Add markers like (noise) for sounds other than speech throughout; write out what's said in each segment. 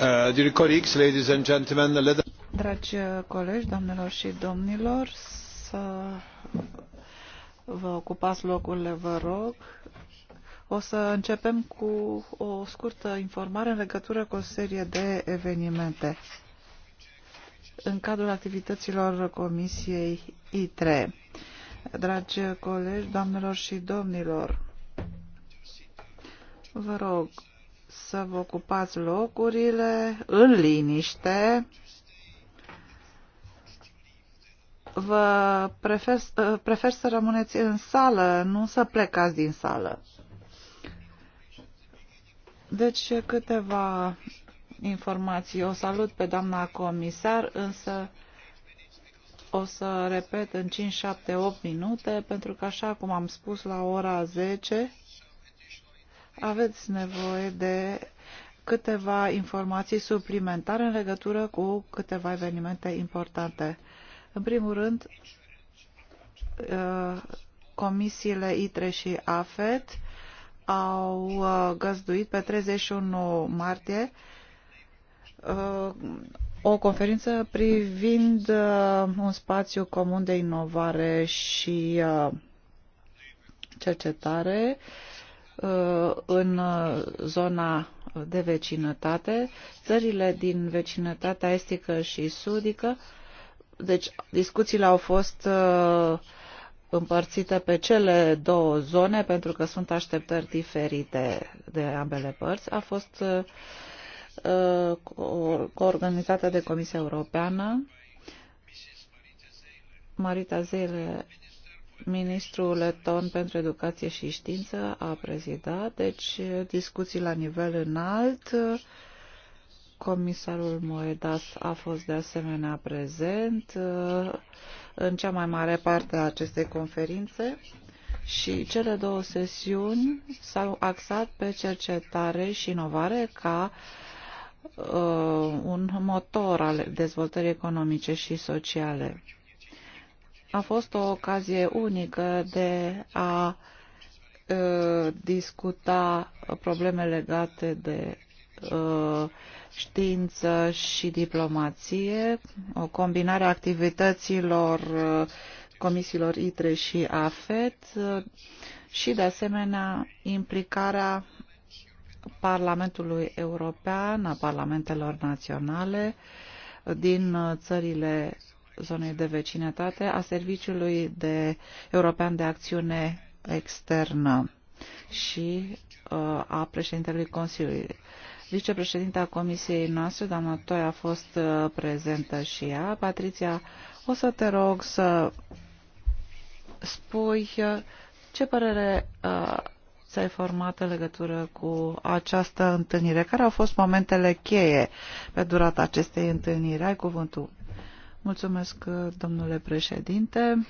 Uh, Dragi uh, colegi, doamnelor și domnilor, să vă ocupați locurile, vă rog. O să începem cu o scurtă informare în legătură cu o serie de evenimente în cadrul activităților Comisiei ITRE. Dragi colegi, doamnelor și domnilor, vă rog să vă ocupați locurile în liniște. Vă prefer, prefer să rămâneți în sală, nu să plecați din sală. Deci câteva informații. O salut pe doamna comisar, însă o să repet în 5, 7, 8 minute, pentru că așa cum am spus la ora 10, aveți nevoie de câteva informații suplimentare în legătură cu câteva evenimente importante. În primul rând, uh, comisiile ITRE și AFET au uh, găzduit pe 31 martie uh, o conferință privind un spațiu comun de inovare și cercetare uh, Uh, în uh, zona de vecinătate, țările din vecinătatea estică și sudică. Deci discuțiile au fost uh, împărțite pe cele două zone pentru că sunt așteptări diferite de ambele părți. A fost coorganizată de Comisia Europeană. Marita Zeile Ministrul Leton pentru Educație și Știință a prezidat, deci discuții la nivel înalt. Comisarul Moedas a fost de asemenea prezent uh, în cea mai mare parte a acestei conferințe și cele două sesiuni s-au axat pe cercetare și inovare ca uh, un motor al dezvoltării economice și sociale. A fost o ocazie unică de a uh, discuta probleme legate de uh, știință și diplomație, o combinare a activităților uh, comisiilor ITRE și AFET și, de asemenea, implicarea Parlamentului European, a Parlamentelor Naționale din țările zonei de vecinătate a Serviciului de European de Acțiune Externă și uh, a președintelui Consiliului. Vicepreședinta comisiei noastre, doamna Toia, a fost uh, prezentă și ea. Patricia, o să te rog să spui uh, ce părere uh, ți-ai format în legătură cu această întâlnire? Care au fost momentele cheie pe durata acestei întâlniri? Ai cuvântul. Mulțumesc, domnule președinte.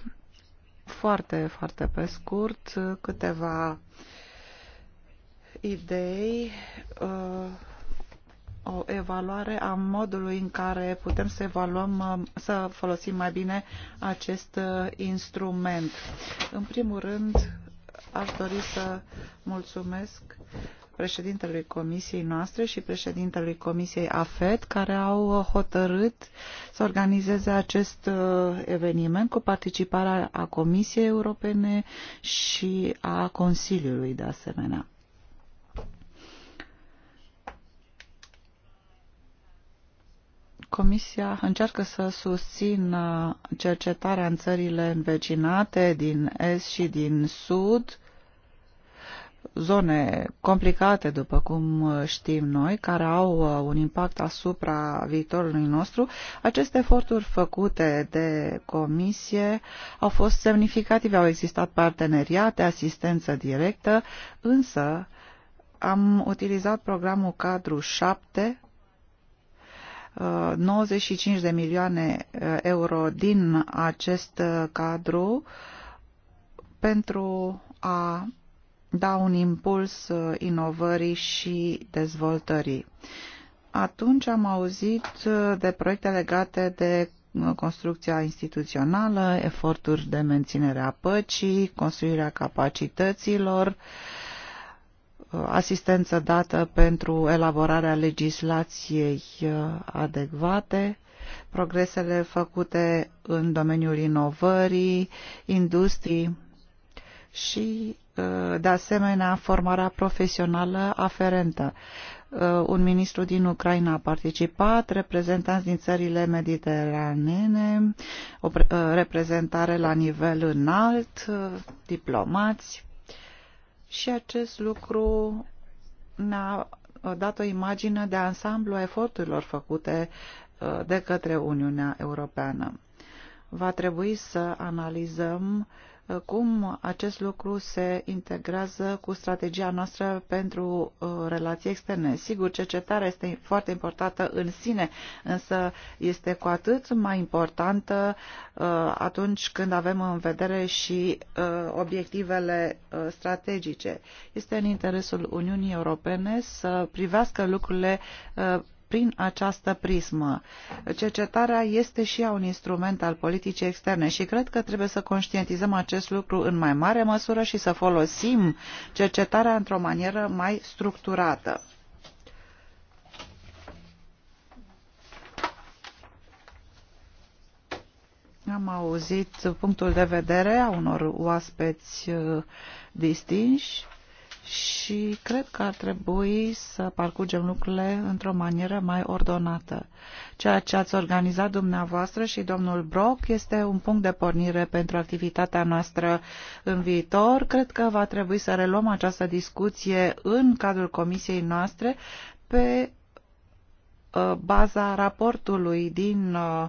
Foarte, foarte pe scurt, câteva idei, o evaluare a modului în care putem să evaluăm, să folosim mai bine acest instrument. În primul rând, aș dori să mulțumesc președintelui comisiei noastre și președintelui comisiei AFET, care au hotărât să organizeze acest uh, eveniment cu participarea a Comisiei Europene și a Consiliului de asemenea. Comisia încearcă să susțină cercetarea în țările învecinate din Est și din Sud zone complicate, după cum știm noi, care au uh, un impact asupra viitorului nostru, aceste eforturi făcute de comisie au fost semnificative, au existat parteneriate, asistență directă, însă am utilizat programul cadru 7 95 uh, de milioane uh, euro din acest cadru pentru a da un impuls uh, inovării și dezvoltării. Atunci am auzit uh, de proiecte legate de uh, construcția instituțională, eforturi de menținere a păcii, construirea capacităților, asistență dată pentru elaborarea legislației adecvate, progresele făcute în domeniul inovării, industrii și Uh, de asemenea formarea profesională aferentă. Uh, un ministru din Ucraina a participat, reprezentanți din țările mediteranene, o uh, reprezentare la nivel înalt, diplomați și acest lucru ne-a dat o imagine de ansamblu a eforturilor făcute de către Uniunea Europeană. Va trebui să analizăm uh, cum acest lucru se integrează cu strategia noastră pentru uh, relații externe. Sigur, cercetarea este foarte importantă în sine, însă este cu atât mai importantă uh, atunci când avem în vedere și uh, obiectivele strategice. Este în interesul Uniunii Europene să privească lucrurile prin această prismă. Cercetarea este și ea un instrument al politicii externe și cred că trebuie să conștientizăm acest lucru în mai mare măsură și să folosim cercetarea într-o manieră mai structurată. Am auzit punctul de vedere a unor oaspeți uh, distinși și cred că ar trebui să parcurgem lucrurile într-o manieră mai ordonată. Ceea ce ați organizat dumneavoastră și domnul Brock este un punct de pornire pentru activitatea noastră în viitor. Cred că va trebui să reluăm această discuție în cadrul comisiei noastre pe uh, baza raportului din uh,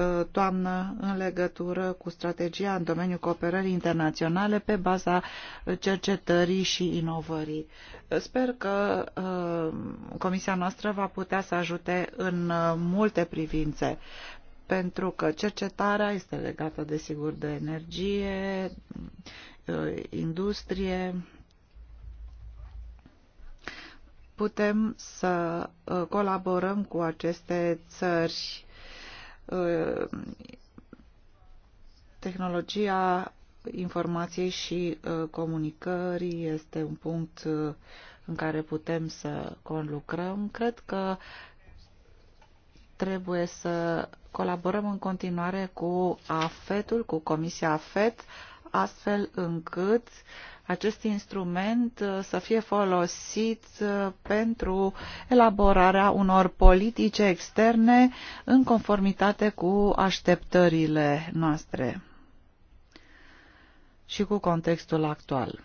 Uh, toamnă în legătură cu strategia în domeniul cooperării internaționale pe baza cercetării și inovării. Sper că uh, comisia noastră va putea să ajute în uh, multe privințe pentru că cercetarea este legată, desigur, de energie, industrie, putem să colaborăm cu aceste țări Uh, tehnologia informației și uh, comunicării este un punct uh, în care putem să conlucrăm. Cred că trebuie să colaborăm în continuare cu AFET-ul, cu Comisia AFET, astfel încât acest instrument uh, să fie folosit uh, pentru elaborarea unor politici externe în conformitate cu așteptările noastre și cu contextul actual.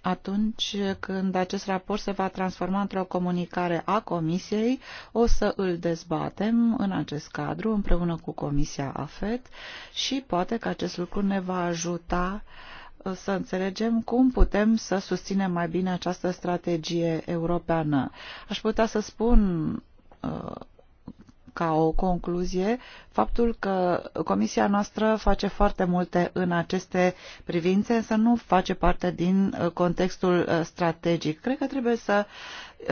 Atunci când acest raport se va transforma într-o comunicare a Comisiei, o să îl dezbatem în acest cadru împreună cu Comisia AFET și poate că acest lucru ne va ajuta uh, să înțelegem cum putem să susținem mai bine această strategie europeană. Aș putea să spun uh, ca o concluzie faptul că comisia noastră face foarte multe în aceste privințe, însă nu face parte din uh, contextul uh, strategic. Cred că trebuie să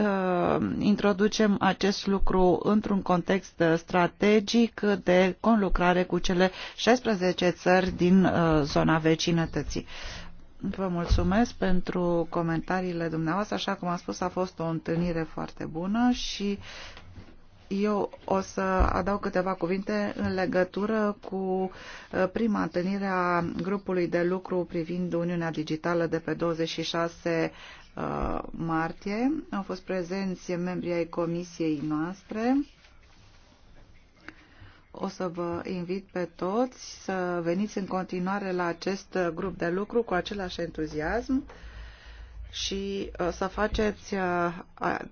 uh, introducem acest lucru într-un context strategic de conlucrare cu cele 16 țări din zona vecinătății. Vă mulțumesc pentru comentariile dumneavoastră. Așa cum am spus, a fost o întâlnire foarte bună și eu o să adaug câteva cuvinte în legătură cu uh, prima întâlnire a grupului de lucru privind Uniunea Digitală de pe 26 uh, martie. Au fost prezenți membrii ai comisiei noastre. O să vă invit pe toți să veniți în continuare la acest uh, grup de lucru cu același entuziasm și să faceți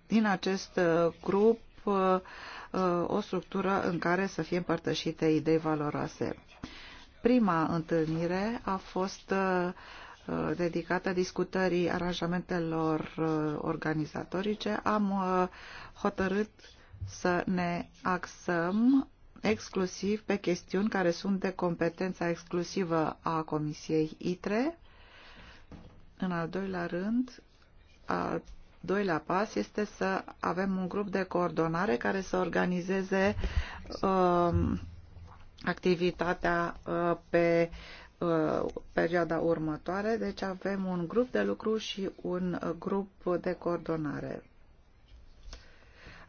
din acest grup Uh, uh, o structură în care să fie împărtășite idei valoroase. Prima întâlnire a fost uh, dedicată discutării aranjamentelor organizatorice. Am hotărât să ne axăm exclusiv pe chestiuni care sunt de competența exclusivă a Comisiei ITRE. În al doilea rând, al doilea pas este să avem un grup de coordonare care să organizeze uh, activitatea uh, pe uh, perioada următoare. Deci avem un grup de lucru și un uh, grup de coordonare.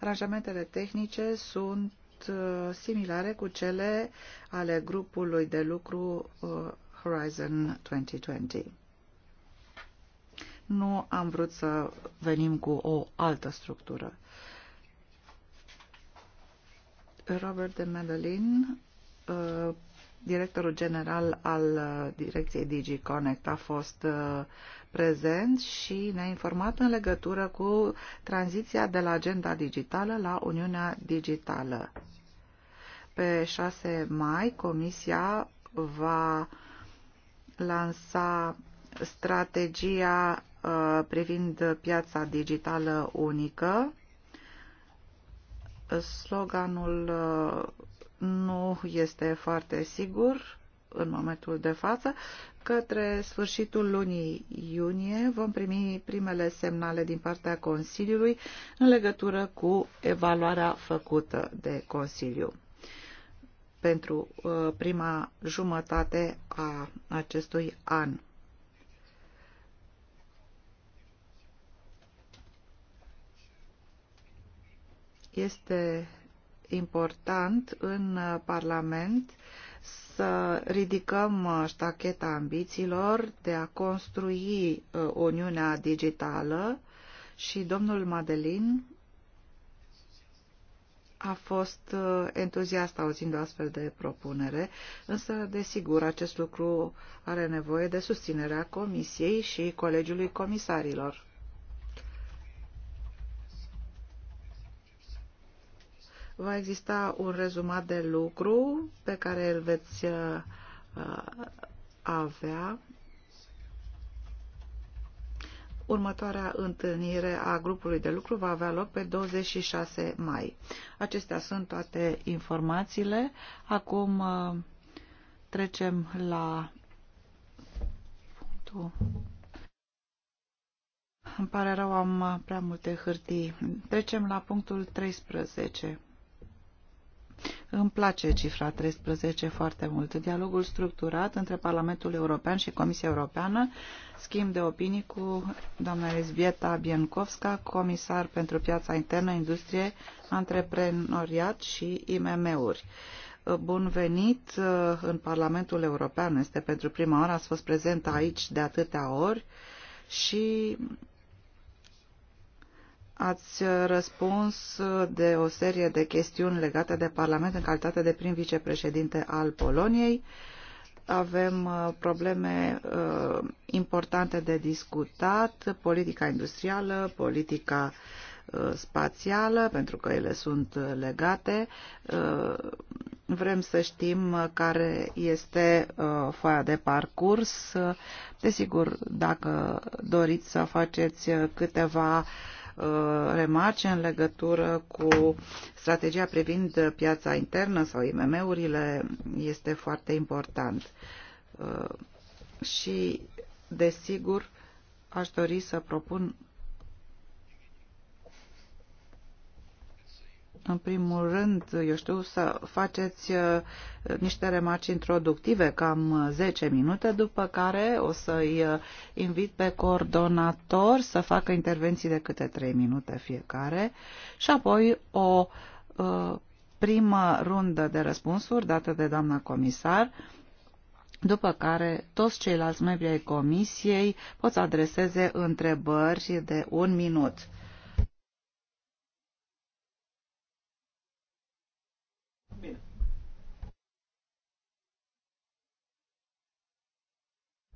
Aranjamentele tehnice sunt uh, similare cu cele ale grupului de lucru uh, Horizon 2020. Nu am vrut să venim cu o altă structură. Robert de Medellin, uh, directorul general al uh, direcției DigiConnect, a fost uh, prezent și ne-a informat în legătură cu tranziția de la agenda digitală la Uniunea Digitală. Pe 6 mai, Comisia va lansa strategia Uh, privind piața digitală unică. Sloganul uh, nu este foarte sigur în momentul de față. Către sfârșitul lunii iunie vom primi primele semnale din partea Consiliului în legătură cu evaluarea făcută de Consiliu pentru uh, prima jumătate a acestui an. Este important în Parlament să ridicăm ștacheta ambițiilor de a construi uh, Uniunea Digitală și domnul Madelin a fost uh, entuziast auzind o astfel de propunere, însă, desigur, acest lucru are nevoie de susținerea Comisiei și Colegiului Comisarilor. Va exista un rezumat de lucru pe care îl veți uh, avea. Următoarea întâlnire a grupului de lucru va avea loc pe 26 mai. Acestea sunt toate informațiile. Acum uh, trecem la punctul. Îmi pare rău, am prea multe hârtii. Trecem la punctul 13. Îmi place cifra 13 foarte mult. Dialogul structurat între Parlamentul European și Comisia Europeană, schimb de opinii cu doamna Elisbieta Bienkovska, comisar pentru piața internă, industrie, antreprenoriat și IMM-uri bun venit uh, în Parlamentul European. Este pentru prima oară, ați fost prezentă aici de atâtea ori și Ați uh, răspuns uh, de o serie de chestiuni legate de Parlament în calitate de prim vicepreședinte al Poloniei. Avem uh, probleme importante de discutat, politica industrială, politica spațială, pentru că ele sunt legate. Vrem să știm care este foaia de parcurs. Desigur, dacă doriți să faceți câteva Uh, remarce în legătură cu strategia privind piața internă sau IMM-urile este foarte important. Uh, și, desigur, aș dori să propun în primul rând, eu știu, să faceți uh, niște remarci introductive, cam 10 uh, minute, după care o să-i uh, invit pe coordonator să facă intervenții de câte 3 minute fiecare și apoi o primă rundă de răspunsuri dată de doamna comisar, după care toți ceilalți membri ai comisiei pot să adreseze întrebări de un minut.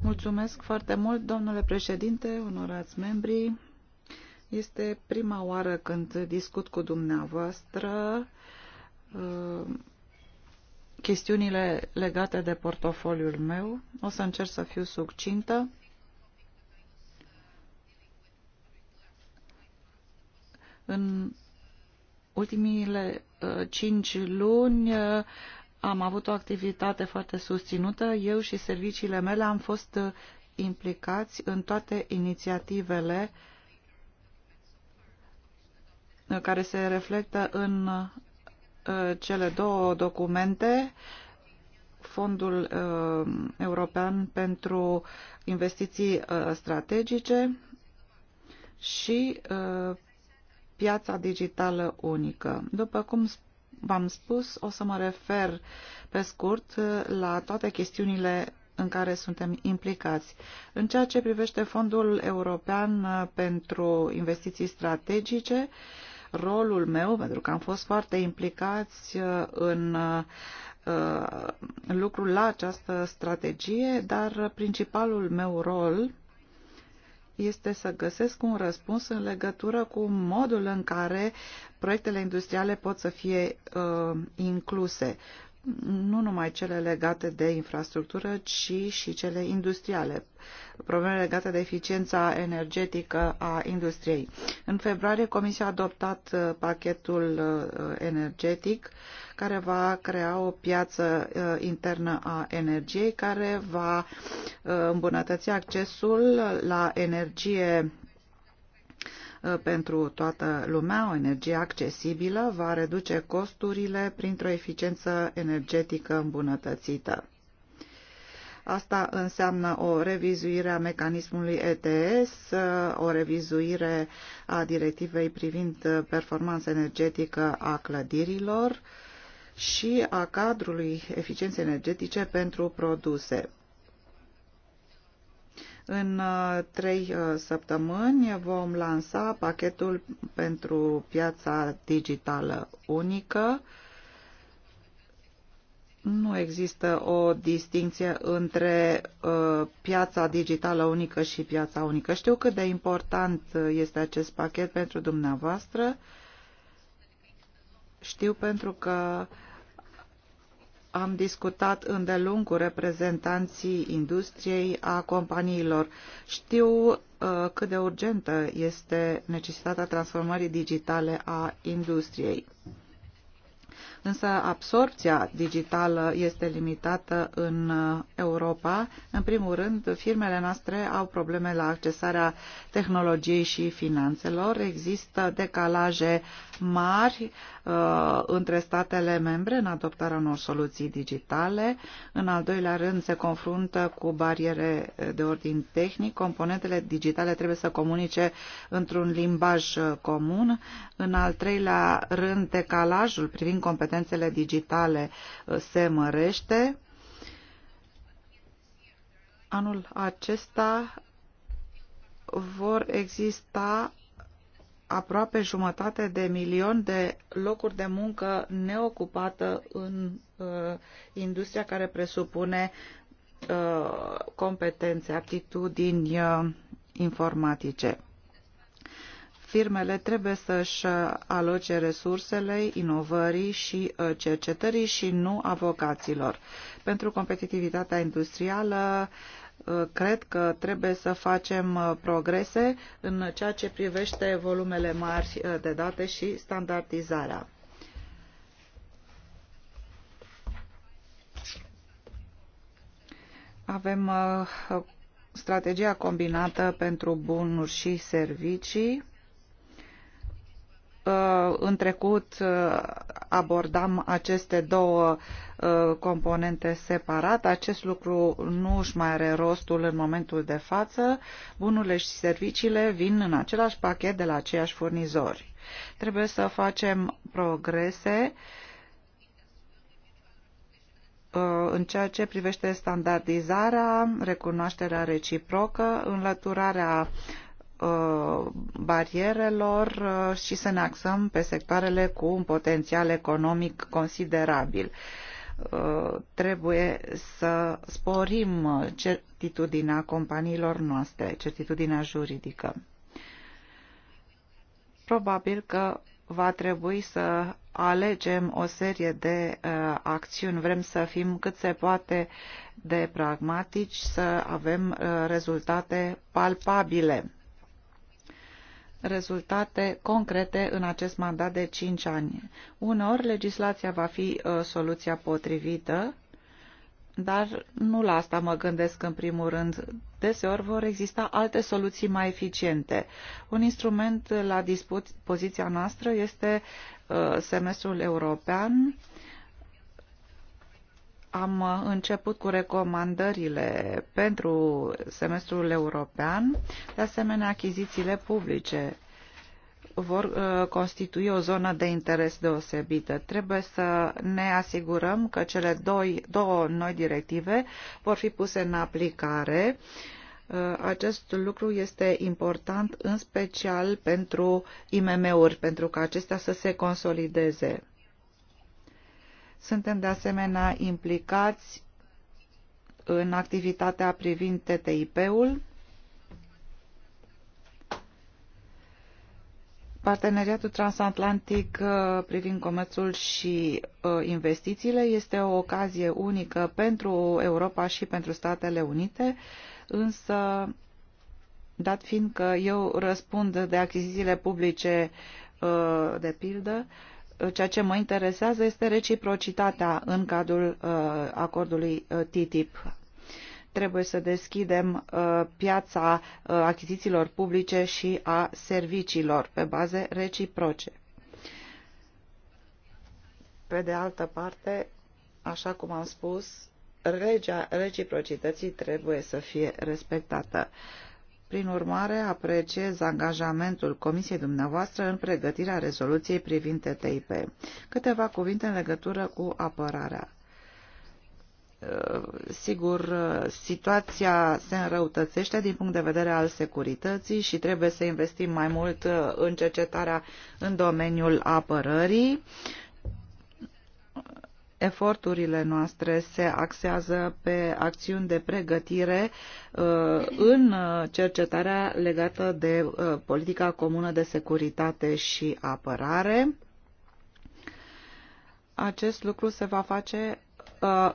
Mulțumesc foarte mult, domnule președinte, onorați membri. Este prima oară când discut cu dumneavoastră uh, chestiunile legate de portofoliul meu. O să încerc să fiu succintă. În ultimile uh, cinci luni uh, am avut o activitate foarte susținută. Eu și serviciile mele am fost uh, implicați în toate inițiativele uh, care se reflectă în uh, cele două documente, Fondul European pentru Investiții Strategice și Piața Digitală Unică. După cum v-am spus, o să mă refer pe scurt la toate chestiunile în care suntem implicați. În ceea ce privește Fondul European pentru Investiții Strategice, rolul meu, pentru că am fost foarte implicați în uh, lucrul la această strategie, dar principalul meu rol este să găsesc un răspuns în legătură cu modul în care proiectele industriale pot să fie uh, incluse nu numai cele legate de infrastructură, ci și cele industriale, probleme legate de eficiența energetică a industriei. În februarie, Comisia a adoptat uh, pachetul uh, energetic care va crea o piață uh, internă a energiei, care va îmbunătăți accesul la energie Uh, pentru toată lumea, o energie accesibilă, va reduce costurile printr-o eficiență energetică îmbunătățită. Asta înseamnă o revizuire a mecanismului ETS, uh, o revizuire a directivei privind performanța energetică a clădirilor și a cadrului eficienței energetice pentru produse. În uh, trei uh, săptămâni vom lansa pachetul pentru piața digitală unică. Nu există o distinție între uh, piața digitală unică și piața unică. Știu cât de important este acest pachet pentru dumneavoastră. Știu pentru că uh, am discutat îndelung cu reprezentanții industriei a companiilor. Știu uh, cât de urgentă este necesitatea transformării digitale a industriei. Însă absorpția digitală este limitată în uh, Europa. În primul rând, firmele noastre au probleme la accesarea tehnologiei și finanțelor. Există decalaje mari uh, Uh, între statele membre în adoptarea unor soluții digitale. În al doilea rând, se confruntă cu bariere de ordin tehnic. Componentele digitale trebuie să comunice într-un limbaj uh, comun. În al treilea rând, decalajul privind competențele digitale uh, se mărește. Anul acesta vor exista aproape jumătate de milion de locuri de muncă neocupată în uh, industria care presupune uh, competențe, aptitudini uh, informatice. Firmele trebuie să-și aloce resursele inovării și uh, cercetării și nu avocaților. Pentru competitivitatea industrială, uh, Uh, cred că trebuie să facem uh, progrese în ceea ce privește volumele mari uh, de date și standardizarea. Avem strategia combinată pentru bunuri și servicii Uh, în trecut uh, abordam aceste două uh, componente separat. Acest lucru nu își mai are rostul în momentul de față. Bunurile și serviciile vin în același pachet de la aceiași furnizori. Trebuie să facem progrese în ceea ce privește standardizarea, recunoașterea reciprocă, înlăturarea uh, Uh, barierelor uh, și să ne axăm pe sectoarele cu un potențial economic considerabil. Uh, trebuie să sporim certitudinea companiilor noastre, certitudinea juridică. Probabil că va trebui să alegem o serie de uh, acțiuni. Vrem să fim cât se poate de pragmatici, să avem uh, rezultate palpabile rezultate concrete în acest mandat de 5 ani. Uneori legislația va fi uh, soluția potrivită, dar nu la asta mă gândesc în primul rând. Deseori vor exista alte soluții mai eficiente. Un instrument la dispoziția noastră este uh, semestrul european, am uh, început cu recomandările pentru semestrul european, de asemenea achizițiile publice vor uh, constitui o zonă de interes deosebită. Trebuie să ne asigurăm că cele doi, două noi directive vor fi puse în aplicare. Uh, acest lucru este important în special pentru IMM-uri, pentru ca acestea să se consolideze suntem de asemenea implicați în activitatea privind TTIP-ul, Parteneriatul transatlantic uh, privind comerțul și uh, investițiile este o ocazie unică pentru Europa și pentru Statele Unite, însă, dat fiind că eu răspund de achizițiile publice uh, de pildă, ceea ce mă interesează este reciprocitatea în cadrul uh, acordului uh, TTIP. Trebuie să deschidem uh, piața achizițiilor publice și a serviciilor pe baze reciproce. Pe de altă parte, așa cum am spus, regea reciprocității trebuie să fie respectată. Uh, prin urmare, apreciez angajamentul Comisiei dumneavoastră în pregătirea rezoluției privind TTIP. Câteva cuvinte în legătură cu apărarea. Uh, sigur, uh, situația se înrăutățește din punct de vedere al securității și trebuie să investim mai mult uh, în cercetarea în domeniul apărării eforturile noastre se axează pe acțiuni de pregătire uh, în uh, cercetarea legată de uh, politica comună de securitate și apărare. Acest lucru se va face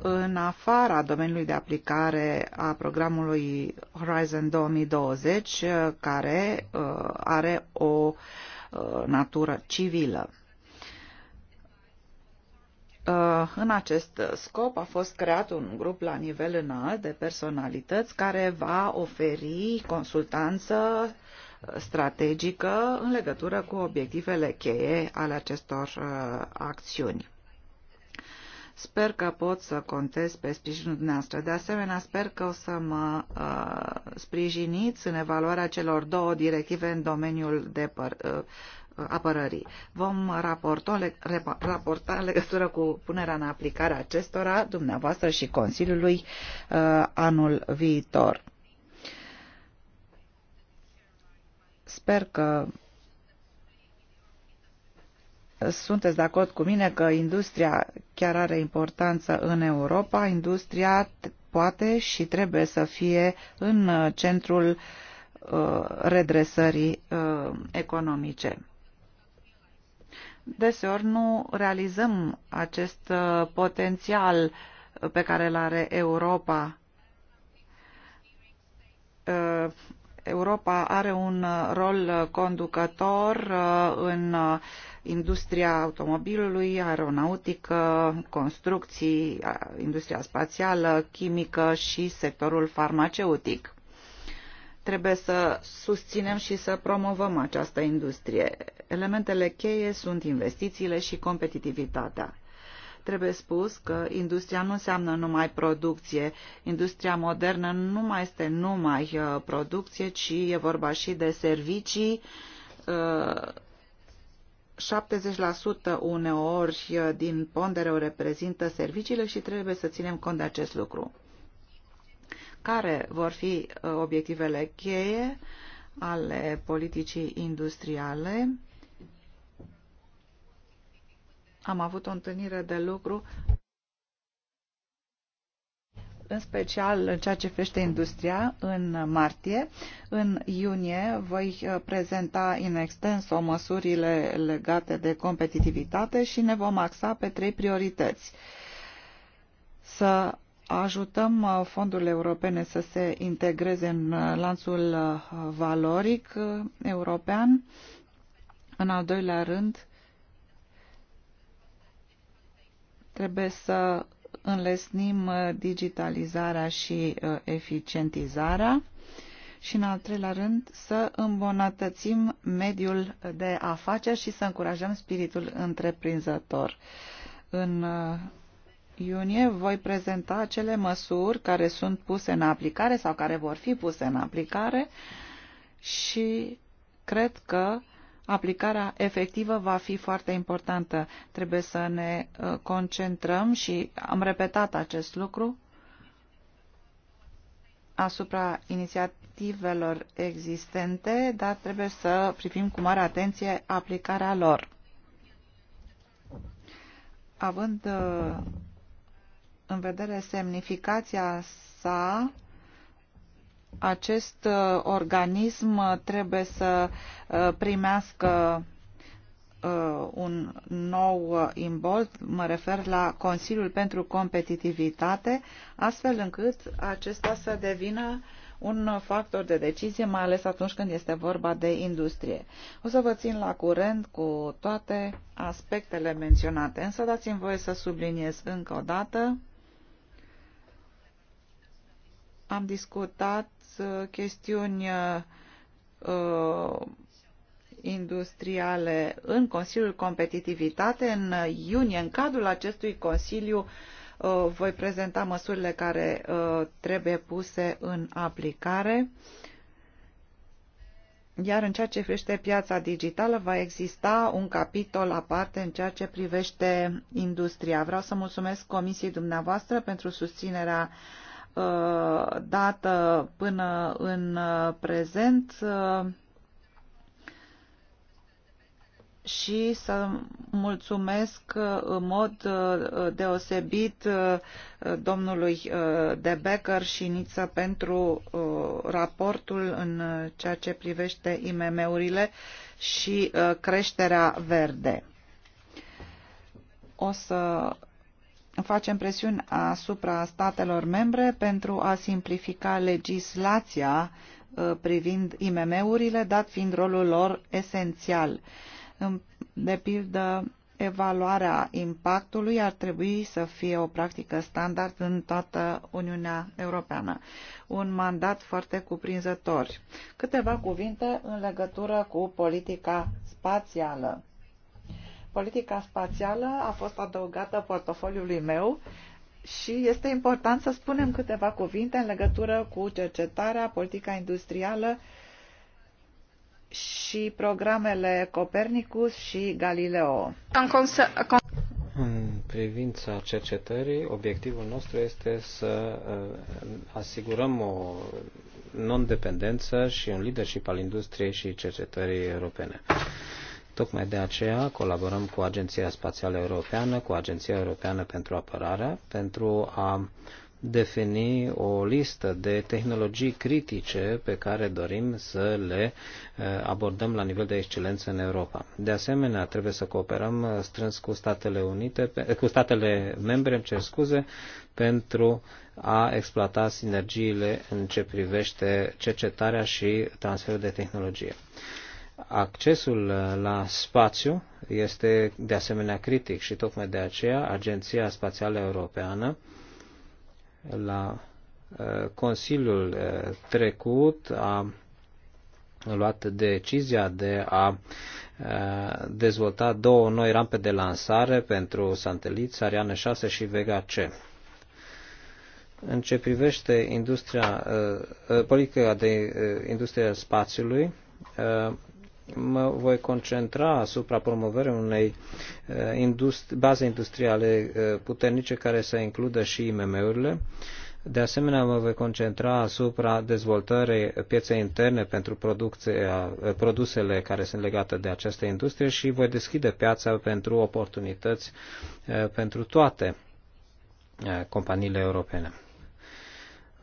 în afara domeniului de aplicare a programului Horizon 2020, care are o natură civilă. Uh, în acest scop a fost creat un grup la nivel înalt de personalități care va oferi consultanță strategică în legătură cu obiectivele cheie ale acestor uh, acțiuni. Sper că pot să contez pe sprijinul dumneavoastră. De asemenea, sper că o să mă uh, sprijiniți în evaluarea celor două directive în domeniul de uh, apărării. Vom raporto, raporta în legătură cu punerea în aplicare acestora dumneavoastră și Consiliului uh, anul viitor. Sper că sunteți de acord cu mine că industria chiar are importanță în Europa. Industria poate și trebuie să fie în uh, centrul uh, redresării economice deseori nu realizăm acest uh, potențial pe care îl are Europa. Uh, Europa are un uh, rol conducător în industria automobilului, aeronautică, construcții, industria spațială, chimică și sectorul farmaceutic. Trebuie să susținem și să promovăm această industrie. Elementele cheie sunt investițiile și competitivitatea. Trebuie spus că industria nu înseamnă numai producție. Industria modernă nu mai este numai uh, producție, ci e vorba și de servicii, 70% uh, uneori uh, din pondere o reprezintă serviciile și trebuie să ținem cont de acest lucru care vor fi uh, obiectivele cheie ale politicii industriale. Am avut o întâlnire de lucru în special în ceea ce fește industria, în martie. În iunie voi uh, prezenta în extens o măsurile legate de competitivitate și ne vom axa pe trei priorități. Să ajutăm uh, fondurile europene să se integreze în uh, lanțul uh, valoric european. În al doilea rând, trebuie să înlesnim digitalizarea și eficientizarea și, în al treilea rând, să îmbunătățim mediul de afaceri și să încurajăm spiritul întreprinzător. În iunie voi prezenta acele măsuri care sunt puse în aplicare sau care vor fi puse în aplicare și cred că aplicarea efectivă va fi foarte importantă. Trebuie să ne uh, concentrăm și am repetat acest lucru asupra inițiativelor existente, dar trebuie să privim cu mare atenție aplicarea lor. Având uh, în vedere semnificația sa, acest uh, organism uh, trebuie să uh, primească un nou imbold, mă refer la Consiliul pentru Competitivitate, astfel încât acesta să devină un factor de decizie, mai ales atunci când este vorba de industrie. O să vă țin la curent cu toate aspectele menționate, însă dați-mi voie să subliniez încă o dată am discutat uh, chestiuni uh, uh, industriale în Consiliul Competitivitate. În iunie, în cadrul acestui Consiliu, voi prezenta măsurile care trebuie puse în aplicare. Iar în ceea ce privește piața digitală, va exista un capitol aparte în ceea ce privește industria. Vreau să mulțumesc Comisiei dumneavoastră pentru susținerea uh, Uh, dată până în uh, prezent uh, și să mulțumesc în mod deosebit domnului De Becker și Niță pentru raportul în ceea ce privește IMM-urile și creșterea verde. O să facem presiuni asupra statelor membre pentru a simplifica legislația uh, privind IMM-urile, dat fiind rolul lor esențial. De pildă, evaluarea impactului ar trebui să fie o practică standard în toată Uniunea Europeană. Un mandat foarte cuprinzător. Câteva cuvinte în legătură cu politica spațială. Politica spațială a fost adăugată portofoliului meu și este important să spunem câteva cuvinte în legătură cu cercetarea, politica industrială și programele Copernicus și Galileo. În privința cercetării, obiectivul nostru este să uh, asigurăm o non-dependență și un leadership al industriei și cercetării europene. Tocmai de aceea colaborăm cu Agenția Spațială Europeană, cu Agenția Europeană pentru Apărare, pentru a defini o listă de tehnologii critice pe care dorim să le eh, abordăm la nivel de excelență în Europa. De asemenea, trebuie să cooperăm eh, strâns cu Statele Unite, cu statele membre, îmi cer scuze, pentru a exploata sinergiile în ce privește cercetarea și transferul de tehnologie. Accesul la spațiu este de asemenea critic și tocmai de aceea Agenția Spațială Europeană la uh, Consiliul uh, trecut a luat decizia de a uh, dezvolta două noi rampe de lansare pentru sateliți, Ariane 6 și Vega C. În ce privește industria, politica de industria spațiului, mă voi concentra asupra promovării unei eh, industri- baze industriale eh, puternice care să includă și IMM-urile. De asemenea, mă voi concentra asupra dezvoltării pieței interne pentru eh, produsele care sunt legate de această industrie și voi deschide piața pentru oportunități pentru toate companiile europene.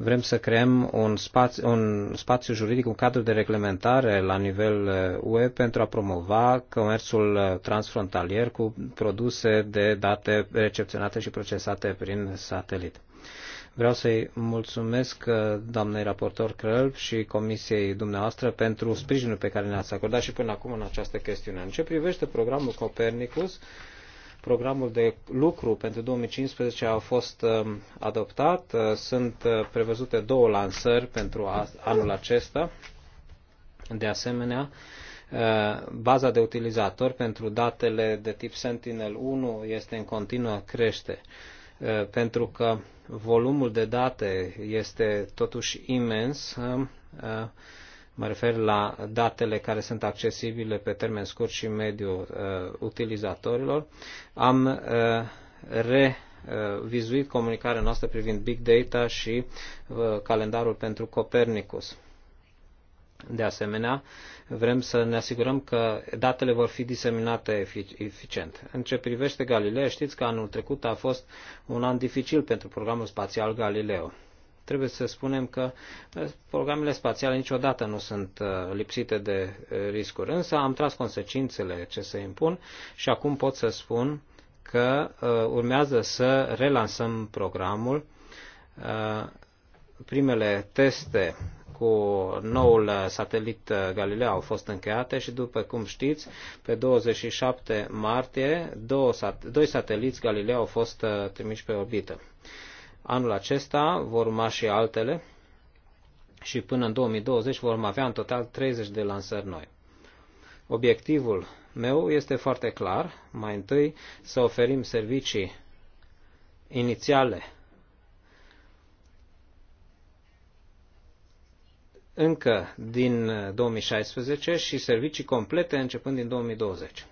Vrem să creăm un spațiu, un spațiu juridic, un cadru de reglementare la nivel uh, UE pentru a promova comerțul uh, transfrontalier cu produse de date recepționate și procesate prin satelit. Vreau să-i mulțumesc uh, doamnei raportor Crălb și comisiei dumneavoastră pentru sprijinul pe care ne-ați acordat și până acum în această chestiune. În ce privește programul Copernicus, Programul de lucru pentru 2015 a fost um, adoptat. Uh, sunt uh, prevăzute două lansări pentru anul acesta. De asemenea, uh, baza de utilizatori pentru datele de tip Sentinel-1 este în continuă crește, pentru că volumul de date este totuși imens Mă refer la datele care sunt accesibile pe termen scurt și mediu uh, utilizatorilor. Am uh, re vizuit comunicarea noastră privind big data și uh, calendarul pentru Copernicus. De asemenea, vrem să ne asigurăm că datele vor fi diseminate eficient. În ce privește Galileo, știți că anul trecut a fost un an dificil pentru programul spațial Galileo trebuie să spunem că eh, programele spațiale niciodată nu sunt eh, lipsite de eh, riscuri, însă am tras consecințele ce se impun și acum pot să spun că urmează să relansăm programul. Primele teste cu noul satelit Galileo au fost încheiate și, după cum știți, pe 27 martie, doi sateliți Galileo au fost trimiși pe orbită. Anul acesta vor urma și altele și până în 2020 vom avea în total 30 de lansări noi. Obiectivul meu este foarte clar. Mai întâi să oferim servicii inițiale încă din 2016 și servicii complete începând din 2020.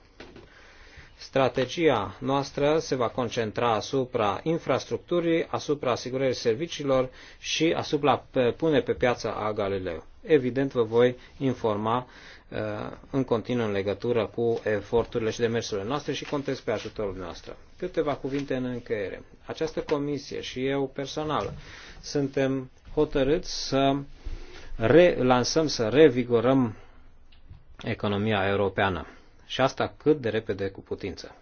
Strategia noastră se va concentra asupra infrastructurii, asupra asigurării serviciilor și asupra pune pe piața a Galileo. Evident, vă voi informa uh, în continuă în legătură cu eforturile și demersurile noastre și contez pe ajutorul noastră. Câteva cuvinte în încheiere. Această comisie și eu personal suntem hotărâți să relansăm, să revigorăm economia europeană. Și asta cât de repede cu putință.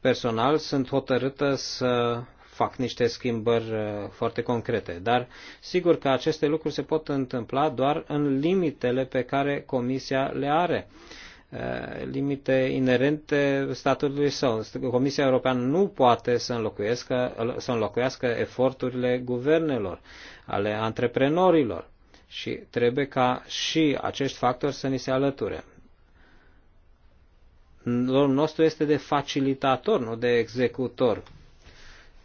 Personal sunt hotărâtă să fac niște schimbări uh, foarte concrete, dar sigur că aceste lucruri se pot întâmpla doar în limitele pe care Comisia le are uh, limite inerente statului său. Comisia Europeană nu poate să înlocuiască, să înlocuiască eforturile guvernelor, ale antreprenorilor și trebuie ca și acești factori să ni se alăture. Rolul nostru este de facilitator, nu de executor.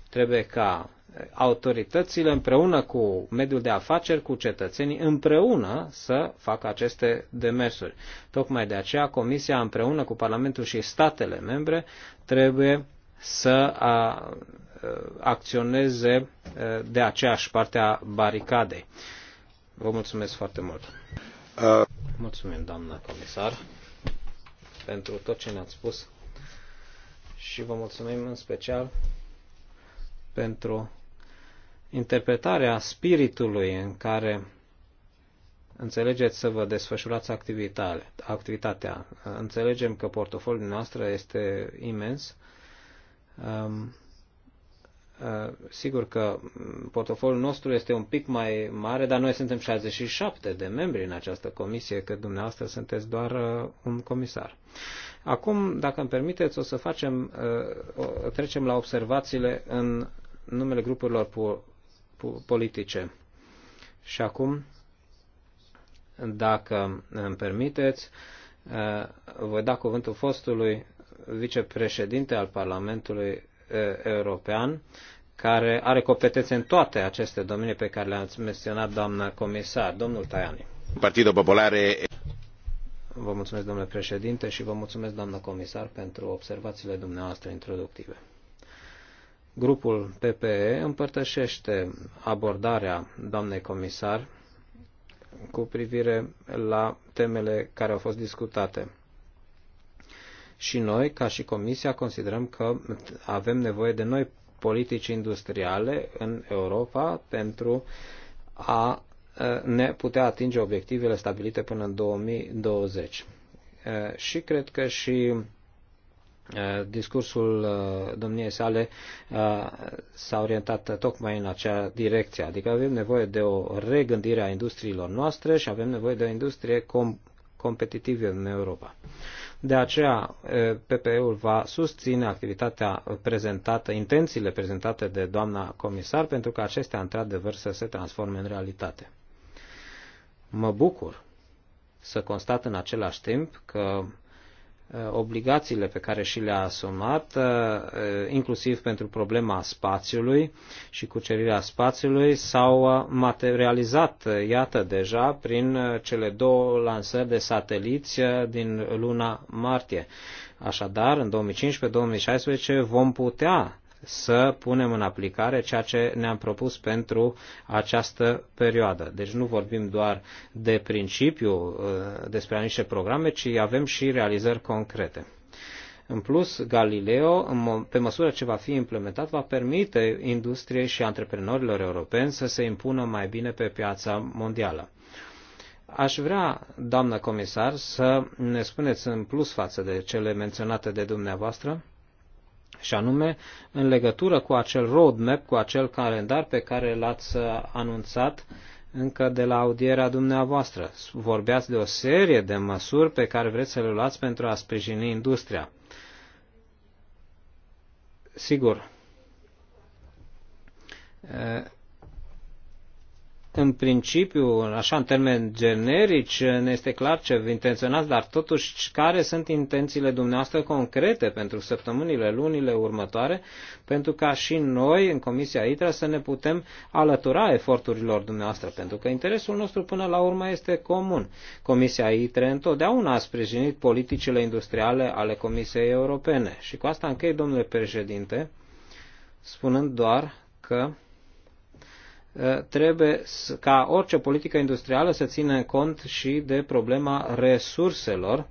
Trebuie ca autoritățile împreună cu mediul de afaceri, cu cetățenii, împreună să facă aceste demersuri. Tocmai de aceea Comisia împreună cu Parlamentul și statele membre trebuie să a, acționeze de aceeași parte a baricadei. Vă mulțumesc foarte mult. Uh. Mulțumim, doamna comisar, pentru tot ce ne-ați spus și vă mulțumim în special pentru interpretarea spiritului în care înțelegeți să vă desfășurați activitatea. Înțelegem că portofoliul noastră este imens. Um, Uh, sigur că portofoliul nostru este un pic mai mare, dar noi suntem 67 de membri în această comisie, că dumneavoastră sunteți doar uh, un comisar. Acum, dacă îmi permiteți, o să facem, uh, trecem la observațiile în numele grupurilor politice. Și acum, dacă îmi permiteți, voi da cuvântul fostului vicepreședinte al Parlamentului european care are competențe în toate aceste domenii pe care le-ați menționat, doamnă comisar, domnul Tajani. Partidul Populare. Vă mulțumesc, domnule președinte, și vă mulțumesc, doamnă comisar, pentru observațiile dumneavoastră introductive. Grupul PPE împărtășește abordarea doamnei comisar cu privire la temele care au fost discutate și noi, ca și Comisia, considerăm că avem nevoie de noi politici industriale în Europa pentru a ne putea atinge obiectivele stabilite până în 2020. Și cred că și discursul domniei sale s-a orientat tocmai în acea direcție. Adică avem nevoie de o regândire a industriilor noastre și avem nevoie de o industrie competitivă în Europa. De aceea, PPE-ul va susține activitatea prezentată, intențiile prezentate de doamna comisar, pentru că acestea, într-adevăr, să se transforme în realitate. Mă bucur să constat în același timp că Uh, obligațiile pe care și le-a asumat, uh, uh, inclusiv pentru problema spațiului și cucerirea spațiului, s-au materializat, iată, deja prin cele două lansări de sateliți din luna martie. Așadar, în 2015-2016 vom putea să punem în aplicare ceea ce ne-am propus pentru această perioadă. Deci nu vorbim doar de principiu uh, despre niște programe, ci avem și realizări concrete. În plus, Galileo, pe măsură ce va fi implementat, va permite industriei și antreprenorilor europeni să se impună mai bine pe piața mondială. Aș vrea, doamnă comisar, să ne spuneți în plus față de cele menționate de dumneavoastră, și anume în legătură cu acel roadmap, cu acel calendar pe care l-ați uh, anunțat încă de la audierea dumneavoastră. Vorbeați de o serie de măsuri pe care vreți să le luați pentru a sprijini industria. Sigur, uh, în principiu, așa în termeni generici, ne este clar ce vă intenționați, dar totuși care sunt intențiile dumneavoastră concrete pentru săptămânile, lunile următoare, pentru ca și noi în Comisia ITRA să ne putem alătura eforturilor dumneavoastră, pentru că interesul nostru până la urmă este comun. Comisia ITRA întotdeauna a sprijinit politicile industriale ale Comisiei Europene și cu asta închei, domnule președinte, spunând doar că Eh, trebuie ca orice politică industrială să țină cont și de problema resurselor,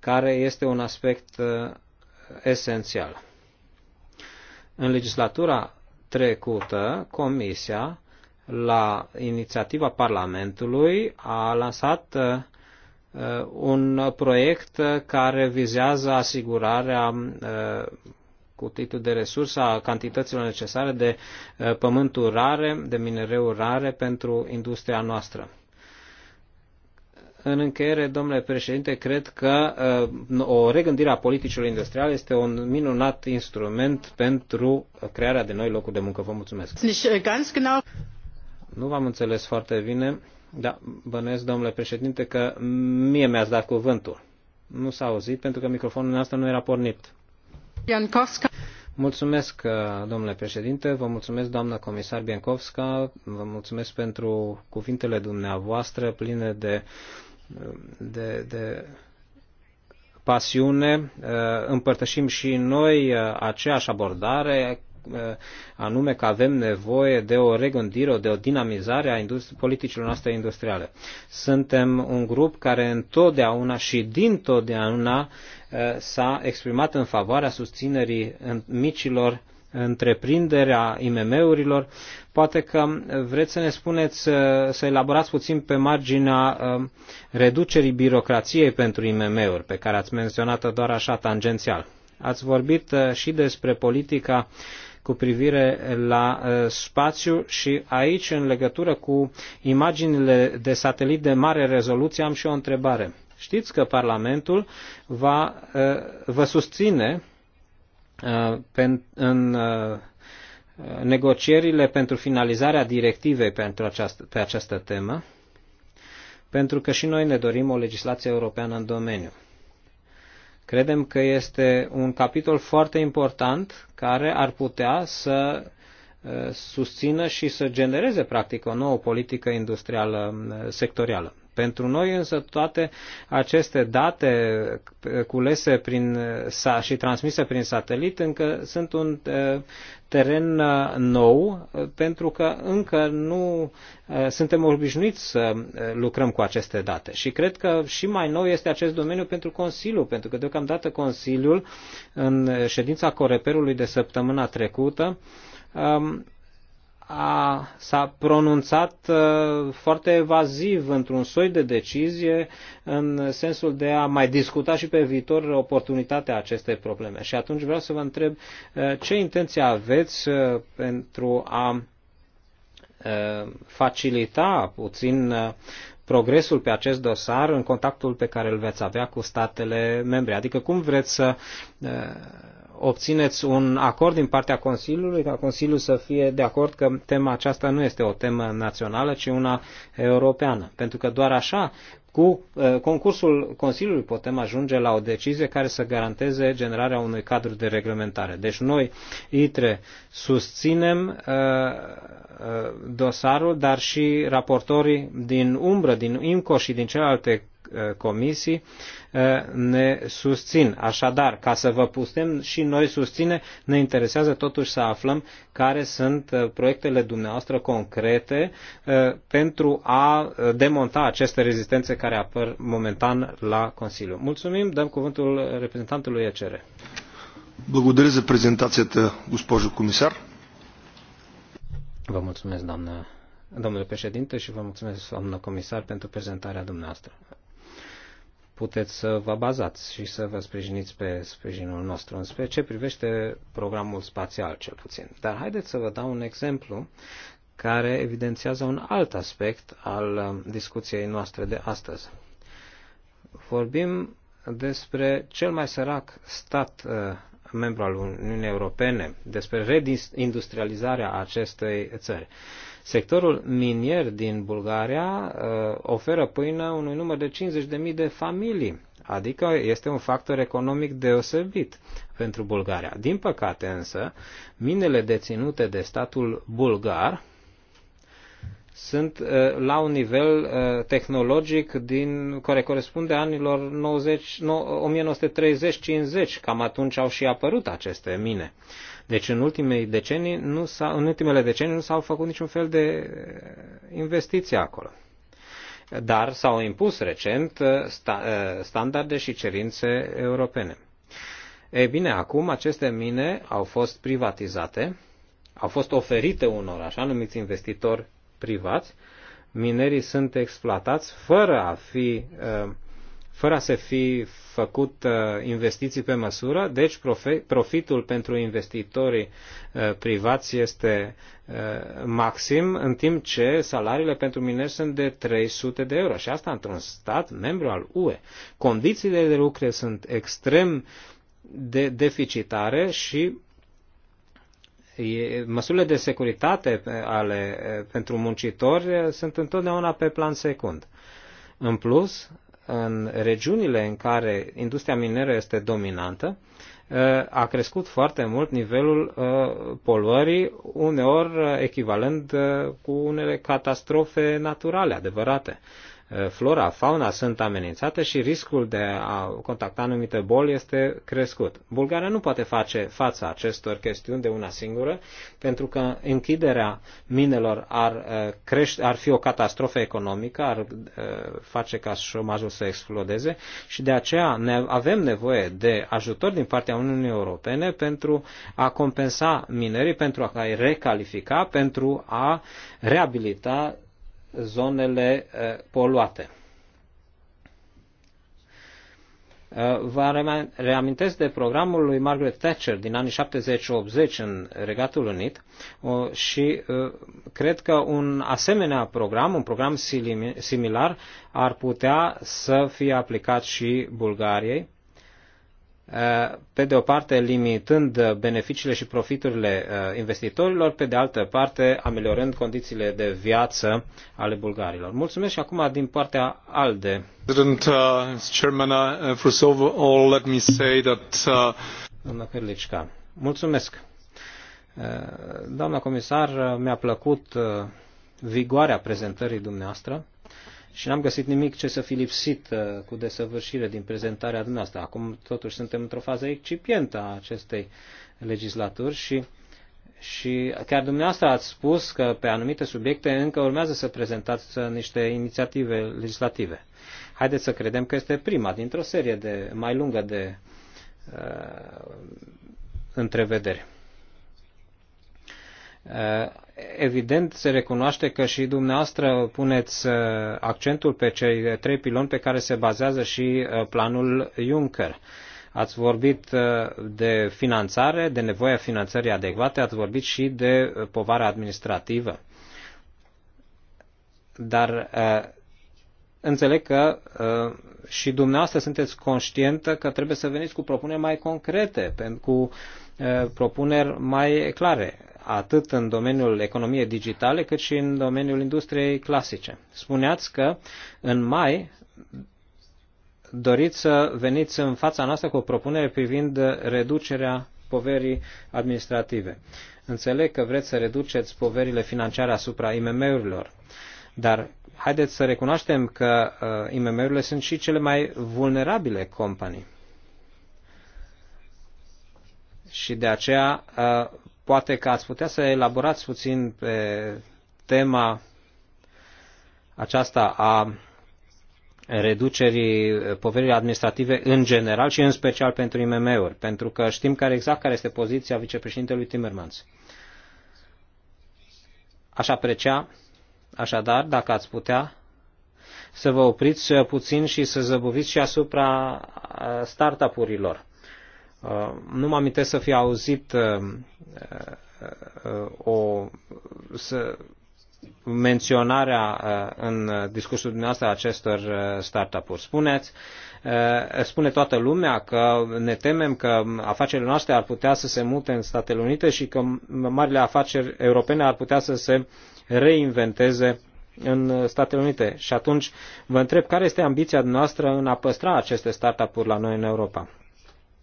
care este un aspect eh, esențial. În legislatura trecută, Comisia, la inițiativa Parlamentului, a lansat eh, un proiect care vizează asigurarea cu titlul de resursă a cantităților necesare de uh, pământuri rare, de minereuri rare pentru industria noastră. În încheiere, domnule președinte, cred că uh, o regândire a politicilor industriale este un minunat instrument pentru crearea de noi locuri de muncă. Vă mulțumesc. Äh, nu v-am înțeles foarte bine, dar bănuiesc, domnule președinte, că mie mi-ați dat cuvântul. Nu s-a auzit pentru că microfonul nostru nu era pornit. Mulțumesc, uh, domnule președinte, vă mulțumesc, doamnă comisar Biancovska. vă mulțumesc pentru cuvintele dumneavoastră pline de, uh, de, de pasiune. Uh, împărtășim și noi aceeași abordare, anume că avem nevoie de o regândire, de o dinamizare a politicilor noastre industriale. Suntem un grup care întotdeauna și dintotdeauna Eh, s-a exprimat în favoarea susținerii micilor întreprinderea IMM-urilor. Poate că vreți să ne spuneți, eh, să elaborați puțin pe marginea eh, reducerii birocrației pentru IMM-uri, pe care ați menționat-o doar așa tangențial. Ați vorbit și despre politica cu privire la spațiu și aici, în legătură cu imaginile de satelit de mare rezoluție, am și o întrebare Știți că Parlamentul va, eh, vă susține eh, în eh, negocierile pentru finalizarea directivei pentru această, pe această temă, pentru că și noi ne dorim o legislație europeană în domeniu. Credem că este un capitol foarte important care ar putea să susțină și să genereze, practic, o nouă politică industrială sectorială. Pentru noi însă toate aceste date culese prin, și transmise prin satelit încă sunt un eh, teren eh, nou eh, pentru că încă nu suntem obișnuiți să lucrăm cu aceste date. Și cred că și mai nou este acest domeniu pentru Consiliu, pentru că deocamdată Consiliul în ședința Coreperului de săptămâna trecută a, s-a pronunțat uh, foarte evaziv într-un soi de decizie în sensul de a mai discuta și pe viitor oportunitatea acestei probleme. Și atunci vreau să vă întreb uh, ce intenție aveți uh, pentru a facilita puțin progresul pe acest dosar în contactul pe care îl veți avea cu statele membre. Adică cum vreți să obțineți un acord din partea Consiliului, ca Consiliul să fie de acord că tema aceasta nu este o temă națională, ci una europeană. Pentru că doar așa, cu uh, concursul Consiliului putem ajunge la o decizie care să garanteze generarea unui cadru de reglementare. Deci noi, ITRE, susținem uh, uh, dosarul, dar și raportorii din umbră, din IMCO și din celelalte comisii ne susțin. Așadar, ca să vă putem și noi susține, ne interesează totuși să aflăm care sunt proiectele dumneavoastră concrete pentru a demonta aceste rezistențe care apar momentan la Consiliu. Mulțumim, dăm cuvântul reprezentantului ECR. Благодаря за презентацията, госпожо комисар. Vă mulțumesc, doamnă, domnule președinte, și vă mulțumesc, doamnă comisar, pentru prezentarea dumneavoastră puteți să vă bazați și să vă sprijiniți pe sprijinul nostru, în spre ce privește programul spațial cel puțin. Dar haideți să vă dau un exemplu care evidențiază un alt aspect al um, discuției noastre de astăzi. Vorbim despre cel mai sărac stat uh, membru al Uniunii Europene, despre redindustrializarea acestei țări. Sectorul minier din Bulgaria uh, oferă pâine unui număr de 50.000 de familii, adică este un factor economic deosebit pentru Bulgaria. Din păcate însă, minele deținute de statul bulgar sunt uh, la un nivel uh, tehnologic din, care corespunde anilor 90, 1930-50, cam atunci au și apărut aceste mine. Deci în, ultimele decenii nu s-a, în ultimele decenii nu s-au făcut niciun fel de eh, investiții acolo. Dar s-au impus recent eh, sta, eh, standarde și cerințe europene. Ei bine, acum aceste mine au fost privatizate, au fost oferite unor așa numiți investitori privați, minerii sunt exploatați fără a fi uh, fără a se fi făcut uh, investiții pe măsură, deci profitul pentru investitorii uh, privați este uh, maxim, în timp ce salariile pentru mineri sunt de 300 de euro. Și asta într-un stat membru al UE. Condițiile de lucru sunt extrem de deficitare și măsurile de securitate ale, pentru muncitori sunt întotdeauna pe plan secund. În plus, în regiunile în care industria mineră este dominantă, uh, a crescut foarte mult nivelul uh, poluării, uneori uh, echivalent cu unele catastrofe naturale adevărate. Eh, flora, fauna sunt amenințate și riscul de a contacta anumite boli este crescut. Bulgaria nu poate face fața acestor chestiuni de una singură, pentru că închiderea minelor ar, eh, crește, ar fi o catastrofă economică, ar eh, face ca șomajul să explodeze și de aceea ne avem nevoie de ajutor din partea Uniunii Europene pentru a compensa minerii, pentru a recalifica, pentru a reabilita zonele poluate. Vă reamintesc de programul lui Margaret Thatcher din anii 70-80 în Regatul Unit și cred că un asemenea program, un program similar, ar putea să fie aplicat și Bulgariei Uh, pe de o parte limitând beneficiile și profiturile uh, investitorilor, pe de altă parte ameliorând condițiile de viață ale bulgarilor. Mulțumesc și acum din partea ALDE. President, uh, Chairman, uh, first of all, let me say that... Uh... Doamna mulțumesc. Uh, doamna comisar, mi-a plăcut vigoarea prezentării dumneavoastră și n-am găsit nimic ce să fi lipsit uh, cu desăvârșire din prezentarea dumneavoastră. Acum totuși suntem într-o fază excipientă a acestei legislaturi și, și chiar dumneavoastră ați spus că pe anumite subiecte încă urmează să prezentați uh, niște inițiative legislative. Haideți să credem că este prima dintr-o serie de mai lungă de uh, întrevederi. Uh, evident se recunoaște că și dumneavoastră puneți uh, accentul pe cei trei piloni pe care se bazează și uh, planul Juncker. Ați vorbit uh, de finanțare, de nevoia finanțării adecvate, ați vorbit și de povara administrativă. Dar înțeleg că și dumneavoastră sunteți conștientă că trebuie să veniți cu propuneri mai concrete, cu propuneri mai clare atât în domeniul economiei digitale, cât și în domeniul industriei clasice. Spuneați că în mai doriți să veniți în fața noastră cu o propunere privind reducerea poverii administrative. Înțeleg că vreți să reduceți poverile financiare asupra IMM-urilor, dar haideți să recunoaștem că uh, IMM-urile sunt și cele mai vulnerabile companii. Și de aceea uh, Poate că ați putea să elaborați puțin pe tema aceasta a reducerii poverilor administrative în general și în special pentru IMM-uri, pentru că știm care exact care este poziția vicepreședintelui Timmermans. Aș aprecia, așadar, dacă ați putea să vă opriți puțin și să zăbuviți și asupra uh, startup-urilor. Uh, nu mă amintesc să fi auzit uh, uh, o să, menționarea în discursul dumneavoastră acestor startup-uri. Spuneți, spune toată lumea că ne temem că afacerile noastre ar putea să se mute în Statele Unite și că marile afaceri europene ar putea să se reinventeze în Statele Unite. Și atunci vă întreb care este ambiția noastră în a păstra aceste startup-uri la noi în Europa.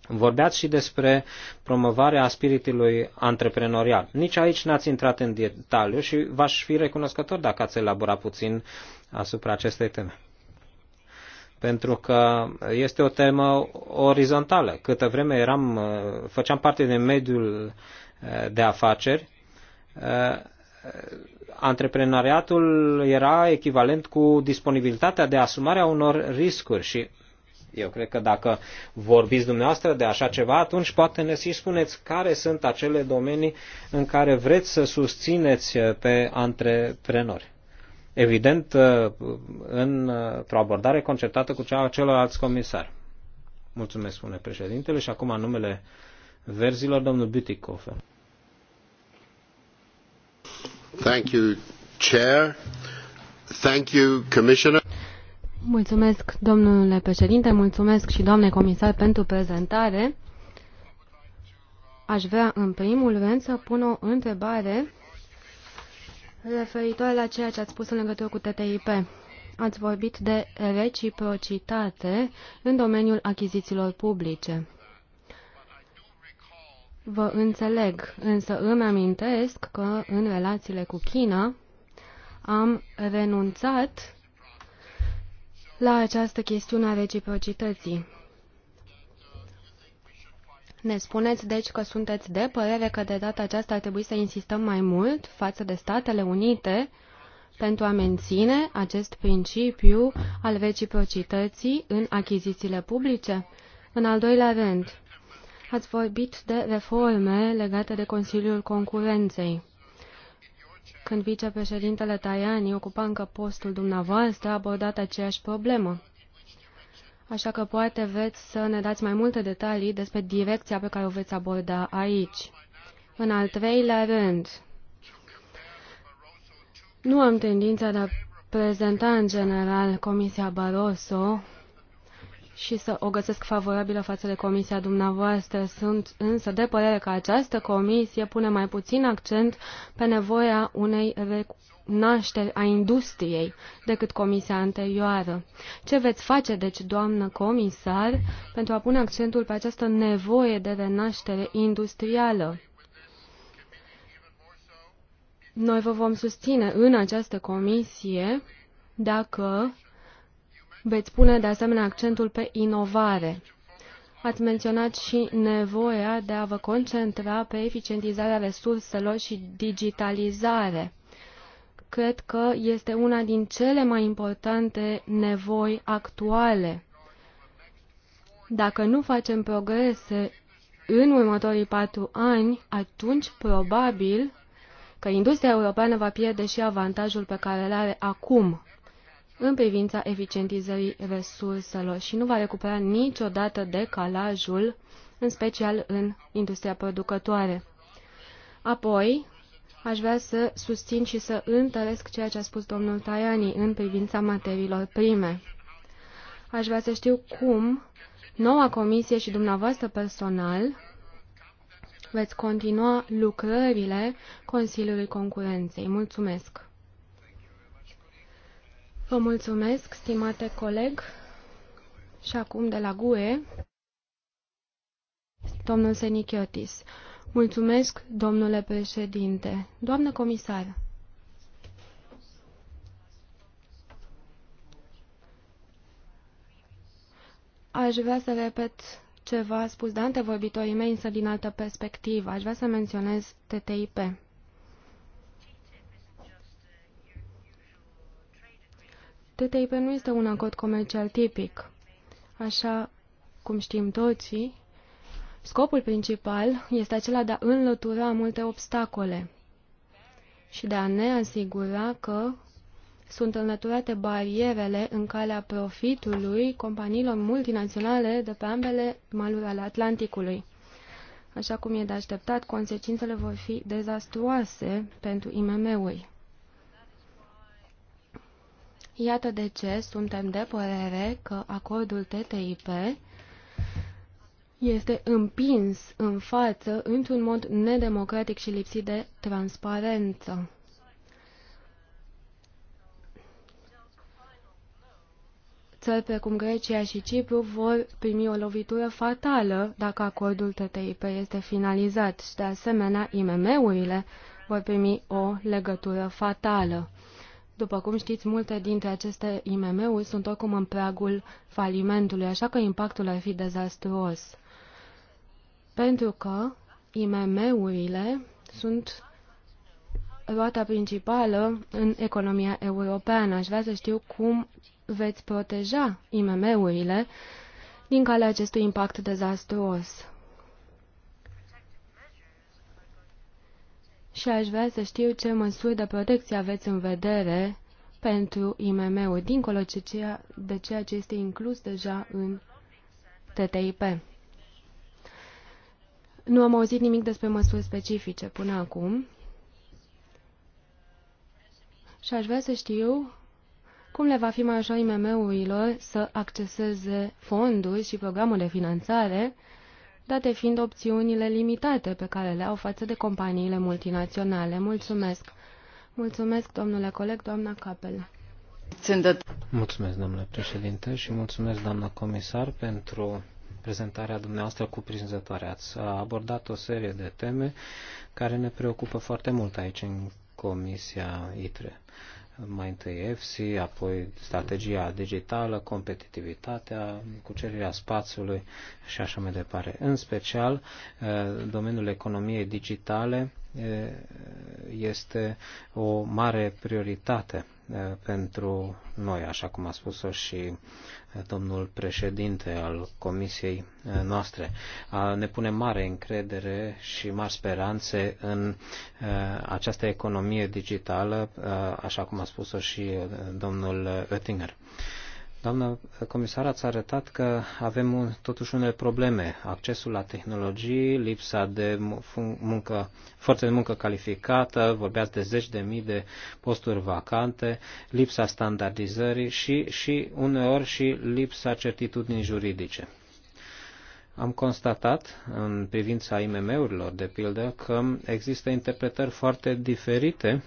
Vorbeați și despre promovarea spiritului antreprenorial. Nici aici n-ați intrat în detaliu și v-aș fi recunoscător dacă ați elabora puțin asupra acestei teme. Pentru că este o temă orizontală. Câtă vreme eram, făceam parte din mediul eh, de afaceri, eh, antreprenariatul era echivalent cu disponibilitatea de asumare a unor riscuri și eu cred că dacă vorbiți dumneavoastră de așa ceva, atunci poate ne și spuneți care sunt acele domenii în care vreți să susțineți pe antreprenori. Evident, în, într-o abordare concertată cu cea celorlalți comisari. Mulțumesc, spune președintele, și acum numele verzilor, domnul Bütikofer. Thank you, Chair. Thank you, Commissioner. Mulțumesc, domnule președinte, mulțumesc și doamne comisar pentru prezentare. Aș vrea, în primul rând, să pun o întrebare referitoare la ceea ce ați spus în legătură cu TTIP. Ați vorbit de reciprocitate în domeniul achizițiilor publice. Vă înțeleg, însă îmi amintesc că în relațiile cu China am renunțat la această chestiune a reciprocității. Ne spuneți, deci, că sunteți de părere că de data aceasta ar trebui să insistăm mai mult față de Statele Unite pentru a menține acest principiu al reciprocității în achizițiile publice? În al doilea rând, ați vorbit de reforme legate de Consiliul Concurenței. Când vicepreședintele Tajani ocupa încă postul dumneavoastră, a abordat aceeași problemă. Așa că poate veți să ne dați mai multe detalii despre direcția pe care o veți aborda aici. În al treilea rând, nu am tendința de a prezenta în general Comisia Barroso și să o găsesc favorabilă față de comisia dumneavoastră. Sunt însă de părere că această comisie pune mai puțin accent pe nevoia unei nașteri a industriei decât comisia anterioară. Ce veți face, deci, doamnă comisar, pentru a pune accentul pe această nevoie de renaștere industrială? Noi vă vom susține în această comisie dacă veți pune de asemenea accentul pe inovare. Ați menționat și nevoia de a vă concentra pe eficientizarea resurselor și digitalizare. Cred că este una din cele mai importante nevoi actuale. Dacă nu facem progrese în următorii patru ani, atunci probabil că industria europeană va pierde și avantajul pe care îl are acum în privința eficientizării resurselor și nu va recupera niciodată decalajul, în special în industria producătoare. Apoi, aș vrea să susțin și să întăresc ceea ce a spus domnul Tajani în privința materiilor prime. Aș vrea să știu cum noua comisie și dumneavoastră personal veți continua lucrările Consiliului Concurenței. Mulțumesc! Vă mulțumesc, stimate coleg. Și acum de la GUE, domnul Senichiotis. Mulțumesc, domnule președinte. Doamnă comisar. Aș vrea să repet ceva spus de antevorbitorii mei, însă din altă perspectivă. Aș vrea să menționez TTIP. TTIP nu este un acord comercial tipic. Așa cum știm toții, scopul principal este acela de a înlătura multe obstacole și de a ne asigura că sunt înlăturate barierele în calea profitului companiilor multinaționale de pe ambele maluri ale Atlanticului. Așa cum e de așteptat, consecințele vor fi dezastruoase pentru IMM-uri. Iată de ce suntem de părere că acordul TTIP este împins în față într-un mod nedemocratic și lipsit de transparență. Țări precum Grecia și Cipru vor primi o lovitură fatală dacă acordul TTIP este finalizat și, de asemenea, IMM-urile vor primi o legătură fatală. După cum știți, multe dintre aceste IMM-uri sunt oricum în pragul falimentului, așa că impactul ar fi dezastruos. Pentru că IMM-urile sunt roata principală în economia europeană. Aș vrea să știu cum veți proteja IMM-urile din calea acestui impact dezastruos. și aș vrea să știu ce măsuri de protecție aveți în vedere pentru imm ul dincolo de ceea, de ceea ce este inclus deja în TTIP. Nu am auzit nimic despre măsuri specifice până acum și aș vrea să știu cum le va fi mai ușor IMM-urilor să acceseze fonduri și programul de finanțare date fiind opțiunile limitate pe care le au față de companiile multinaționale. Mulțumesc! Mulțumesc, domnule coleg, doamna Capel. Mulțumesc, domnule președinte, și mulțumesc, doamna comisar, pentru prezentarea dumneavoastră cuprinzătoare. Ați abordat o serie de teme care ne preocupă foarte mult aici în Comisia ITRE mai întâi EFSI, apoi strategia digitală, competitivitatea, cucerirea spațiului și așa mai departe. În special, eh, domeniul economiei digitale eh, este o mare prioritate Eh, pentru noi, așa cum a spus-o și eh, domnul președinte al comisiei eh, noastre. Ne pune mare încredere și mari speranțe în această economie digitală, așa cum a spus-o și domnul Oettinger. Doamnă comisar, ați arătat că avem un, totuși unele probleme. Accesul la tehnologii, lipsa de muncă, forță de muncă calificată, vorbeați de zeci de mii de posturi vacante, lipsa standardizării și, și uneori și lipsa certitudinii juridice. Am constatat, în privința IMM-urilor, de pildă, că există interpretări foarte diferite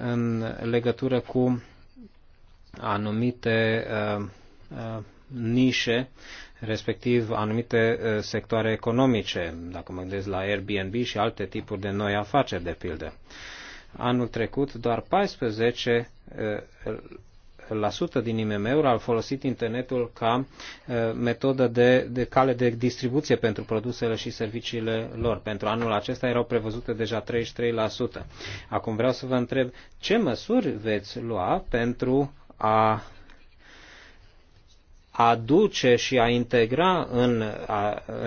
în legătură cu anumite uh, uh, nișe, respectiv anumite uh, sectoare economice, dacă mă gândesc la Airbnb și alte tipuri de noi afaceri, de pildă. Anul trecut, doar 14 sută din IMM-uri au folosit internetul ca metodă de, de cale de distribuție pentru produsele și serviciile lor. Pentru anul acesta erau prevăzute deja 33%. Acum vreau să vă întreb ce măsuri veți lua pentru a aduce și a integra în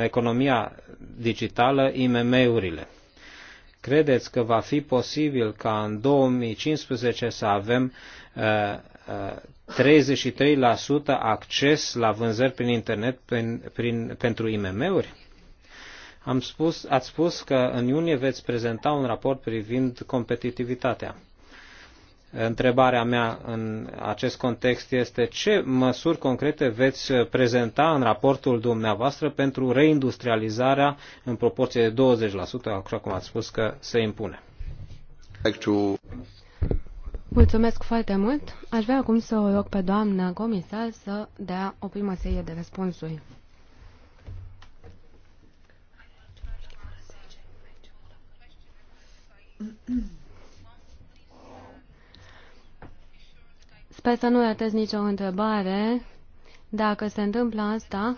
economia digitală IMM-urile. Credeți că va fi posibil ca în 2015 să avem uh, uh, 33% acces la vânzări prin internet prin, prin, pentru IMM-uri? Am spus, ați spus că în iunie veți prezenta un raport privind competitivitatea. Întrebarea mea în acest context este ce măsuri concrete veți prezenta în raportul dumneavoastră pentru reindustrializarea în proporție de 20%, așa cum ați spus că se impune. Mulțumesc foarte mult. Aș vrea acum să o rog pe doamna comisar să dea o primă serie de răspunsuri. Mm-hmm. Sper să nu ratez nicio întrebare. Dacă se întâmplă asta,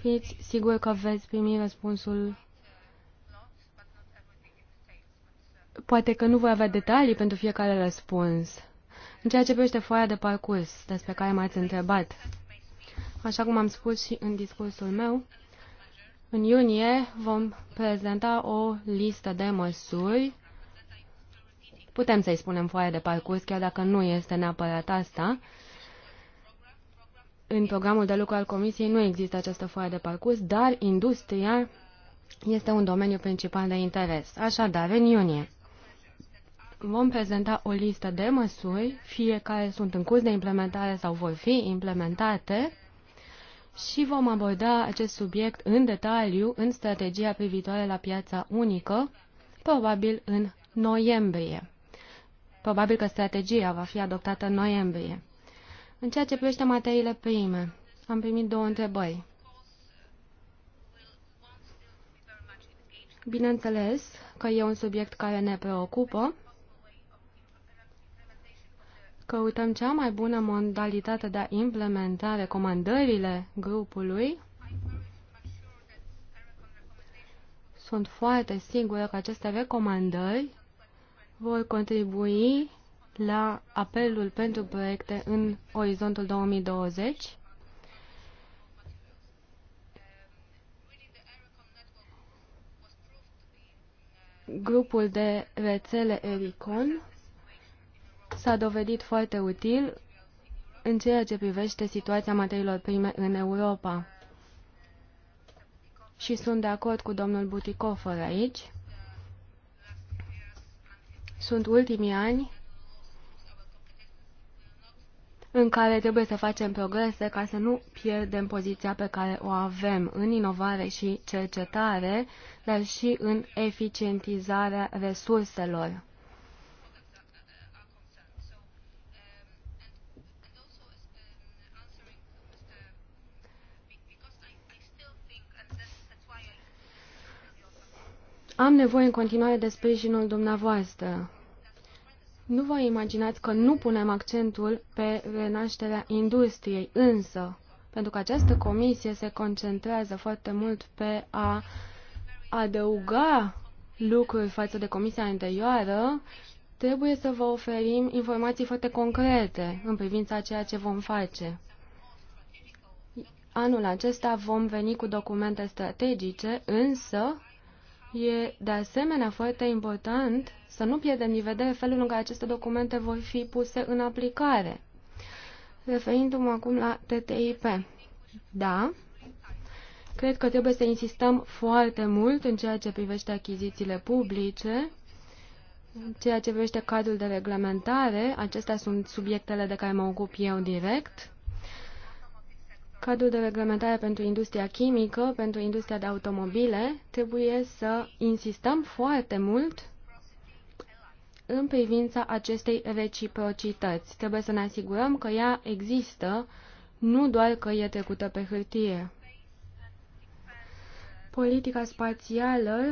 fiți siguri că veți primi răspunsul. Poate că nu voi avea detalii pentru fiecare răspuns. În ceea ce privește foaia de parcurs despre care m-ați întrebat, așa cum am spus și în discursul meu, în iunie vom prezenta o listă de măsuri Putem să-i spunem foaie de parcurs, chiar dacă nu este neapărat asta. În programul de lucru al Comisiei nu există această foaie de parcurs, dar industria este un domeniu principal de interes. Așadar, în iunie vom prezenta o listă de măsuri, fie care sunt în curs de implementare sau vor fi implementate, și vom aborda acest subiect în detaliu în strategia privitoare la piața unică, probabil în noiembrie. Probabil că strategia va fi adoptată în noiembrie. În ceea ce privește materiile prime, am primit două întrebări. Bineînțeles că e un subiect care ne preocupă. Căutăm cea mai bună modalitate de a implementa recomandările grupului. Sunt foarte sigură că aceste recomandări vor contribui la apelul pentru proiecte în orizontul 2020 grupul de rețele Ericon s-a dovedit foarte util în ceea ce privește situația materiilor prime în Europa. Și sunt de acord cu domnul Buticofer aici sunt ultimii ani în care trebuie să facem progrese ca să nu pierdem poziția pe care o avem în inovare și cercetare, dar și în eficientizarea resurselor. Am nevoie în continuare de sprijinul dumneavoastră. Nu vă imaginați că nu punem accentul pe renașterea industriei, însă, pentru că această comisie se concentrează foarte mult pe a adăuga lucruri față de comisia anterioară, trebuie să vă oferim informații foarte concrete în privința ceea ce vom face. Anul acesta vom veni cu documente strategice, însă E de asemenea foarte important să nu pierdem din vedere felul în care aceste documente vor fi puse în aplicare. Referindu-mă acum la TTIP. Da, cred că trebuie să insistăm foarte mult în ceea ce privește achizițiile publice, în ceea ce privește cadrul de reglementare. Acestea sunt subiectele de care mă ocup eu direct. Cadrul de reglementare pentru industria chimică, pentru industria de automobile, trebuie să insistăm foarte mult în privința acestei reciprocități. Trebuie să ne asigurăm că ea există, nu doar că e trecută pe hârtie. Politica spațială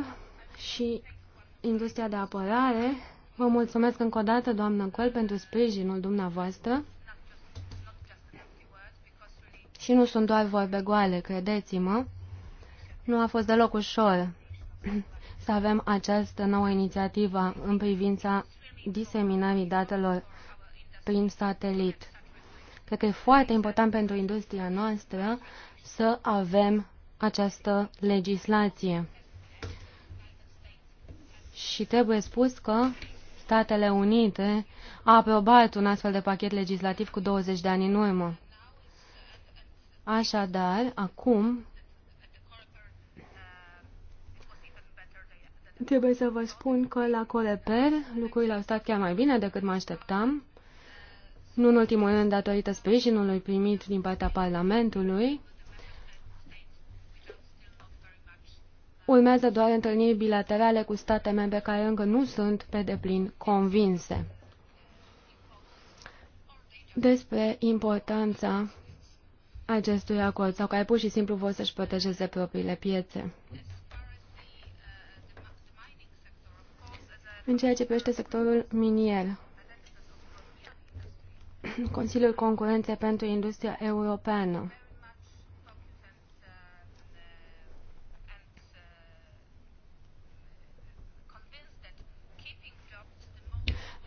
și industria de apărare. Vă mulțumesc încă o dată, doamnă Col, pentru sprijinul dumneavoastră. Și nu sunt doar vorbe goale, credeți-mă. Nu a fost deloc ușor (clears throat) să avem această nouă inițiativă în privința diseminării datelor prin satelit. Cred că e foarte important pentru industria noastră să avem această legislație. Și trebuie spus că Statele Unite a aprobat un astfel de pachet legislativ cu 20 de ani în urmă. Așadar, acum trebuie să vă spun că la Coreper lucrurile au stat chiar mai bine decât mă așteptam. Nu în ultimul rând datorită sprijinului primit din partea Parlamentului. Urmează doar întâlniri bilaterale cu state membre care încă nu sunt pe deplin convinse despre importanța acestui acord sau care pur și simplu vor să-și protejeze propriile piețe. În ceea ce privește sectorul minier, Consiliul Concurenței pentru Industria Europeană.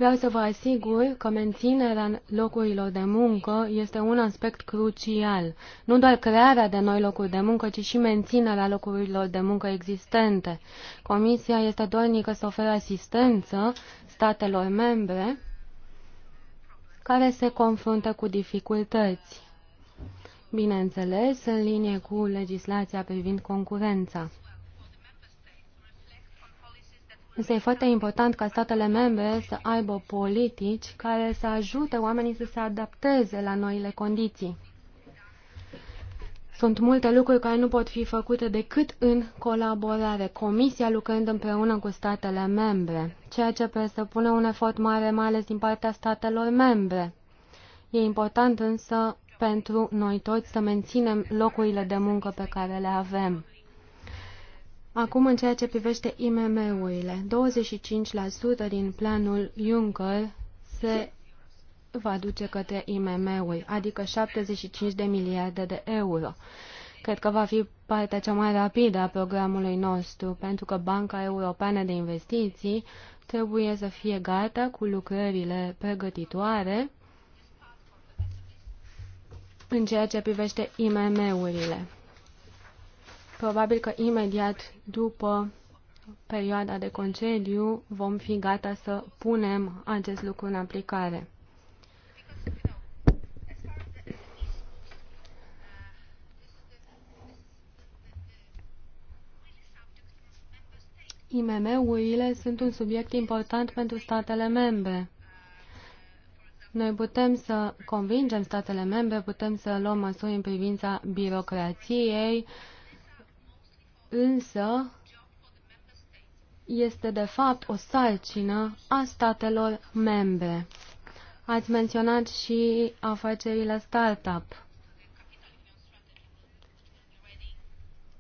Vreau să vă asigur că menținerea locurilor de muncă este un aspect crucial. Nu doar crearea de noi locuri de muncă, ci și menținerea locurilor de muncă existente. Comisia este dornică să ofere asistență statelor membre care se confruntă cu dificultăți. Bineînțeles, în linie cu legislația privind concurența. Însă e foarte important ca statele membre să aibă politici care să ajute oamenii să se adapteze la noile condiții. Sunt multe lucruri care nu pot fi făcute decât în colaborare, Comisia lucrând împreună cu statele membre, ceea ce presupune un efort mare, mai ales din partea statelor membre. E important însă pentru noi toți să menținem locurile de muncă pe care le avem. Acum, în ceea ce privește IMM-urile, 25% din planul Juncker se va duce către IMM-uri, adică 75 de miliarde de euro. Cred că va fi partea cea mai rapidă a programului nostru, pentru că Banca Europeană de Investiții trebuie să fie gata cu lucrările pregătitoare în ceea ce privește IMM-urile. Probabil că imediat după perioada de concediu vom fi gata să punem acest lucru în aplicare. IMM-urile sunt un subiect important pentru statele membre. Noi putem să convingem statele membre, putem să luăm măsuri în privința birocrației, uh, însă este de fapt o salcină a statelor membre. Ați menționat și afacerile startup.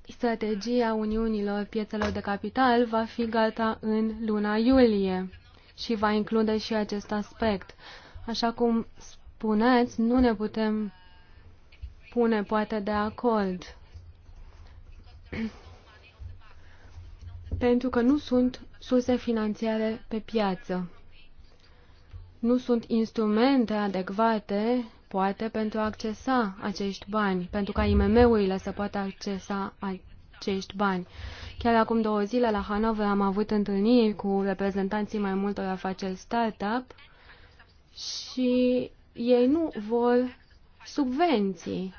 Strategia Uniunilor Piețelor de Capital va fi gata în luna iulie și va include și acest aspect. Așa cum spuneți, nu ne putem pune poate de acord (clears throat) pentru că nu sunt surse financiare pe piață. Nu sunt instrumente adecvate, poate, pentru a accesa acești bani, pentru ca IMM-urile să poată accesa acești bani. Chiar acum două zile la Hanover am avut întâlniri cu reprezentanții mai multor afaceri startup și ei nu vor subvenții,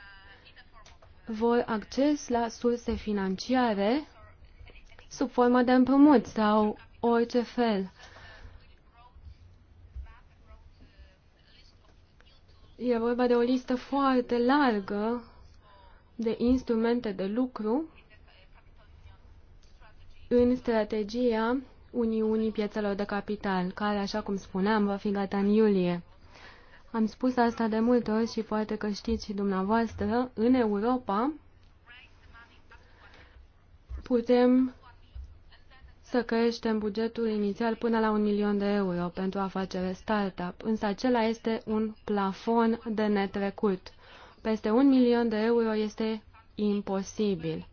vor acces la surse financiare sub formă de împrumut sau orice fel. E vorba de o listă foarte largă de instrumente de lucru în strategia Uniunii Piețelor de Capital, care, așa cum spuneam, va fi gata în iulie. Am spus asta de multe ori și poate că știți și dumneavoastră, în Europa putem să în bugetul inițial până la un milion de euro pentru afacere startup, însă acela este un plafon de netrecut. Peste un milion de euro este imposibil.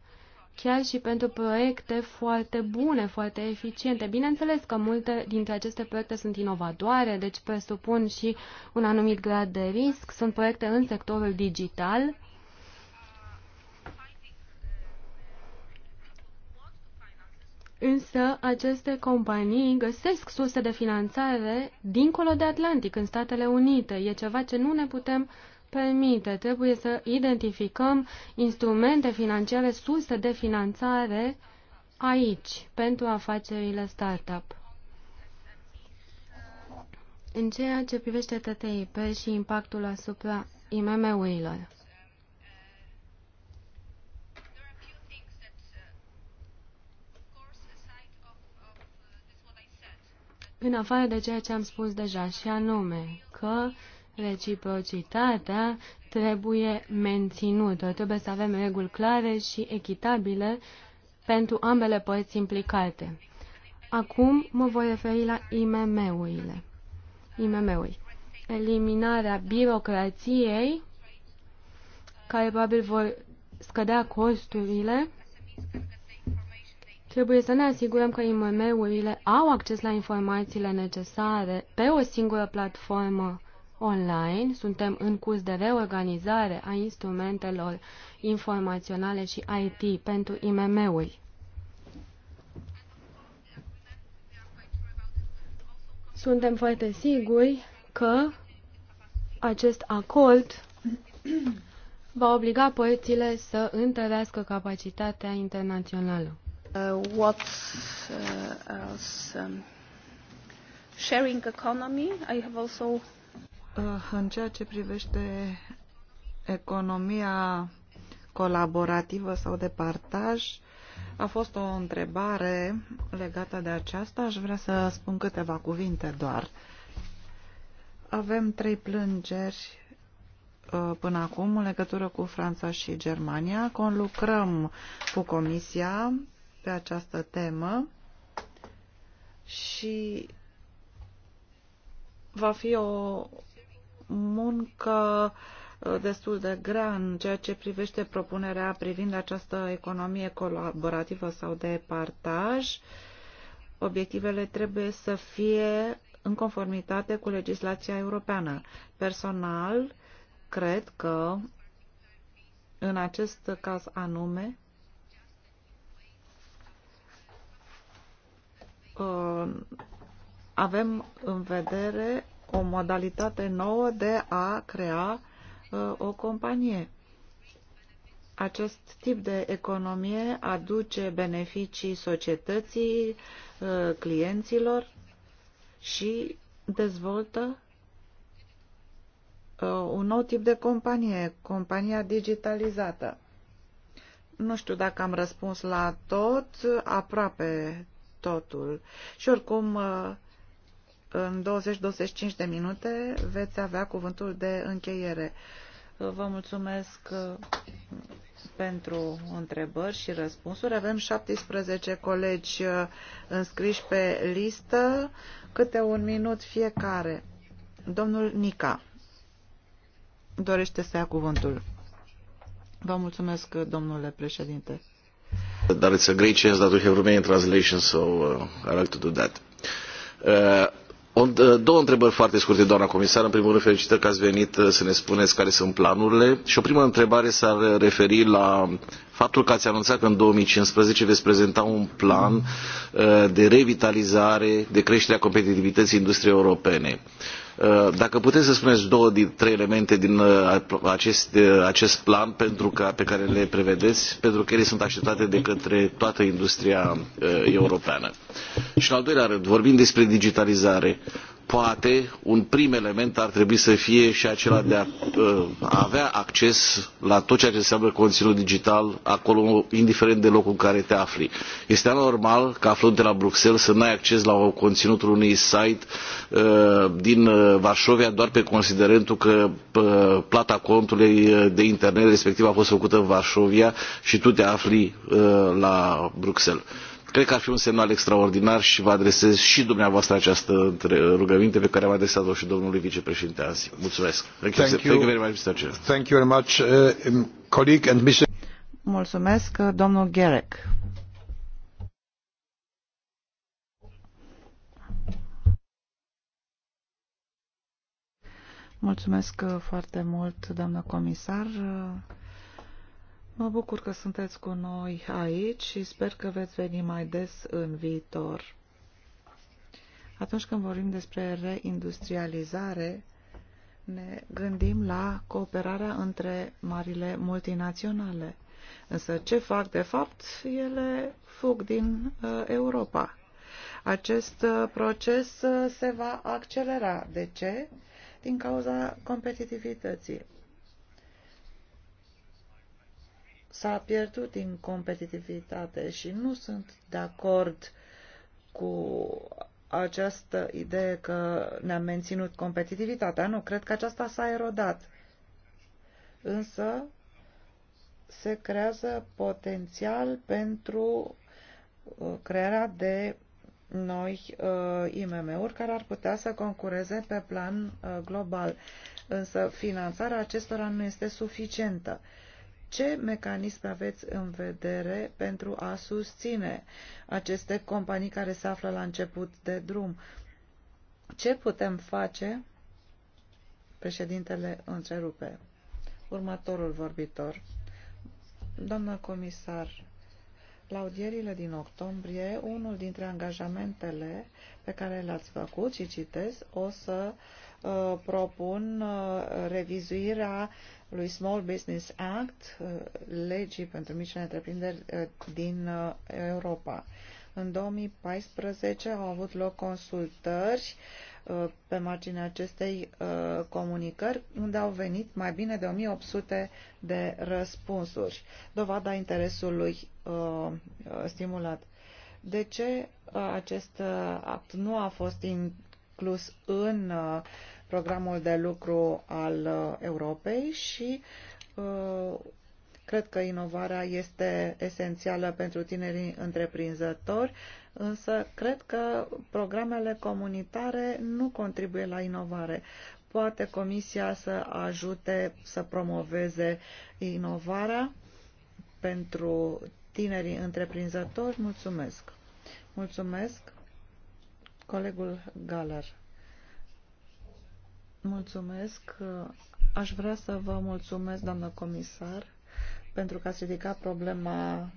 Chiar și pentru proiecte foarte bune, foarte eficiente. Bineînțeles că multe dintre aceste proiecte sunt inovatoare, deci presupun și un anumit grad de risc. Sunt proiecte în sectorul digital, Însă aceste companii găsesc surse de finanțare dincolo de Atlantic, în Statele Unite. E ceva ce nu ne putem permite. Trebuie să identificăm instrumente financiare, surse de finanțare aici, pentru afacerile startup. În ceea ce privește TTIP și impactul asupra IMM-urilor. în afară de ceea ce am spus deja, și anume că reciprocitatea trebuie menținută. Trebuie să avem reguli clare și echitabile pentru ambele părți implicate. Acum mă voi referi la IMM-urile. IMM-uri. Eliminarea birocrației, care probabil vor scădea costurile Trebuie să ne asigurăm că IMM-urile au acces la informațiile necesare pe o singură platformă online. Suntem în curs de reorganizare a instrumentelor informaționale și IT pentru IMM-uri. Suntem foarte siguri că acest acord va obliga părțile să întărească capacitatea internațională. Uh, what uh, else? Um, sharing economy, I have also... Uh, în ceea ce privește economia colaborativă sau de partaj, a fost o întrebare legată de aceasta. Aș vrea să spun câteva cuvinte doar. Avem trei plângeri uh, până acum în legătură cu Franța și Germania. Conlucrăm cu Comisia pe această temă și va fi o muncă uh, destul de grea în ceea ce privește propunerea privind această economie colaborativă sau de partaj. Obiectivele trebuie să fie în conformitate cu legislația europeană. Personal, cred că în acest caz anume, Uh, avem în vedere o modalitate nouă de a crea uh, o companie. Acest tip de economie aduce beneficii societății, uh, clienților și dezvoltă un nou tip de companie, compania digitalizată. Nu știu dacă am răspuns la tot, aproape totul. Și oricum, uh, în 20-25 de minute veți avea cuvântul de încheiere. Uh, vă mulțumesc uh, pentru întrebări și răspunsuri. Avem 17 colegi înscriși pe listă, câte un minut fiecare. Domnul Nica dorește să ia cuvântul. Vă mulțumesc, domnule președinte. Dar it's a great chance that we have Romanian translation, so uh, I like to do that. Uh, o, uh, două întrebări foarte scurte, doamna comisar. În primul rând, felicitări că ați venit uh, să ne spuneți care sunt planurile. Și o primă întrebare s-ar referi la faptul că ați anunțat că în 2015 veți prezenta un plan uh, de revitalizare, de creștere a competitivității industriei europene. Uh, Uh, dacă puteți să spuneți două, trei elemente din uh, acest, uh, acest plan pentru ca, pe care le prevedeți, pentru că ele sunt așteptate de către toată industria europeană. Și în al doilea rând, vorbim despre digitalizare poate un prim element ar trebui să fie și acela de a uh, avea acces la tot ceea ce înseamnă conținut digital acolo, indiferent de locul în care te afli. Este anormal ca aflând de la Bruxelles să n-ai acces la conținutul unui site uh, din uh, Varșovia doar pe considerentul că plata contului de internet respectiv a fost făcută în Varșovia și tu te afli la Bruxelles cred că ar fi un semnal extraordinar și vă adresez și dumneavoastră această rugăminte pe care am adresat-o și domnului vicepreședinte azi. Mulțumesc. Thank you, thank you very much, Mr. Chair. Thank you very much, uh, um, colleague and Mr. Mulțumesc, uh, domnul Gerek. Mulțumesc uh, foarte mult, doamnă comisar. Mă bucur că sunteți cu noi aici și sper că veți veni mai des în viitor. Atunci când vorbim despre reindustrializare, ne gândim la cooperarea între marile multinaționale. Însă ce fac de fapt? Ele fug din uh, Europa. Acest uh, proces uh, se va accelera. De ce? Din cauza competitivității. s-a pierdut din competitivitate și nu sunt de acord cu această idee că ne-am menținut competitivitatea. Nu, cred că aceasta s-a erodat. Însă se creează potențial pentru uh, crearea de noi uh, IMM-uri care ar putea să concureze pe plan uh, global. Însă finanțarea acestora nu este suficientă. Uh, ce mecanism aveți în vedere pentru a susține aceste companii care se află la început de drum? Ce putem face? Președintele întrerupe. Următorul vorbitor. Doamna comisar, la audierile din octombrie, unul dintre angajamentele pe care le-ați făcut și citesc, o să uh, propun uh, revizuirea lui Small Business Act, uh, legii pentru mici întreprinderi uh, din uh, Europa. În 2014 au avut loc consultări pe marginea acestei comunicări, unde au venit mai bine de 1800 de răspunsuri, dovada interesului stimulat. De ce acest act nu a fost inclus în uh, programul de lucru al uh, Europei și uh, cred că inovarea este esențială pentru tinerii întreprinzători, însă cred că programele comunitare nu contribuie la inovare. Poate Comisia să ajute să promoveze inovarea pentru tinerii întreprinzători. Mulțumesc! Mulțumesc, colegul Galer. Mulțumesc. Aș vrea să vă mulțumesc, doamnă comisar, pentru că ați ridicat problema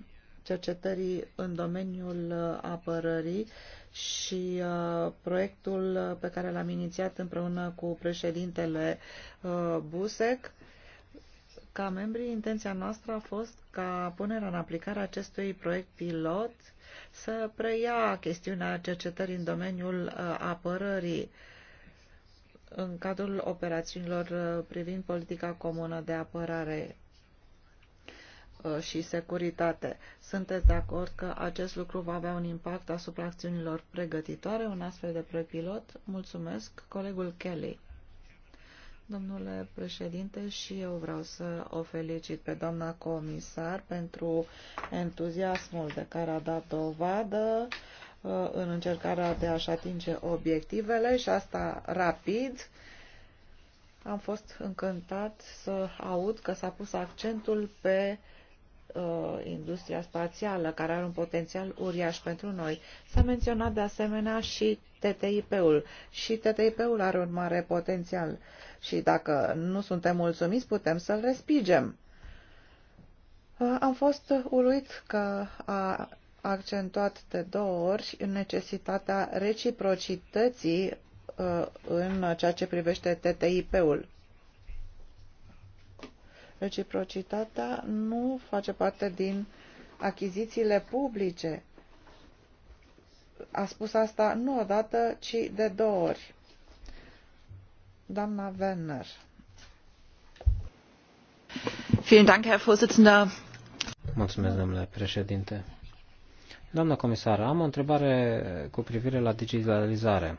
cercetării în domeniul apărării și uh, proiectul pe care l-am inițiat împreună cu președintele uh, Busec. Ca membrii, intenția noastră a fost ca punerea în aplicare acestui proiect pilot să preia chestiunea cercetării în domeniul uh, apărării în cadrul operațiunilor uh, privind politica comună de apărare uh, și securitate. Sunteți de acord că acest lucru va avea un impact asupra acțiunilor pregătitoare, un astfel de prepilot? pilot? Mulțumesc, colegul Kelly. Domnule președinte, și eu vreau să o felicit pe doamna comisar pentru entuziasmul de care a dat dovadă Uh, în încercarea de a-și atinge obiectivele și asta rapid. Am fost încântat să aud că s-a pus accentul pe uh, industria spațială, care are un potențial uriaș pentru noi. S-a menționat de asemenea și TTIP-ul. Și TTIP-ul are un mare potențial. Și dacă nu suntem mulțumiți, putem să-l respingem. Uh, am fost uluit că a accentuat de două ori necesitatea reciprocității uh, în ceea ce privește TTIP-ul. Reciprocitatea nu face parte din achizițiile publice. A spus asta nu odată, ci de două ori. Doamna Werner. Mulțumesc, domnule președinte. Doamna comisar, am o întrebare cu privire la digitalizare.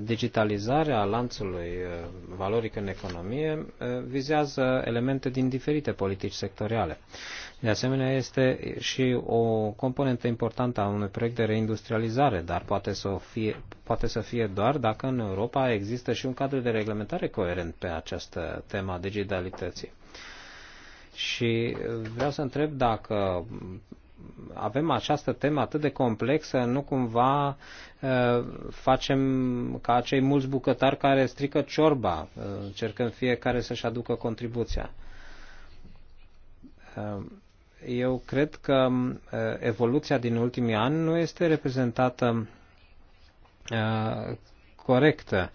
Digitalizarea lanțului uh, valoric în economie uh, vizează elemente din diferite politici sectoriale. De asemenea, este și o componentă importantă a unui proiect de reindustrializare, dar poate să, fie, poate să fie doar dacă în Europa există și un cadru de reglementare coerent pe această tema digitalității. Și vreau să întreb dacă avem această temă atât de complexă, nu cumva facem ca acei mulți bucătari care strică ciorba, încercăm fiecare să-și aducă contribuția. Eu cred că evoluția din ultimii ani nu este reprezentată corectă.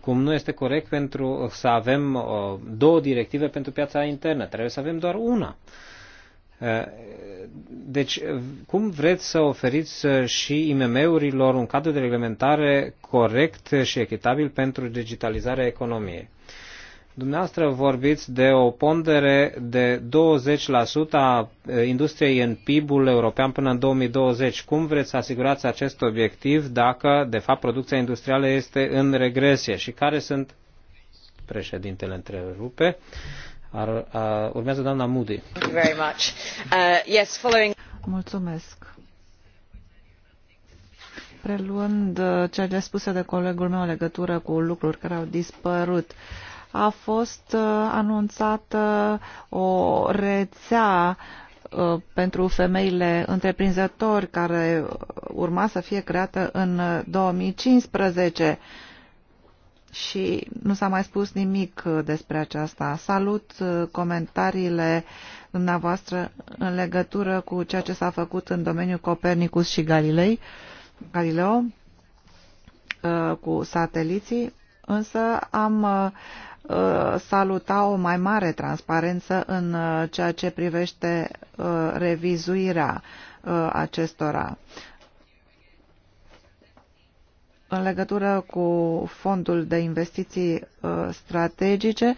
Cum nu este corect pentru să avem două directive pentru piața internă, trebuie să avem doar una. Eh, deci, cum vreți să oferiți eh, și IMM-urilor un cadru de reglementare corect și echitabil pentru digitalizarea economiei? Dumneavoastră vorbiți de o pondere de 20% a eh, industriei în PIB-ul european până în 2020. Cum vreți să asigurați acest obiectiv dacă, de fapt, producția industrială este în regresie? Și care sunt, președintele întrerupe, uh, ar, urmează doamna Moody. Thank you very much. Uh, Preluând uh, cele spuse de colegul meu în legătură cu lucruri care au dispărut, a fost uh, anunțată o rețea uh, pentru femeile întreprinzători care urma să fie creată în 2015 și nu s-a mai spus nimic uh, despre aceasta. Salut uh, comentariile dumneavoastră în legătură cu ceea ce s-a făcut în domeniul Copernicus și Galilei, Galileo uh, cu sateliții, însă am saluta o mai mare transparență în ceea ce privește revizuirea acestora în legătură cu fondul de investiții uh, strategice,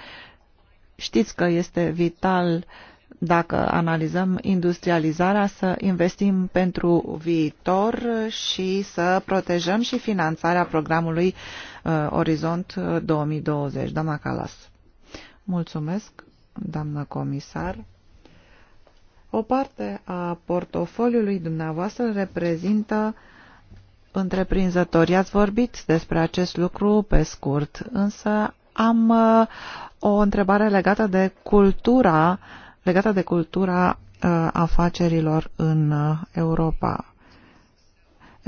știți că este vital dacă analizăm industrializarea, să investim pentru viitor și să protejăm și finanțarea programului uh, Orizont 2020. Uh, Doamna Calas. Mulțumesc, doamnă comisar. O parte a portofoliului dumneavoastră reprezintă uh, întreprinzători. Ați vorbit despre acest lucru pe scurt, însă am uh, o întrebare legată de cultura, legată de cultura uh, afacerilor în uh, Europa.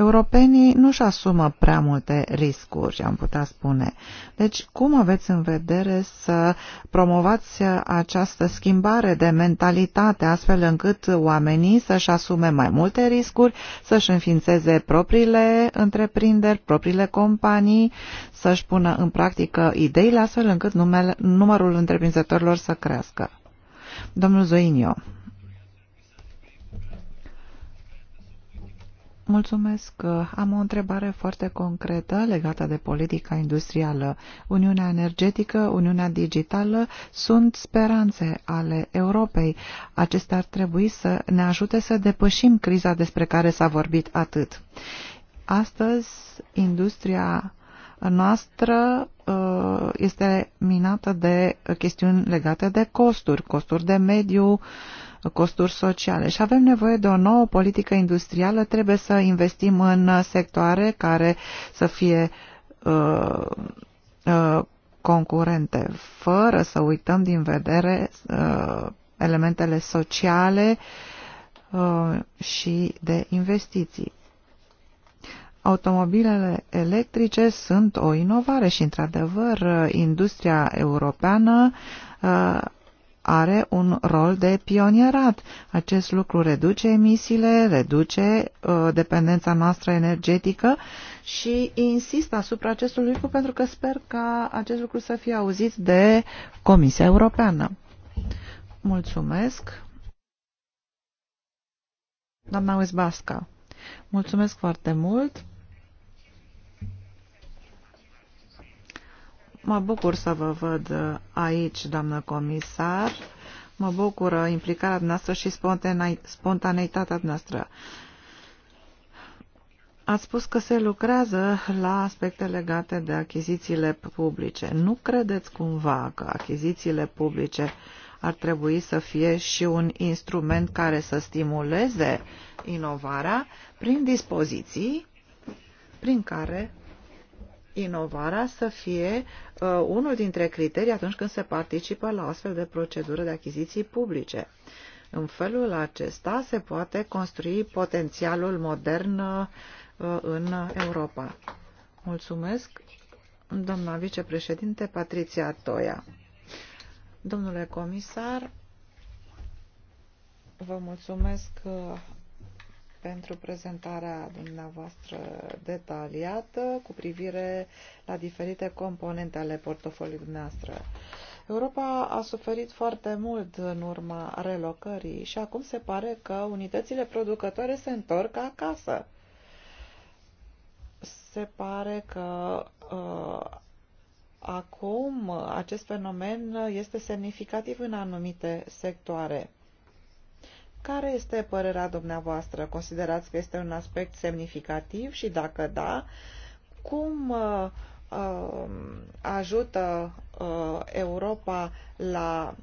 Europenii nu își asumă prea multe riscuri, am putea spune. Deci, cum aveți în vedere să promovați această schimbare de mentalitate, astfel încât oamenii să-și asume mai multe riscuri, să-și înființeze propriile întreprinderi, propriile companii, să-și pună în practică ideile, astfel încât numele, numărul întreprinzătorilor să crească? Domnul Zoinio. Mulțumesc. Am o întrebare foarte concretă legată de politica industrială. Uniunea energetică, Uniunea digitală sunt speranțe ale Europei. Acestea ar trebui să ne ajute să depășim criza despre care s-a vorbit atât. Astăzi, industria noastră uh, este minată de chestiuni legate de costuri, costuri de mediu, costuri sociale și avem nevoie de o nouă politică industrială, trebuie să investim în sectoare care să fie uh, uh, concurente, fără să uităm din vedere uh, elementele sociale uh, și de investiții. Automobilele electrice sunt o inovare și, într-adevăr, industria europeană uh, are un rol de pionierat. Acest lucru reduce emisiile, reduce uh, dependența noastră energetică și insist asupra acestui lucru pentru că sper ca acest lucru să fie auzit de Comisia Europeană. Mulțumesc. Doamna Uzbasca, mulțumesc foarte mult. Mă bucur să vă văd aici, doamnă comisar. Mă bucură implicarea noastră și spontaneitatea noastră. Ați spus că se lucrează la aspecte legate de achizițiile publice. Nu credeți cumva că achizițiile publice ar trebui să fie și un instrument care să stimuleze inovarea prin dispoziții prin care inovarea să fie uh, unul dintre criterii atunci când se participă la astfel de procedură de achiziții publice. În felul acesta se poate construi potențialul modern uh, în Europa. Mulțumesc, doamna vicepreședinte Patricia Toia. Domnule comisar, vă mulțumesc uh, pentru prezentarea dumneavoastră detaliată cu privire la diferite componente ale portofoliului dumneavoastră. Europa a suferit foarte mult în urma relocării și acum se pare că unitățile producătoare se întorc acasă. Se pare că uh, acum acest fenomen este semnificativ în anumite sectoare care este părerea dumneavoastră? Considerați că este un aspect semnificativ și dacă da, cum uh, uh, ajută uh, Europa la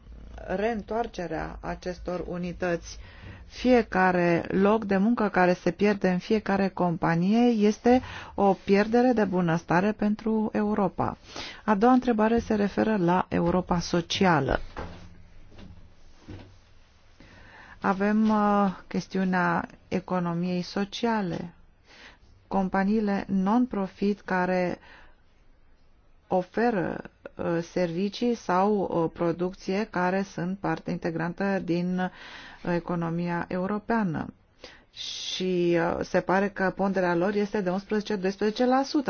reîntoarcerea acestor unități? Fiecare loc de muncă care se pierde în fiecare companie este o pierdere de bunăstare pentru Europa. A doua întrebare se referă la Europa socială. Avem uh, chestiunea economiei sociale. Companiile non-profit care oferă uh, servicii sau uh, producție care sunt parte integrantă din economia europeană. Și se pare că ponderea lor este de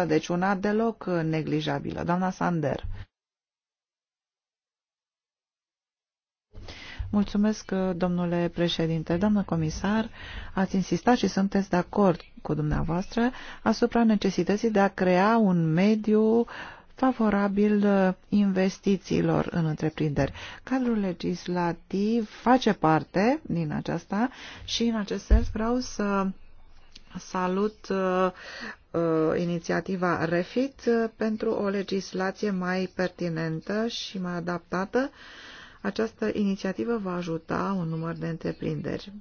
11-12%, deci una deloc neglijabilă. Doamna Sander. Mulțumesc, uh, domnule președinte. Doamnă comisar, ați insistat și sunteți de acord cu dumneavoastră asupra necesității de a crea un mediu favorabil uh, investițiilor în întreprinderi. Cadrul legislativ face parte din aceasta și în acest sens vreau să salut uh, inițiativa REFIT pentru o legislație mai pertinentă și mai adaptată uh, această inițiativă va ajuta un număr de întreprinderi.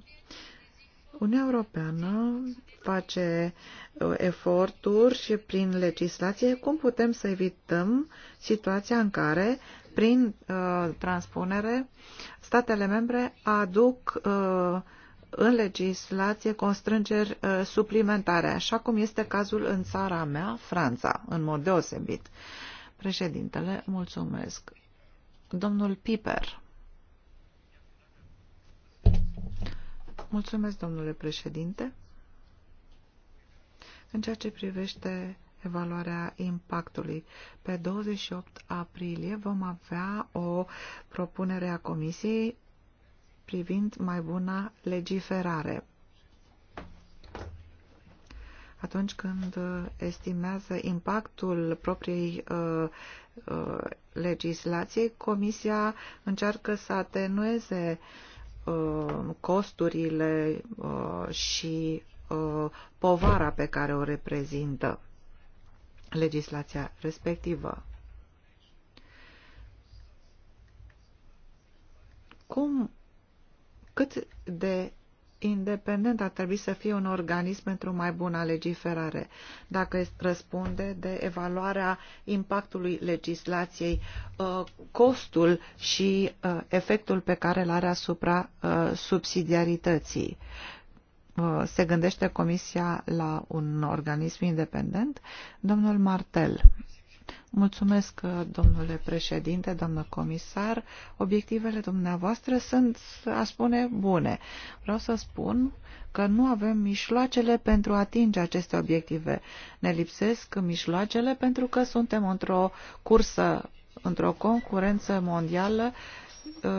Uniunea Europeană face uh, eforturi și prin legislație cum putem să evităm situația în care, prin uh, transpunere, statele membre aduc uh, în legislație constrângeri uh, suplimentare, așa cum este cazul în țara mea, Franța, în mod deosebit. Președintele, mulțumesc. Domnul Piper. Mulțumesc, domnule președinte. În ceea ce privește evaluarea impactului, pe 28 aprilie vom avea o propunere a Comisiei privind mai bună legiferare. Atunci când uh, estimează impactul propriei uh, Uh, legislației, Comisia încearcă să atenueze uh, costurile uh, și povara pe care o reprezintă legislația respectivă. Cum, cât de independent ar trebui să fie un organism pentru mai bună legiferare, dacă răspunde de evaluarea impactului legislației, uh, costul și uh, efectul pe care îl are asupra uh, subsidiarității. Se gândește Comisia la un organism independent? Domnul Martel. Mulțumesc, uh, domnule președinte, doamnă comisar. Obiectivele dumneavoastră sunt, a spune, bune. Vreau să spun că nu avem mișloacele pentru a atinge aceste obiective. Ne lipsesc mișloacele pentru că suntem într-o cursă, într-o concurență mondială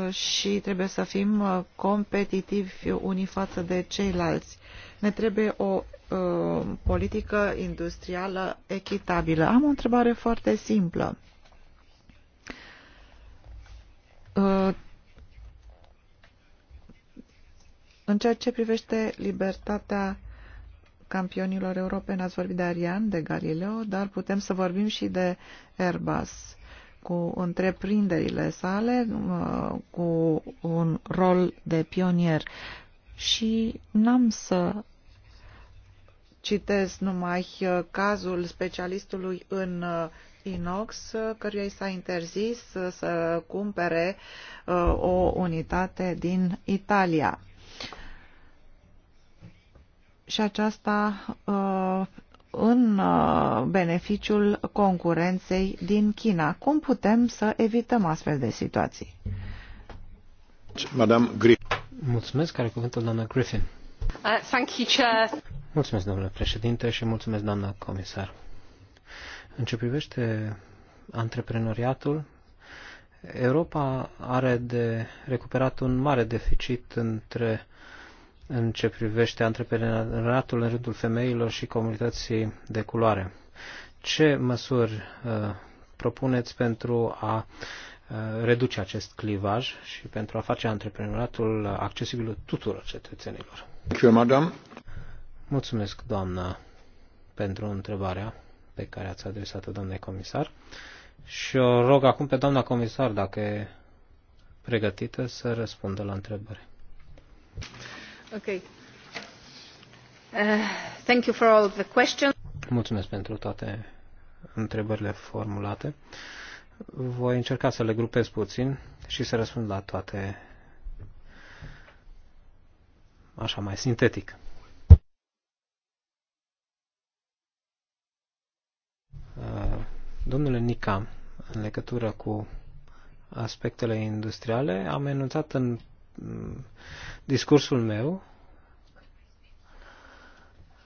uh, și trebuie să fim uh, competitivi unii față de ceilalți. Ne trebuie o Uh, politică industrială echitabilă. Am o întrebare foarte simplă. Uh, în ceea ce privește libertatea campionilor europeni, ați vorbit de Ariane, de Galileo, dar putem să vorbim și de Airbus cu întreprinderile sale, uh, cu un rol de pionier. Și n-am să citez numai uh, cazul specialistului în uh, inox, uh, căruia i s-a interzis să cumpere o unitate din Italia. Și aceasta în beneficiul concurenței din China. Cum putem să evităm astfel de situații? Madame Griffin. Mulțumesc, care cuvântul doamna Griffin. Uh, mulțumesc, domnule președinte, și mulțumesc, doamna comisar. În ce privește antreprenoriatul, Europa are de recuperat un mare deficit între, în ce privește antreprenoriatul în rândul femeilor și comunității de culoare. Ce măsuri uh, propuneți pentru a uh, reduce acest clivaj și pentru a face antreprenoriatul accesibil tuturor cetățenilor? Mulțumesc, doamnă, pentru întrebarea pe care ați adresat-o, doamne comisar. Și o rog acum pe doamna comisar, dacă e pregătită, să răspundă la întrebare. Ok. Uh, thank you for all the questions. Mulțumesc pentru toate întrebările formulate. Voi încerca să le grupez puțin și să răspund la toate așa mai sintetic. Uh, domnule Nica, în legătură cu aspectele industriale, am enunțat în mm, discursul meu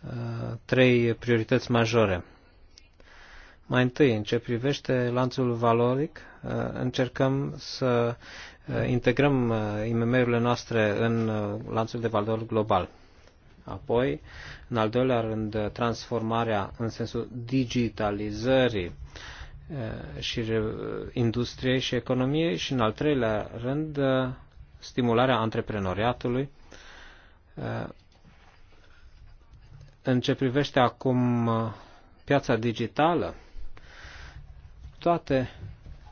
uh, trei priorități majore. Mai întâi, în ce privește lanțul valoric, uh, încercăm să Eh, integrăm eh, IMM-urile noastre în eh, lanțul de valori global. Apoi, în al doilea rând, transformarea în sensul digitalizării și industriei și economiei și, în al treilea rând, stimularea antreprenoriatului. În ce privește acum piața digitală, toate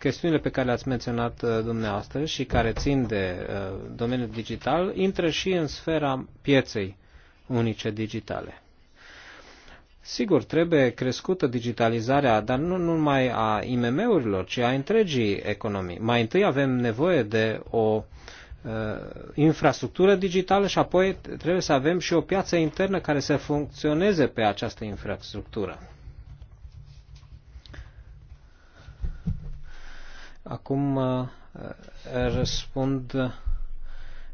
chestiunile pe care le-ați menționat uh, dumneavoastră și care țin de uh, domeniul digital intră și în sfera pieței unice digitale. Sigur, trebuie crescută digitalizarea, dar nu numai a IMM-urilor, ci a întregii economii. Mai întâi avem nevoie de o uh, infrastructură digitală și apoi trebuie să avem și o piață internă care să funcționeze pe această infrastructură. Acum uh, uh, răspund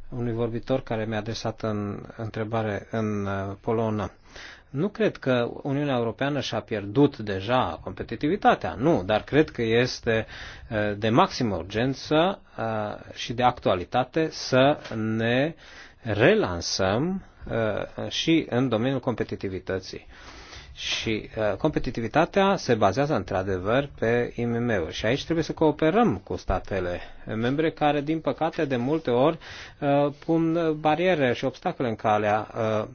unui vorbitor care mi-a adresat în întrebare în uh, polonă. Nu cred că Uniunea Europeană și-a pierdut deja competitivitatea, nu, dar cred că este de maximă urgență și de actualitate să ne relansăm și în domeniul competitivității. Și uh, competitivitatea se bazează într-adevăr pe IMM-uri și aici trebuie să cooperăm cu statele membre care, din păcate, de multe ori uh, pun bariere și obstacole în calea uh,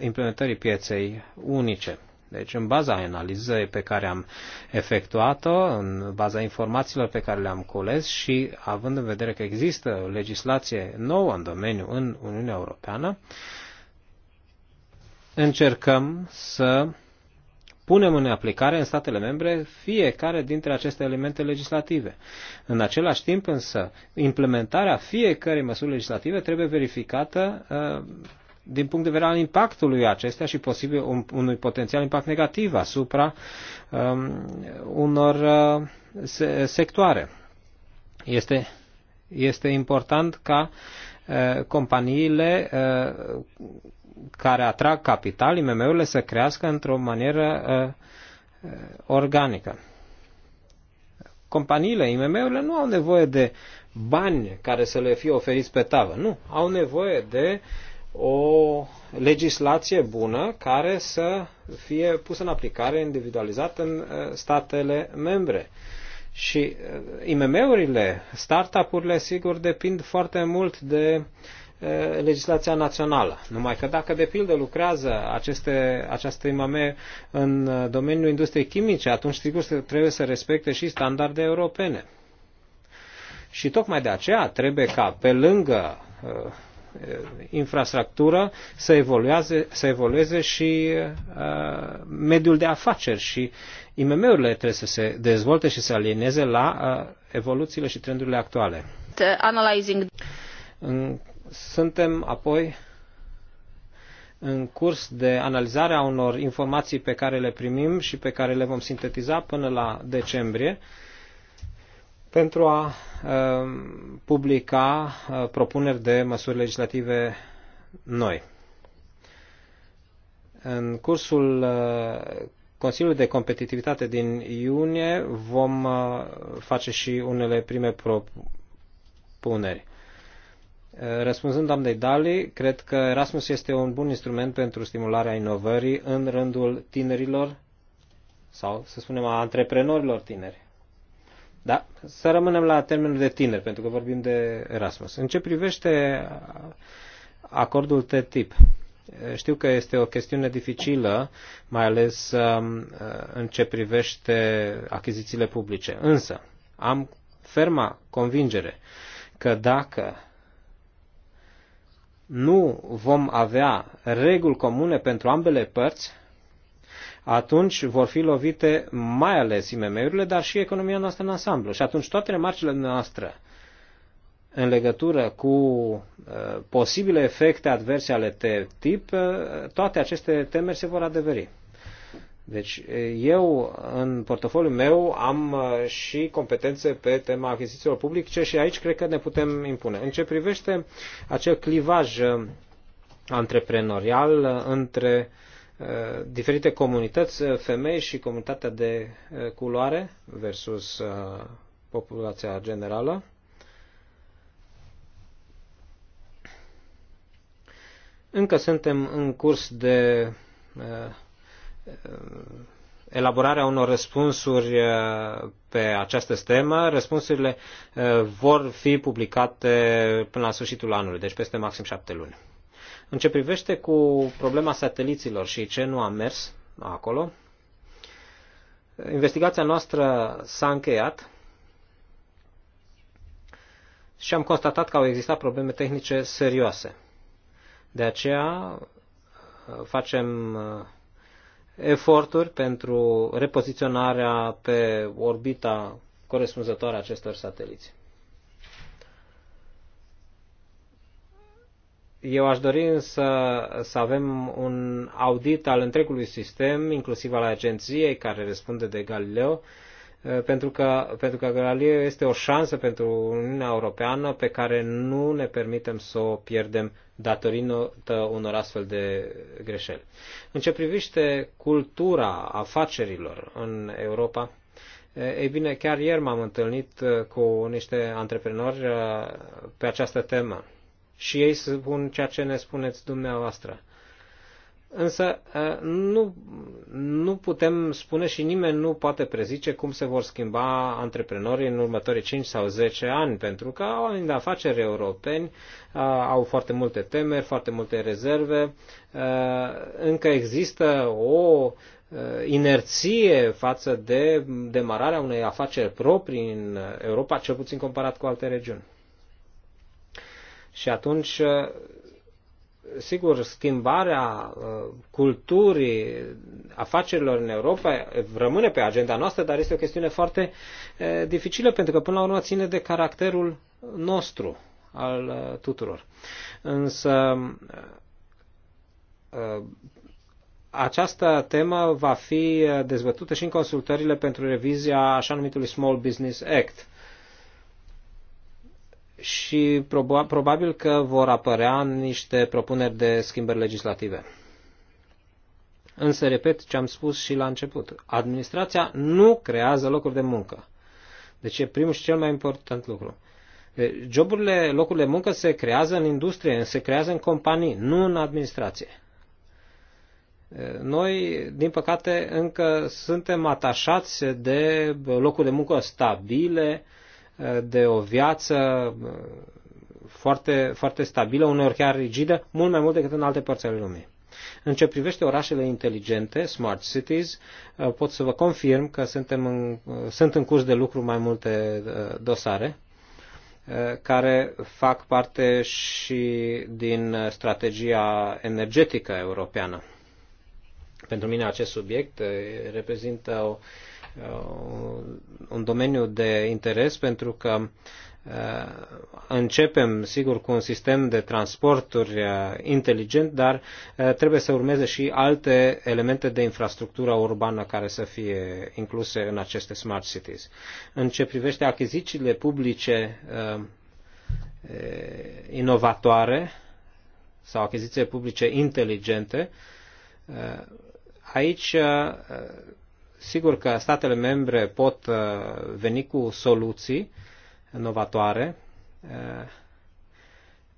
implementării pieței unice. Deci, în baza analizei pe care am efectuat-o, în baza informațiilor pe care le-am cules și având în vedere că există legislație nouă în domeniu în Uniunea Europeană, încercăm să punem în aplicare în statele membre fiecare dintre aceste elemente legislative. În același timp însă, implementarea fiecărei măsuri legislative trebuie verificată uh, din punct de vedere al impactului acestea și posibil un, unui potențial impact negativ asupra um, unor uh, se, sectoare. Este, este important ca uh, companiile uh, care atrag capital, IMM-urile să crească într-o manieră uh, uh, organică. Companiile, IMM-urile nu au nevoie de bani care să le fie oferiți pe tavă. Nu, au nevoie de o legislație bună care să fie pusă în aplicare individualizată în uh, statele membre. Și uh, IMM-urile, startup-urile, sigur, depind foarte mult de uh, legislația națională. Numai că dacă, de pildă, lucrează aceste, această imame în domeniul industriei chimice, atunci, sigur, trebuie să respecte și standarde europene. Și tocmai de aceea trebuie ca, pe lângă uh, infrastructură, să, evolueze, să evolueze și uh, mediul de afaceri și IMM-urile trebuie să se dezvolte și să alineze la uh, evoluțiile și trendurile actuale. Analyzing. În suntem apoi în curs de analizare a unor informații pe care le primim și pe care le vom sintetiza până la decembrie pentru a um, publica uh, propuneri de măsuri legislative noi. În cursul uh, Consiliului de Competitivitate din iunie vom uh, face și unele prime propuneri. Răspunzând doamnei Dali, cred că Erasmus este un bun instrument pentru stimularea inovării în rândul tinerilor sau, să spunem, a antreprenorilor tineri. Da, să rămânem la termenul de tineri, pentru că vorbim de Erasmus. În ce privește acordul TTIP, știu că este o chestiune dificilă, mai ales um, în ce privește achizițiile publice. Însă, am ferma convingere că dacă nu vom avea reguli comune pentru ambele părți, atunci vor fi lovite mai ales IMM-urile, dar și economia noastră în ansamblu. Și atunci toate remarcile noastre în legătură cu uh, posibile efecte adverse ale TTIP, uh, toate aceste temeri se vor adeveri. Deci eu, în portofoliul meu, am uh, și competențe pe tema achizițiilor publice și aici cred că ne putem impune. În ce privește acel clivaj uh, antreprenorial uh, între diferite comunități, femei și comunitatea de culoare versus populația generală, încă suntem în curs de Eh, elaborarea unor răspunsuri eh, pe această temă. Răspunsurile eh, vor fi publicate până la sfârșitul anului, deci peste maxim șapte luni. În ce privește cu problema sateliților și ce nu a mers acolo, investigația noastră s-a încheiat și am constatat că au existat probleme tehnice serioase. De aceea facem eforturi pentru repoziționarea pe orbita corespunzătoare a acestor sateliți. Eu aș dori însă să avem un audit al întregului sistem, inclusiv al agenției care răspunde de Galileo, Eh, pentru că, pentru că Galileo este o șansă pentru Uniunea Europeană pe care nu ne permitem să o pierdem datorită unor astfel de greșeli. În ce privește cultura afacerilor în Europa, eh, ei bine, chiar ieri m-am întâlnit eh, cu niște antreprenori pe această temă și ei spun ceea ce ne spuneți dumneavoastră Însă ă, nu, nu putem spune și nimeni nu poate prezice cum se vor schimba antreprenorii în următorii 5 sau 10 ani, pentru că oamenii de afaceri europeni ă, au foarte multe temeri, foarte multe rezerve, ă, încă există o inerție față de demararea unei afaceri proprii în Europa, cel puțin comparat cu alte regiuni. Și atunci sigur, schimbarea uh, culturii afacerilor în Europa eh, rămâne pe agenda noastră, dar este o chestiune foarte eh, dificilă pentru că până la urmă ține de caracterul nostru al eh, tuturor. Însă această temă va fi dezbătută și în consultările pentru revizia așa numitului Small Business Act și probabil că vor apărea niște propuneri de schimbări legislative. Însă, repet ce am spus și la început, administrația nu creează locuri de muncă. Deci e primul și cel mai important lucru. Joburile, locurile de muncă se creează în industrie, se creează în companii, nu în administrație. Noi, din păcate, încă suntem atașați de locuri de muncă stabile, de o viață uh, foarte, foarte stabilă, uneori chiar rigidă, mult mai mult decât în alte părți ale lumii. În ce privește orașele inteligente, smart cities, uh, pot să vă confirm că suntem în, uh, sunt în curs de lucru mai multe dosare care fac parte și din strategia energetică europeană. Pentru mine acest subiect reprezintă o Uh, un domeniu de interes pentru că uh, începem, sigur, cu un sistem de transporturi uh, inteligent, dar trebuie să urmeze și alte elemente de infrastructură urbană care să fie incluse în aceste smart cities. În ce privește achizițiile publice inovatoare sau achizițiile publice inteligente, aici Sigur că statele membre pot uh, veni cu soluții novatoare, uh,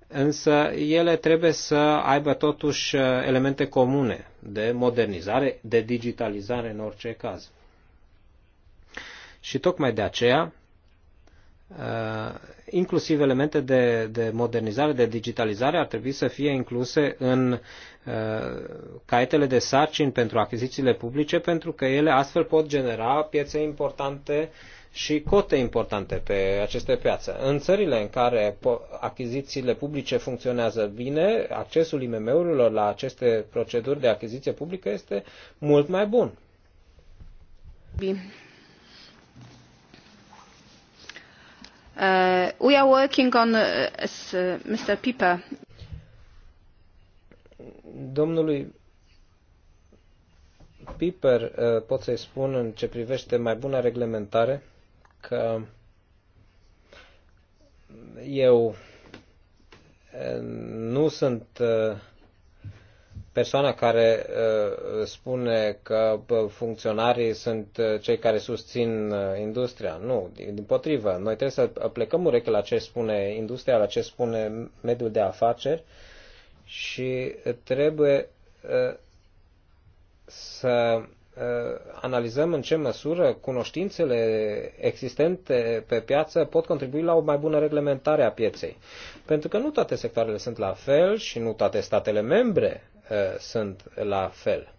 însă ele trebuie să aibă totuși uh, elemente comune de modernizare, de digitalizare în orice caz. Și tocmai de aceea Uh, inclusiv elemente de, de modernizare, de digitalizare, ar trebui să fie incluse în uh, caietele de sarcini pentru achizițiile publice, pentru că ele astfel pot genera piețe importante și cote importante pe aceste piață. În țările în care achizițiile publice funcționează bine, accesul IMM-urilor la aceste proceduri de achiziție publică este mult mai bun. Bine. Uh, we are working on, uh, as uh, Mr. Pieper. Domnului Piper uh, pot să-i spun în ce privește mai bună reglementare că eu uh, nu sunt uh, persoana care uh, spune că funcționarii sunt uh, cei care susțin uh, industria. Nu, din potrivă. Noi trebuie să plecăm ureche la ce spune industria, la ce spune mediul de afaceri și trebuie să analizăm în ce măsură cunoștințele existente pe piață pot contribui la o mai bună reglementare a pieței. Pentru că nu toate sectoarele sunt la fel și nu toate statele membre Uh, sunt la fel.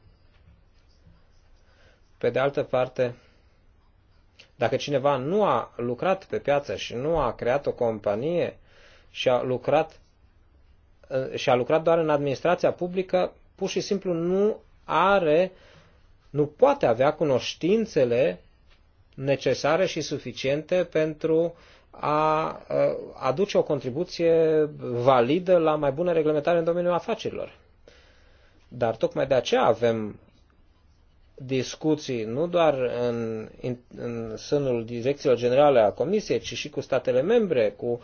Pe de altă parte, dacă cineva nu a lucrat pe piață și nu a creat o companie și a lucrat, uh, și a lucrat doar în administrația publică, pur și simplu nu are, nu poate avea cunoștințele necesare și suficiente pentru a uh, aduce o contribuție validă la mai bună reglementare în domeniul afacerilor. Dar tocmai de aceea avem discuții nu doar în, în, în sânul direcțiilor generale a Comisiei, ci și cu statele membre, cu uh,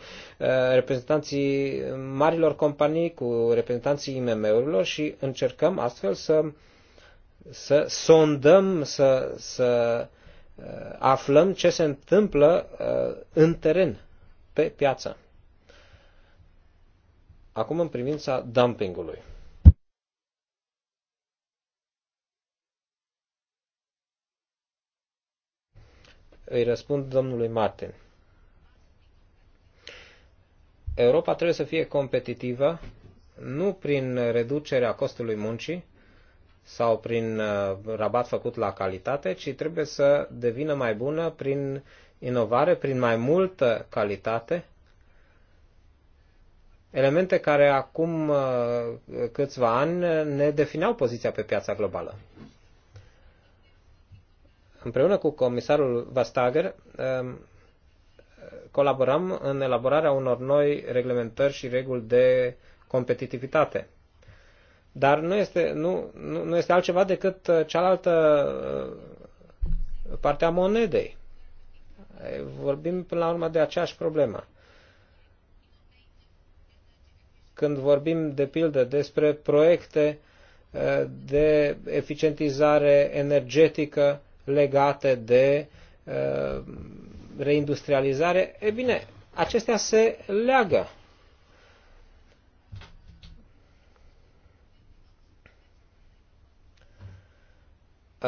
reprezentanții marilor companii, cu reprezentanții IMM-urilor și încercăm astfel să, să sondăm, să, să uh, aflăm ce se întâmplă uh, în teren, pe piață. Acum în privința dumpingului. Îi răspund domnului Martin. Europa trebuie să fie competitivă nu prin reducerea costului muncii sau prin uh, rabat făcut la calitate, ci trebuie să devină mai bună prin inovare, prin mai multă calitate, elemente care acum uh, câțiva ani ne defineau poziția pe piața globală. Împreună cu comisarul Vastager um, colaborăm în elaborarea unor noi reglementări și reguli de competitivitate. Dar nu este, nu, nu, nu este altceva decât uh, cealaltă uh, parte a monedei. Vorbim până la urmă de aceeași problemă când vorbim de pildă despre proiecte uh, de eficientizare energetică legate de uh, reindustrializare, e bine, acestea se leagă.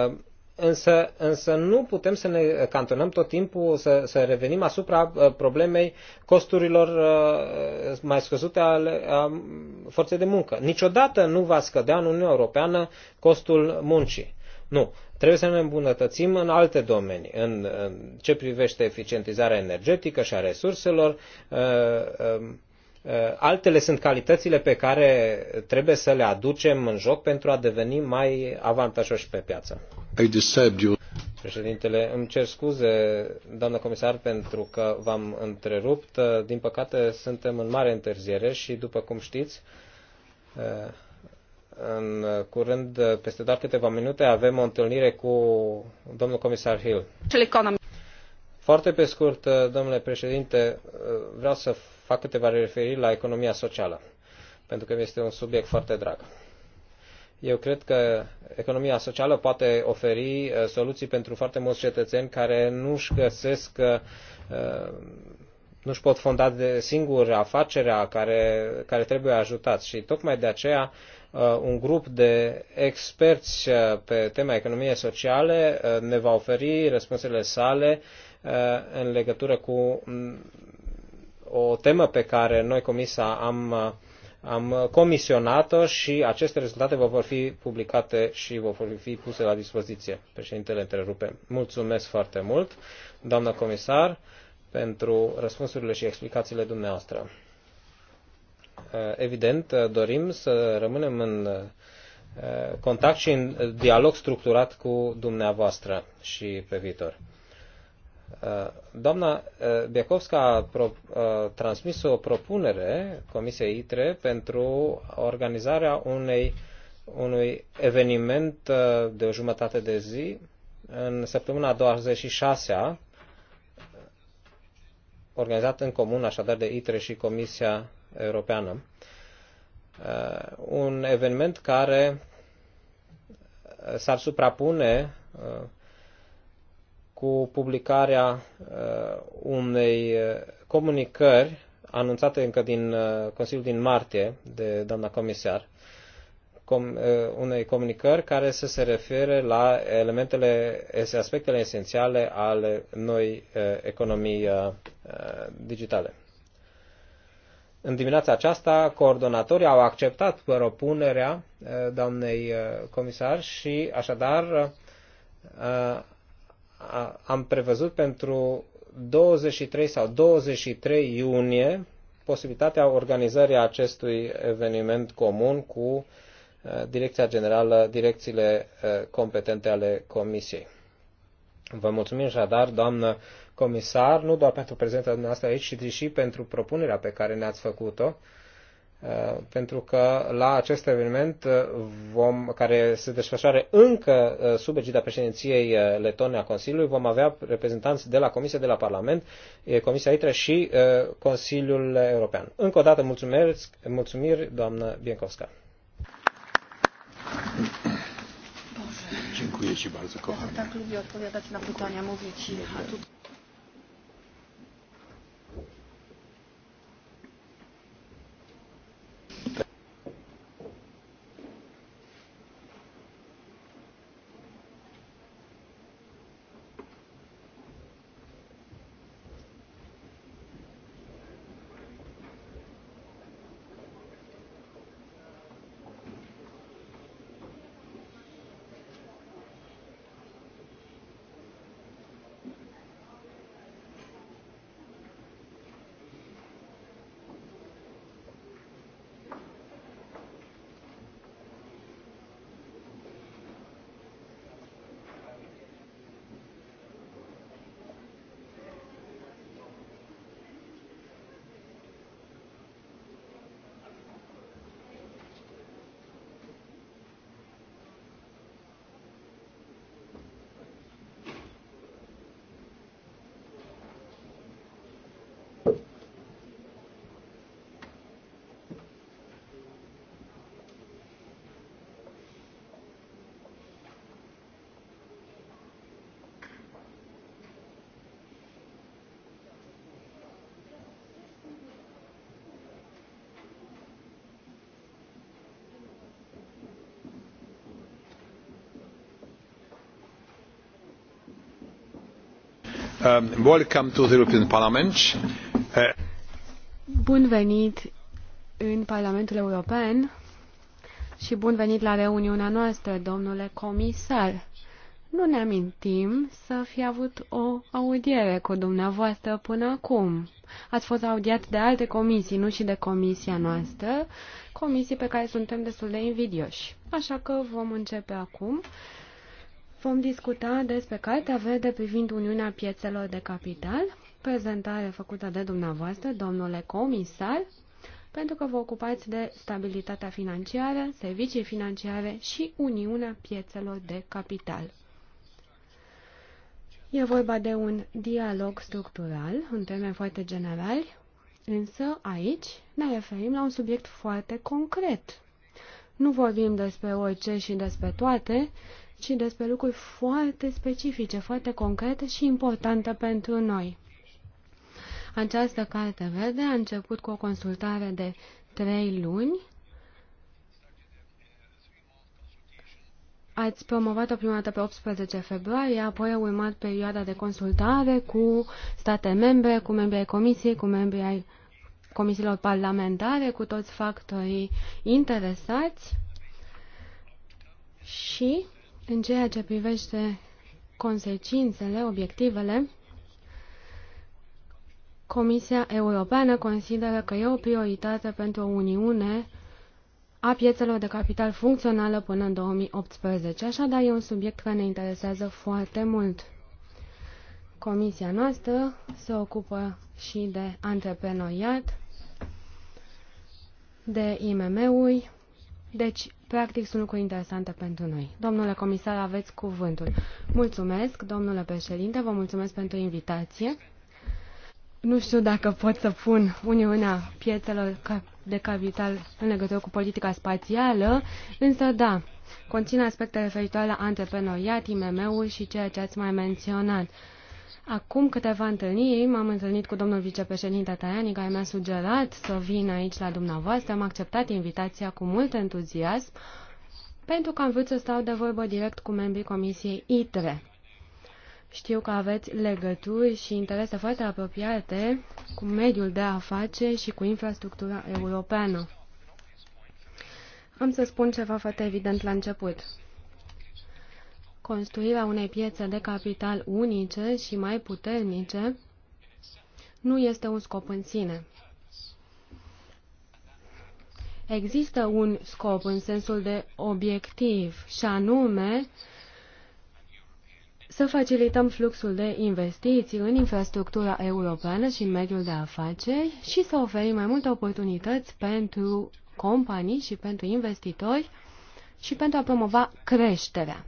Um, însă, însă nu putem să ne cantonăm tot timpul, să, să revenim asupra uh, problemei costurilor uh, mai scăzute ale, a forței de muncă. Niciodată nu va scădea în Uniunea Europeană costul muncii. Nu. Trebuie să ne îmbunătățim în alte domenii, în, în ce privește eficientizarea energetică și a resurselor. Uh, um, uh, altele sunt calitățile pe care trebuie să le aducem în joc pentru a deveni mai avantajoși pe piață. Președintele, îmi cer scuze, doamnă comisar, pentru că v-am întrerupt. Uh, din păcate, suntem în mare întârziere și, după cum știți, în curând, peste doar câteva minute, avem o întâlnire cu domnul comisar Hill. Foarte pe scurt, domnule președinte, vreau să fac câteva referiri la economia socială, pentru că este un subiect foarte drag. Eu cred că economia socială poate oferi uh, soluții pentru foarte mulți cetățeni care nu-și găsesc uh, nu-și pot fonda de singur afacerea care, care trebuie ajutați și tocmai de aceea Uh, un grup de experți uh, pe tema economiei sociale uh, ne va oferi răspunsurile sale în legătură cu mm, o temă pe care noi, Comisia, am, am comisionat-o și aceste rezultate vă vor fi publicate și vă vor fi puse la dispoziție. Președintele întrerupe. Mulțumesc foarte mult, doamnă comisar, pentru răspunsurile și explicațiile dumneavoastră. Uh, evident, uh, dorim să rămânem în uh, contact și în dialog structurat cu dumneavoastră și pe viitor. Doamna Biacovska a a transmis o propunere Comisiei ITRE pentru organizarea unei, unui eveniment de o jumătate de zi în săptămâna 26-a, organizat în comun așadar de ITRE și Comisia Europeană. Uh, un eveniment care uh, s-ar suprapune uh, cu publicarea unei comunicări anunțate încă din Consiliul din martie de doamna comisar, unei comunicări care să se refere la elementele, aspectele esențiale ale noi economii digitale. În dimineața aceasta, coordonatorii au acceptat propunerea eh, doamnei eh, comisar și, așadar, eh, am prevăzut pentru 23 sau 23 iunie posibilitatea organizării acestui eveniment comun cu Direcția Generală, direcțiile competente ale Comisiei. Vă mulțumim așadar, doamnă comisar, nu doar pentru prezența dumneavoastră aici, ci și pentru propunerea pe care ne-ați făcut-o, uh, pentru că la acest eveniment uh, vom, care se desfășoară încă uh, sub egida președinției letone a Consiliului, vom avea reprezentanți de la Comisia, de la Parlament, Comisia ITRE și Consiliul European. Încă o dată mulțumesc, mulțumiri doamnă Biencovska. Dziękuję Ci bardzo, kochani. Ja tak lubię odpowiadać na pytania, mówić. A tu... Um, welcome to the European Parliament. Uh, bun venit în Parlamentul European și bun venit la reuniunea noastră, domnule comisar. Nu ne amintim să fi avut o audiere cu dumneavoastră până acum. Ați fost audiat de alte comisii, nu și de comisia noastră, comisii pe care suntem destul de invidioși. Așa că vom începe acum Vom discuta despre Cartea Verde privind Uniunea Piețelor de Capital, prezentare făcută de dumneavoastră, domnule comisar, pentru că vă ocupați de stabilitatea financiară, servicii financiare și Uniunea Piețelor de Capital. E vorba de un dialog structural, în teme foarte generali, însă aici ne referim la un subiect foarte concret. Nu vorbim despre orice și despre toate, ci despre lucruri foarte specifice, foarte concrete și importante pentru noi. Această carte verde a început cu o consultare de trei luni. Ați promovat-o prima dată pe 18 februarie, apoi a urmat perioada de consultare cu state membre, cu membrii ai comisiei, cu membrii ai comisiilor parlamentare, cu toți factorii interesați și în ceea ce privește consecințele, obiectivele, Comisia Europeană consideră că e o prioritate pentru o Uniune a piețelor de capital funcțională până în 2018. Așadar, e un subiect care ne interesează foarte mult. Comisia noastră se ocupă și de antreprenoriat, de IMM-uri, deci practic sunt lucruri interesante pentru noi. Domnule comisar, aveți cuvântul. Mulțumesc, domnule președinte, vă mulțumesc pentru invitație. Nu știu dacă pot să pun Uniunea Piețelor de Capital în legătură cu politica spațială, însă da, conține aspecte referitoare la antreprenoriat, IMM-uri și ceea ce ați mai menționat. Acum câteva întâlniri m-am întâlnit cu domnul vicepreședinte Taiani, care mi-a sugerat să vin aici la dumneavoastră. Am acceptat invitația cu mult entuziasm, pentru că am vrut să stau de vorbă direct cu membrii Comisiei ITRE. Știu că aveți legături și interese foarte apropiate cu mediul de afaceri și cu infrastructura europeană. Am să spun ceva foarte evident la început. Construirea unei piețe de capital unice și mai puternice nu este un scop în sine. Există un scop în sensul de obiectiv și anume să facilităm fluxul de investiții în infrastructura europeană și în mediul de afaceri și să oferim mai multe oportunități pentru companii și pentru investitori și pentru a promova creșterea.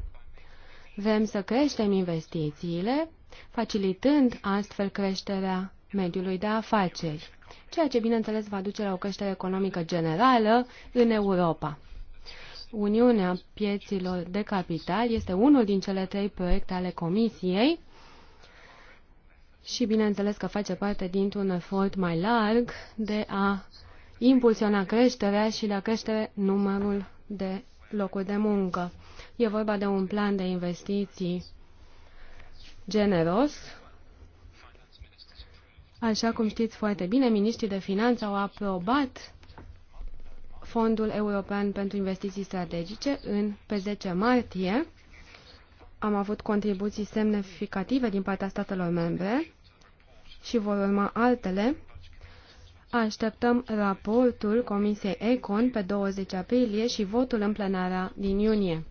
Vrem să creștem investițiile, facilitând astfel creșterea mediului de afaceri, ceea ce, bineînțeles, va duce la o creștere economică generală în Europa. Uniunea pieților de capital este unul din cele trei proiecte ale Comisiei și, bineînțeles, că face parte dintr-un efort mai larg de a impulsiona creșterea și de a crește numărul de locul de muncă. E vorba de un plan de investiții generos. Așa cum știți foarte bine, ministrii de finanțe au aprobat Fondul European pentru Investiții Strategice în, pe 10 martie. Am avut contribuții semnificative din partea statelor membre și vor urma altele Așteptăm raportul Comisiei Econ pe 20 aprilie și votul în plenara din iunie.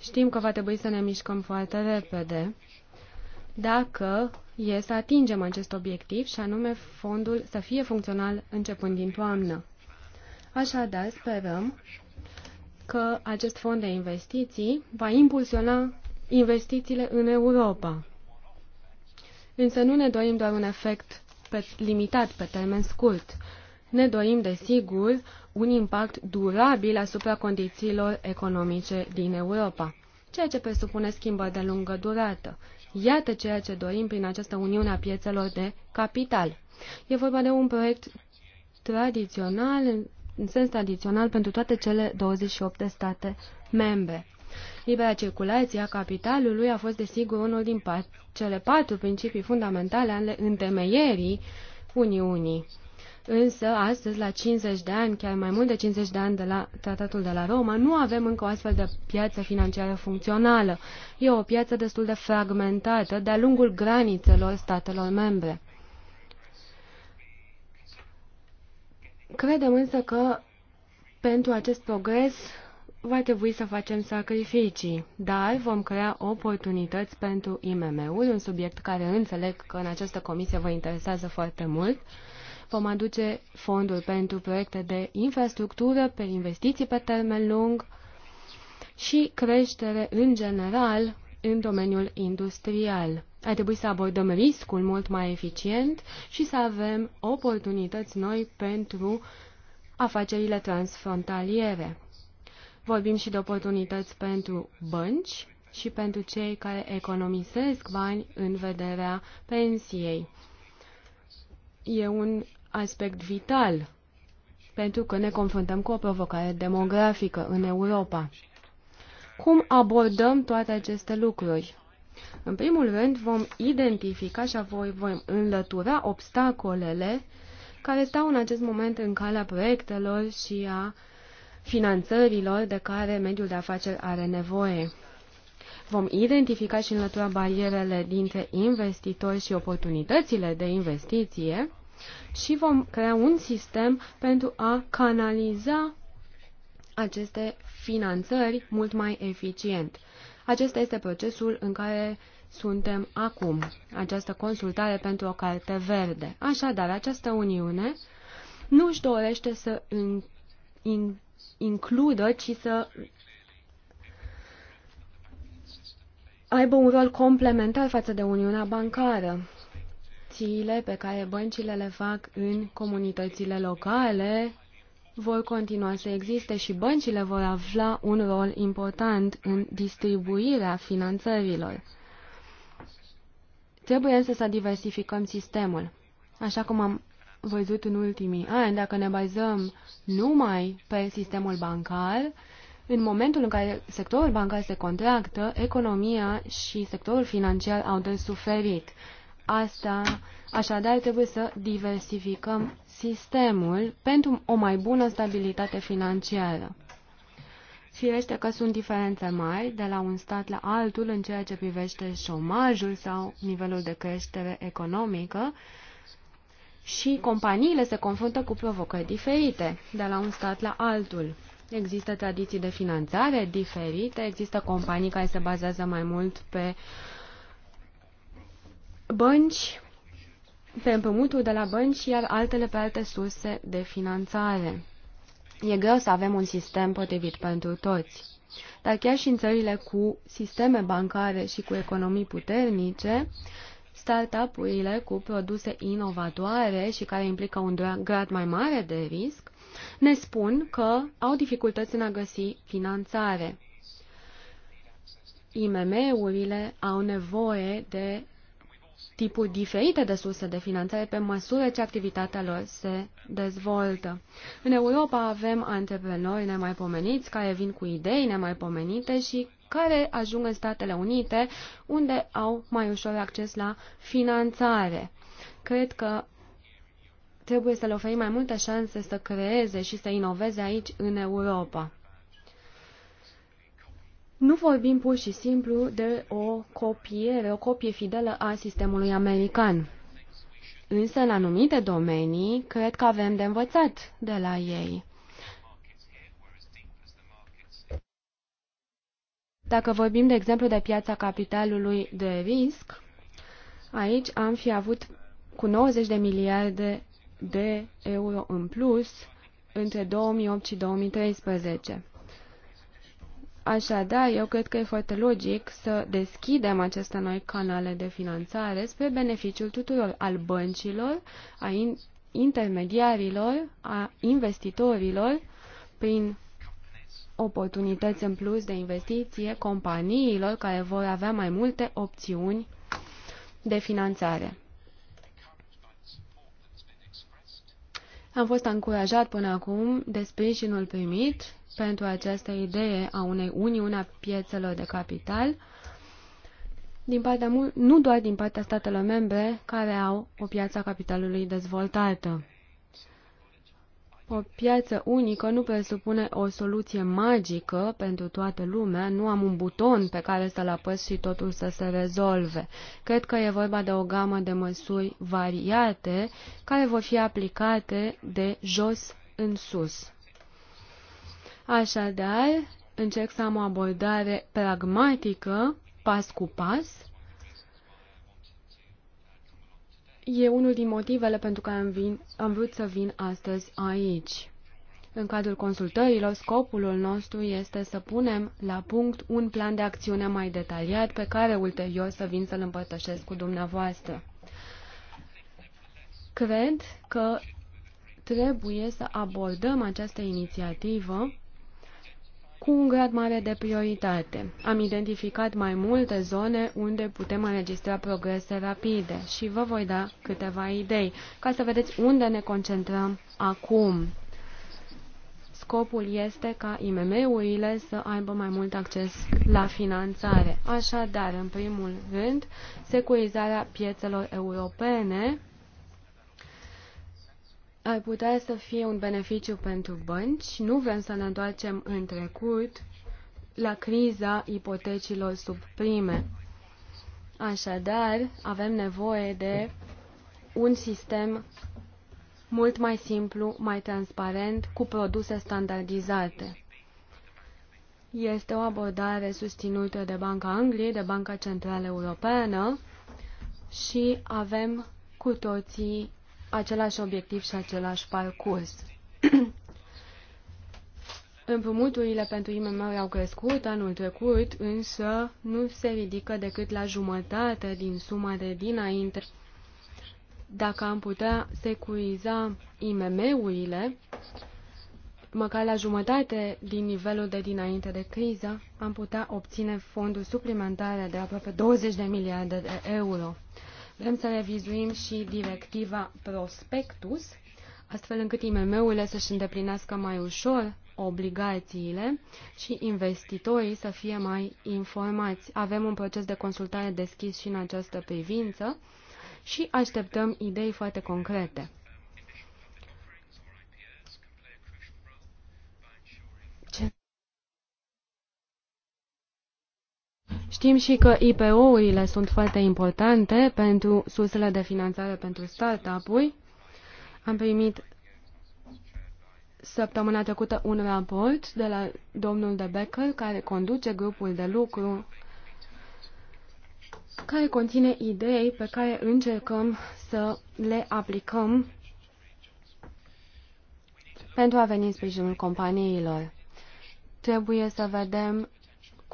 Știm că va trebui să ne mișcăm foarte repede dacă e să atingem acest obiectiv și anume fondul să fie funcțional începând din toamnă. Așadar, sperăm că acest fond de investiții va impulsiona investițiile în Europa. Însă nu ne dorim doar un efect pe, limitat pe termen scurt. Ne dorim, desigur, un impact durabil asupra condițiilor economice din Europa, ceea ce presupune schimbări de lungă durată. Iată ceea ce dorim prin această uniune a piețelor de capital. E vorba de un proiect tradițional, în sens tradițional, pentru toate cele 28 de state membre. Libera circulație a capitalului a fost, desigur, unul din pat cele patru principii fundamentale ale întemeierii Uniunii. Însă, astăzi, la 50 de ani, chiar mai mult de 50 de ani de la Tratatul de la Roma, nu avem încă o astfel de piață financiară funcțională. E o piață destul de fragmentată de-a lungul granițelor statelor membre. Credem însă că pentru acest progres va trebui să facem sacrificii, dar vom crea oportunități pentru IMM-uri, un subiect care înțeleg că în această comisie vă interesează foarte mult. Vom aduce fonduri pentru proiecte de infrastructură, pe investiții pe termen lung și creștere în general în domeniul industrial. Ar trebui să abordăm riscul mult mai eficient și să avem oportunități noi pentru afacerile transfrontaliere. Vorbim și de oportunități pentru bănci și pentru cei care economisesc bani în vederea pensiei. E un aspect vital pentru că ne confruntăm cu o provocare demografică în Europa. Cum abordăm toate aceste lucruri? În primul rând, vom identifica și apoi vom înlătura obstacolele care stau în acest moment în calea proiectelor și a finanțărilor de care mediul de afaceri are nevoie. Vom identifica și înlătura barierele dintre investitori și oportunitățile de investiție și vom crea un sistem pentru a canaliza aceste finanțări mult mai eficient. Acesta este procesul în care suntem acum, această consultare pentru o carte verde. Așadar, această Uniune nu își dorește să în, in, includă, ci să aibă un rol complementar față de Uniunea Bancară. Țiile pe care băncile le fac în comunitățile locale vor continua să existe și băncile vor avea un rol important în distribuirea finanțărilor. Trebuie însă să diversificăm sistemul. Așa cum am văzut în ultimii ani, dacă ne bazăm numai pe sistemul bancar, în momentul în care sectorul bancar se contractă, economia și sectorul financiar au de suferit. Asta, așadar, trebuie să diversificăm sistemul pentru o mai bună stabilitate financiară. Firește că sunt diferențe mari de la un stat la altul în ceea ce privește șomajul sau nivelul de creștere economică, și companiile se confruntă cu provocări diferite de la un stat la altul. Există tradiții de finanțare diferite, există companii care se bazează mai mult pe bănci, pe împrumuturi de la bănci, iar altele pe alte surse de finanțare. E greu să avem un sistem potrivit pentru toți. Dar chiar și în țările cu sisteme bancare și cu economii puternice, Startup-urile cu produse inovatoare și care implică un grad mai mare de risc ne spun că au dificultăți în a găsi finanțare. IMM-urile au nevoie de tipuri diferite de surse de finanțare pe măsură ce activitatea lor se dezvoltă. În Europa avem antreprenori nemaipomeniți care vin cu idei nemaipomenite și care ajung în Statele Unite, unde au mai ușor acces la finanțare. Cred că trebuie să le oferim mai multe șanse să creeze și să inoveze aici, în Europa. Nu vorbim pur și simplu de o copiere, o copie fidelă a sistemului american. Însă, în anumite domenii, cred că avem de învățat de la ei. Dacă vorbim, de exemplu, de piața capitalului de risc, aici am fi avut cu 90 de miliarde de euro în plus între 2008 și 2013. Așadar, eu cred că e foarte logic să deschidem aceste noi canale de finanțare spre beneficiul tuturor, al băncilor, a intermediarilor, a investitorilor, prin oportunități în plus de investiție, companiilor care vor avea mai multe opțiuni de finanțare. Am fost încurajat până acum de sprijinul primit pentru această idee a unei uniuni a piețelor de capital, din partea, nu doar din partea statelor membre care au o piață a capitalului dezvoltată. O piață unică nu presupune o soluție magică pentru toată lumea, nu am un buton pe care să-l apăs și totul să se rezolve. Cred că e vorba de o gamă de măsuri variate care vor fi aplicate de jos în sus. Așadar, încerc să am o abordare pragmatică, pas cu pas. E unul din motivele pentru care am, vin, am vrut să vin astăzi aici. În cadrul consultărilor, scopul nostru este să punem la punct un plan de acțiune mai detaliat pe care ulterior să vin să-l împărtășesc cu dumneavoastră. Cred că trebuie să abordăm această inițiativă cu un grad mare de prioritate. Am identificat mai multe zone unde putem înregistra progrese rapide și vă voi da câteva idei ca să vedeți unde ne concentrăm acum. Scopul este ca IMM-urile să aibă mai mult acces la finanțare. Așadar, în primul rând, securizarea piețelor europene, ar putea să fie un beneficiu pentru bănci. Nu vrem să ne întoarcem în trecut la criza ipotecilor subprime. Așadar, avem nevoie de un sistem mult mai simplu, mai transparent, cu produse standardizate. Este o abordare susținută de Banca Angliei, de Banca Centrală Europeană și avem cu toții același obiectiv și același parcurs. (clears throat) Împrumuturile pentru IMM-uri au crescut anul trecut, însă nu se ridică decât la jumătate din suma de dinainte. Dacă am putea securiza IMM-urile, măcar la jumătate din nivelul de dinainte de criză, am putea obține fonduri suplimentare de aproape 20 de miliarde de euro. Vrem să revizuim și directiva prospectus, astfel încât IMM-urile să-și îndeplinească mai ușor obligațiile și investitorii să fie mai informați. Avem un proces de consultare deschis și în această privință și așteptăm idei foarte concrete. Știm și că IPO-urile sunt foarte importante pentru sursele de finanțare pentru startup-uri. Am primit săptămâna trecută un raport de la domnul de Becker, care conduce grupul de lucru, care conține idei pe care încercăm să le aplicăm pentru a veni în sprijinul companiilor. Trebuie să vedem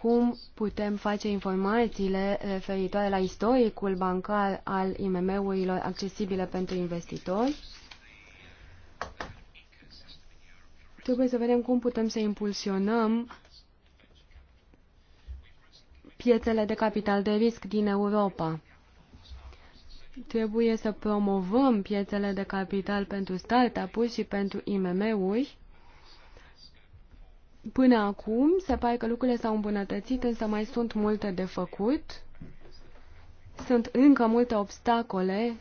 cum putem face informațiile referitoare la istoricul bancar al IMM-urilor accesibile pentru investitori. Trebuie să vedem cum putem să impulsionăm piețele de capital de risc din Europa. Trebuie să promovăm piețele de capital pentru startup-uri și pentru IMM-uri Până acum se pare că lucrurile s-au îmbunătățit, însă mai sunt multe de făcut. Sunt încă multe obstacole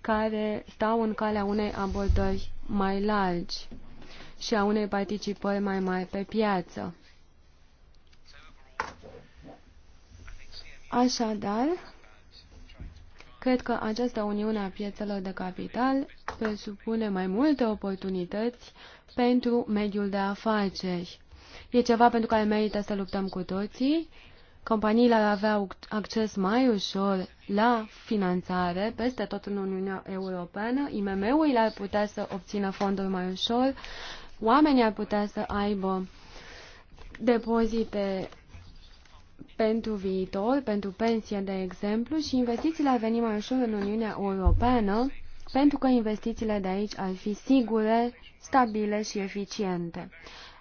care stau în calea unei abordări mai largi și a unei participări mai mari pe piață. Așadar, cred că această uniune a piețelor de capital presupune mai multe oportunități pentru mediul de afaceri E ceva pentru care merită să luptăm cu toții. Companiile ar avea acces mai ușor la finanțare peste tot în Uniunea Europeană, IMM-urile ar putea să obțină fonduri mai ușor, oamenii ar putea să aibă depozite pentru viitor, pentru pensie, de exemplu, și investițiile ar veni mai ușor în Uniunea Europeană, pentru că investițiile de aici ar fi sigure, stabile și eficiente.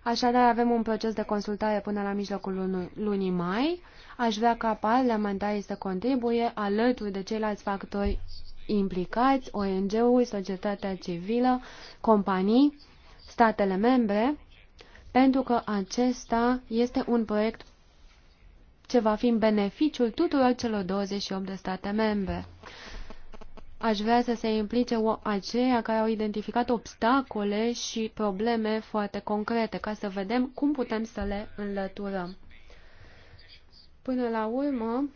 Așadar, avem un proces de consultare până la mijlocul lunii mai. Aș vrea ca parlamentarii să contribuie alături de ceilalți factori implicați, ONG-uri, societatea civilă, companii, statele membre, pentru că acesta este un proiect ce va fi în beneficiul tuturor celor 28 de state membre aș vrea să se implice o aceia care au identificat obstacole și probleme foarte concrete, ca să vedem cum putem să le înlăturăm. Până la urmă,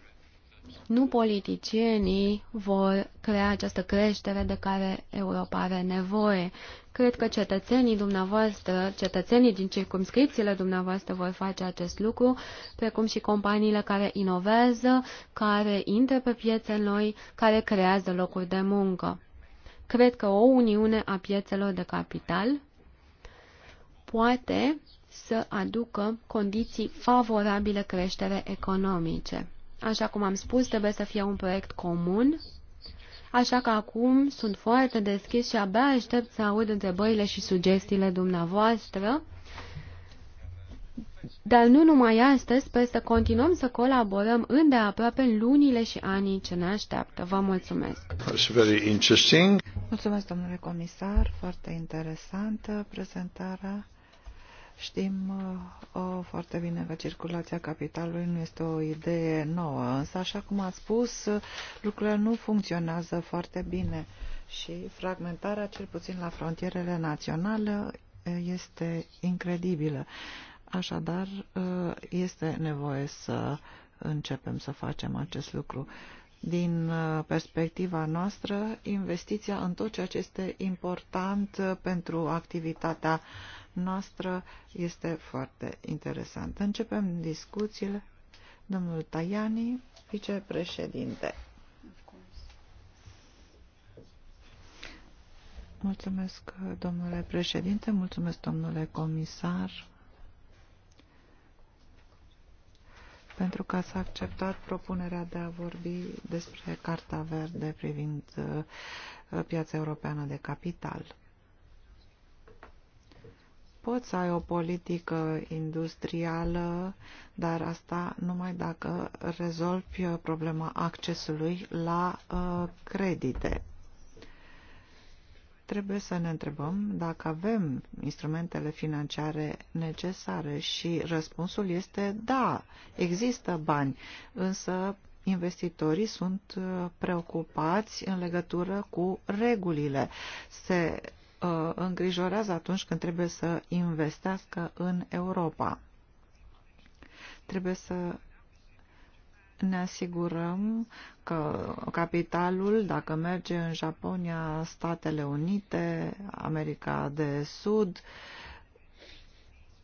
nu politicienii vor crea această creștere de care Europa are nevoie. Cred că cetățenii dumneavoastră, cetățenii din circumscripțiile dumneavoastră vor face acest lucru, precum și companiile care inovează, care intră pe piețe noi, care creează locuri de muncă. Cred că o uniune a piețelor de capital poate să aducă condiții favorabile creștere economice. Așa cum am spus, trebuie să fie un proiect comun, așa că acum sunt foarte deschis și abia aștept să aud întrebările și sugestiile dumneavoastră. Dar nu numai astăzi, sper să continuăm să colaborăm îndeaproape în lunile și anii ce ne așteaptă. Vă mulțumesc! Very interesting. Mulțumesc, domnule comisar, foarte interesantă prezentarea. Știm uh, uh, foarte bine că circulația capitalului nu este o idee nouă, însă, așa cum a spus, lucrurile nu funcționează foarte bine și fragmentarea, cel puțin la frontierele naționale, uh, este incredibilă. Așadar, uh, este nevoie să începem să facem acest lucru. Din uh, perspectiva noastră, investiția în tot ceea ce este important pentru activitatea uh, noastră este foarte interesantă. Începem discuțiile. Domnul Tajani, vicepreședinte. Mulțumesc, domnule președinte, mulțumesc, domnule comisar, pentru că ați acceptat propunerea de a vorbi despre Carta Verde privind uh, piața europeană de capital. Poți să ai o politică industrială, dar asta numai dacă rezolvi problema accesului la uh, credite. Trebuie să ne întrebăm dacă avem instrumentele financiare necesare și răspunsul este da, există bani, însă investitorii sunt uh, preocupați în legătură cu regulile. Se Uh, îngrijorează atunci când trebuie să investească în Europa. Trebuie să ne asigurăm că capitalul, dacă merge în Japonia, Statele Unite, America de Sud,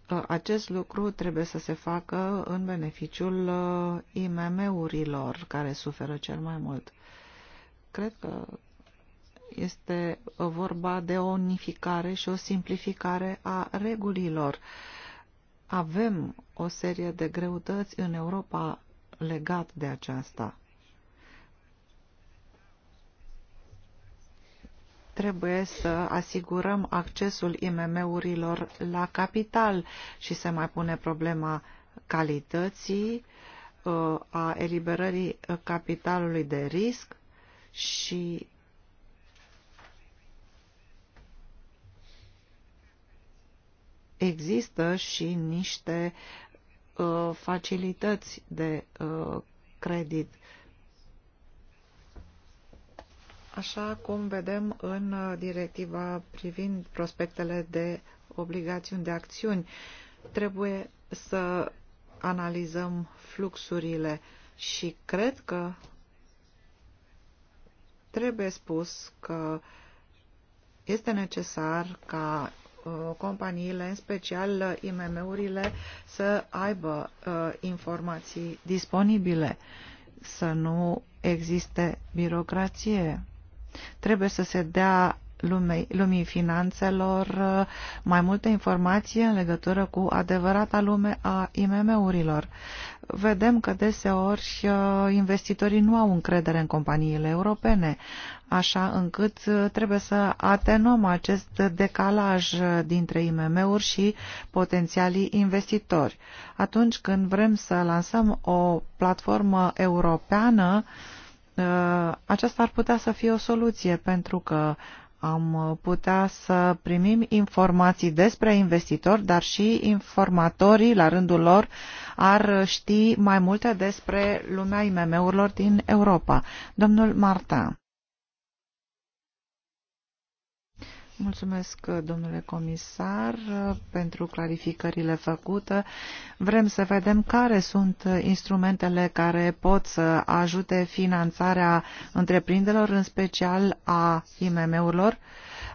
uh, acest lucru trebuie să se facă în beneficiul uh, IMM-urilor care suferă cel mai mult. Cred că este vorba de o unificare și o simplificare a regulilor. Avem o serie de greutăți în Europa legat de aceasta. trebuie să asigurăm accesul IMM-urilor la capital și se mai pune problema calității, uh, a eliberării capitalului de risc și există și niște uh, facilități de uh, credit. Așa cum vedem în uh, directiva privind prospectele de obligațiuni de acțiuni, trebuie să analizăm fluxurile și cred că trebuie spus că este necesar ca Uh, companiile, în special uh, IMM-urile, să aibă uh, informații disponibile, să nu existe birocrație. Trebuie să se dea lumei, lumii finanțelor uh, mai multe informații în legătură cu adevărata lume a IMM-urilor. Vedem că deseori uh, investitorii nu au încredere în companiile europene, așa încât uh, trebuie să atenuăm acest decalaj dintre IMM-uri și potențialii investitori. Atunci când vrem să lansăm o platformă europeană, aceasta ar putea să fie o soluție pentru că am uh, putea să primim informații despre investitori, dar și informatorii, la rândul lor, ar ști mai multe despre lumea IMM-urilor din Europa. Domnul Marta. Mulțumesc, domnule comisar, pentru clarificările făcute. Vrem să vedem care sunt instrumentele care pot să ajute finanțarea întreprinderilor, în special a IMM-urilor.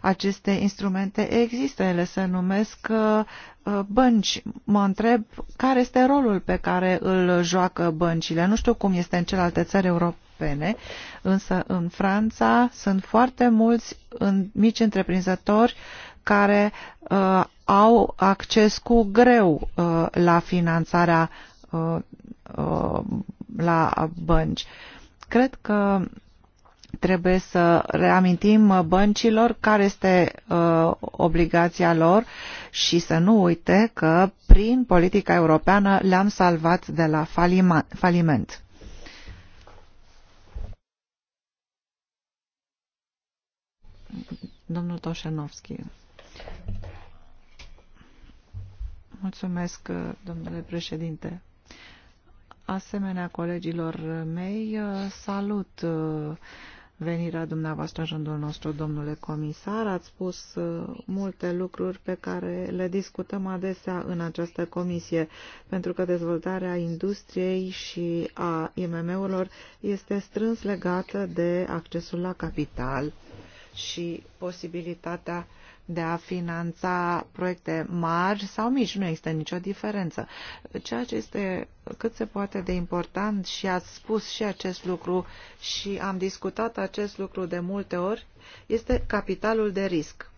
Aceste instrumente există, ele se numesc uh, uh, bănci. Mă întreb care este rolul pe care îl joacă băncile. Nu știu cum este în celelalte țări europene, însă în Franța sunt foarte mulți mici întreprinzători care uh, au acces cu greu uh, la finanțarea uh, uh, la bănci. Cred că Trebuie să reamintim uh, băncilor care este uh, obligația lor și să nu uite că prin politica europeană le-am salvat de la falima, faliment. Domnul Toșenovski. Mulțumesc, uh, domnule președinte. Asemenea colegilor mei, uh, salut venirea dumneavoastră în rândul nostru, domnule comisar. Ați spus uh, multe lucruri pe care le discutăm adesea în această comisie, pentru că dezvoltarea industriei și a IMM-urilor este strâns legată de accesul la capital și posibilitatea uh, de a finanța proiecte mari sau mici. Nu există nicio diferență. Ceea ce este cât se poate de important și ați spus și acest lucru și am discutat acest lucru de multe ori, este capitalul de risc.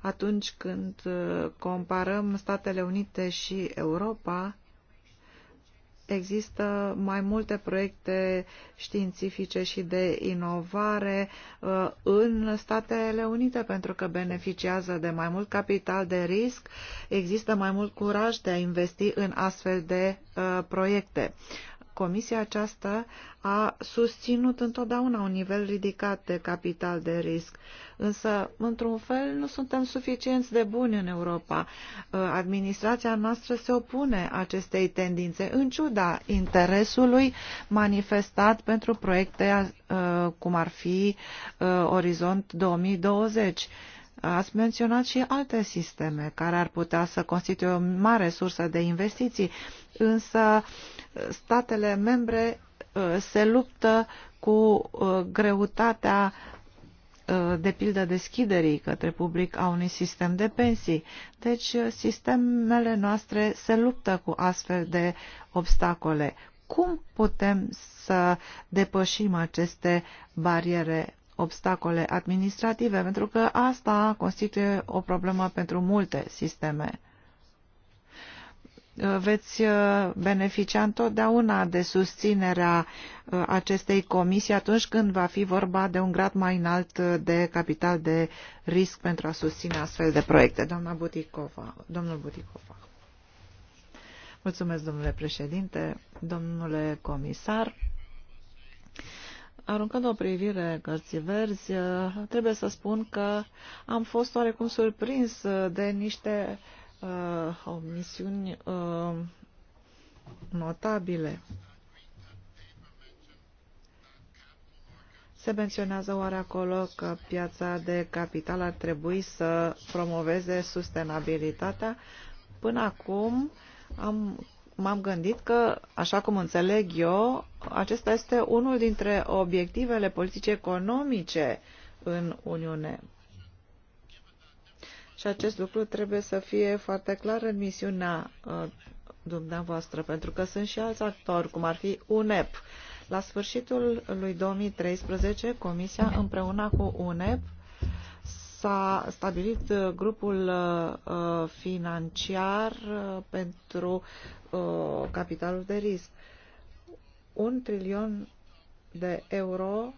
Atunci când uh, comparăm Statele Unite și Europa, există mai multe proiecte științifice și de inovare uh, în Statele Unite pentru că beneficiază de mai mult capital de risc, există mai mult curaj de a investi în astfel de uh, proiecte. Comisia aceasta a susținut întotdeauna un nivel ridicat de capital de risc, însă, într-un fel, nu suntem suficienți de buni în Europa. Uh, administrația noastră se opune acestei tendințe, în ciuda interesului manifestat pentru proiecte uh, cum ar fi uh, Orizont 2020 Ați menționat și alte sisteme care ar putea să constituie o mare sursă de investiții, însă statele membre uh, se luptă cu uh, greutatea uh, de pildă deschiderii către public a unui sistem de pensii. Deci sistemele noastre se luptă cu astfel de obstacole. Cum putem să depășim aceste bariere obstacole administrative, pentru că asta constituie o problemă pentru multe sisteme. Veți uh, beneficia întotdeauna de susținerea uh, acestei comisii atunci când va fi vorba de un grad mai înalt de capital de risc pentru a susține astfel de proiecte. Doamna Buticova, domnul Buticova. Mulțumesc, domnule președinte, domnule comisar. Aruncând o privire cărții verzi, trebuie să spun că am fost oarecum surprins de niște uh, omisiuni uh, notabile. Se menționează oare acolo că piața de capital ar trebui să promoveze sustenabilitatea? Până acum am m-am gândit că, așa cum înțeleg eu, acesta este unul dintre obiectivele politice economice în Uniune. Și acest lucru trebuie să fie foarte clar în misiunea uh, dumneavoastră, pentru că sunt și alți actori, cum ar fi UNEP. La sfârșitul lui 2013, Comisia împreună cu UNEP s-a stabilit grupul uh, uh, financiar pentru Uh, capitalul de risc. Un trilion de euro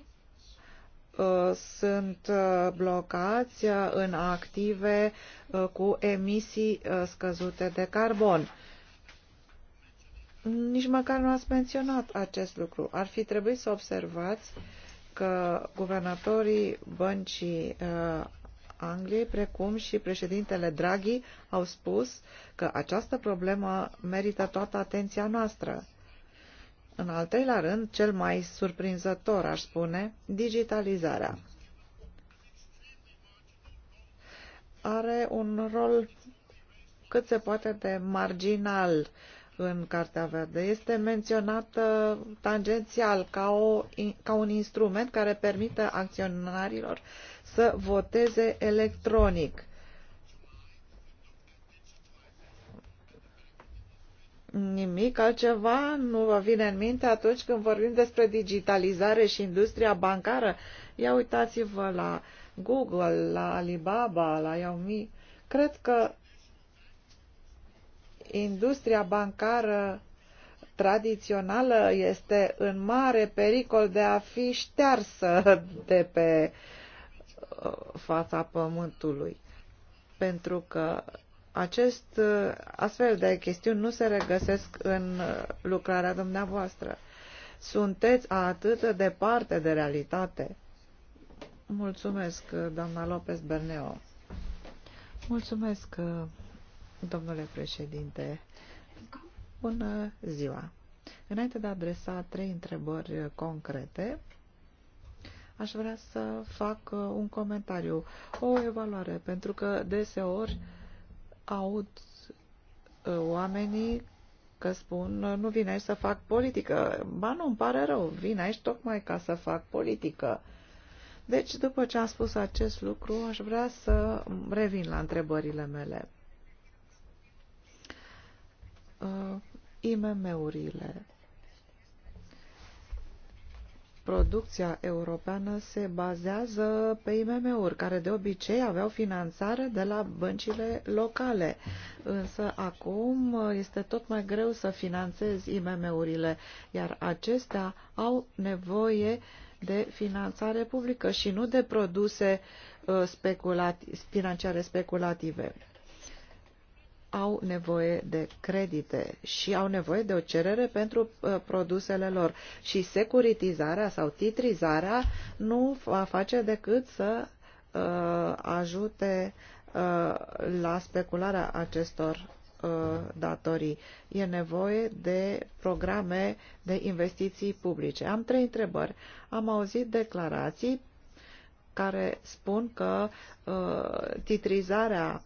uh, sunt uh, blocați uh, în active cu emisii scăzute de carbon. Nici măcar nu ați menționat acest lucru. Ar fi trebuit să observați că guvernatorii băncii Angliei, precum și președintele Draghi, au spus că această problemă merită toată atenția noastră. În al treilea rând, cel mai surprinzător, aș spune, digitalizarea. Are un rol cât se poate de marginal în Cartea Verde. Este menționată tangențial ca, o, ca un instrument care permite acționarilor să voteze electronic. Nimic altceva nu vă vine în minte atunci când vorbim despre digitalizare și industria bancară? Ia uitați-vă la Google, la Alibaba, la Xiaomi. Cred că industria bancară tradițională este în mare pericol de a fi ștearsă de pe uh, Uh, fața pământului. Pentru că acest uh, astfel de chestiuni nu se regăsesc în uh, lucrarea dumneavoastră. Sunteți atât de departe de realitate. Mulțumesc, doamna Lopez Berneo. Mulțumesc, domnule președinte. Bună ziua! Înainte de a adresa trei întrebări concrete, aș vrea să fac uh, un comentariu, o evaluare, pentru că deseori aud uh, oamenii că spun uh, nu vin aici să fac politică. Ba nu, îmi pare rău, vin aici tocmai ca să fac politică. Deci, după ce am spus acest lucru, aș vrea să revin la întrebările mele. Uh, IMM-urile producția europeană se bazează pe IMM-uri, care de obicei aveau finanțare de la băncile locale. Însă acum este tot mai greu să finanțezi IMM-urile, iar acestea au nevoie de finanțare publică și nu de produse uh, speculati financiare speculative au nevoie de credite și au nevoie de o cerere pentru uh, produsele lor. Și securitizarea sau titrizarea nu va face decât să uh, ajute uh, la specularea acestor datorii. E nevoie de programe de investiții publice. Am trei întrebări. Am auzit declarații care spun că titrizarea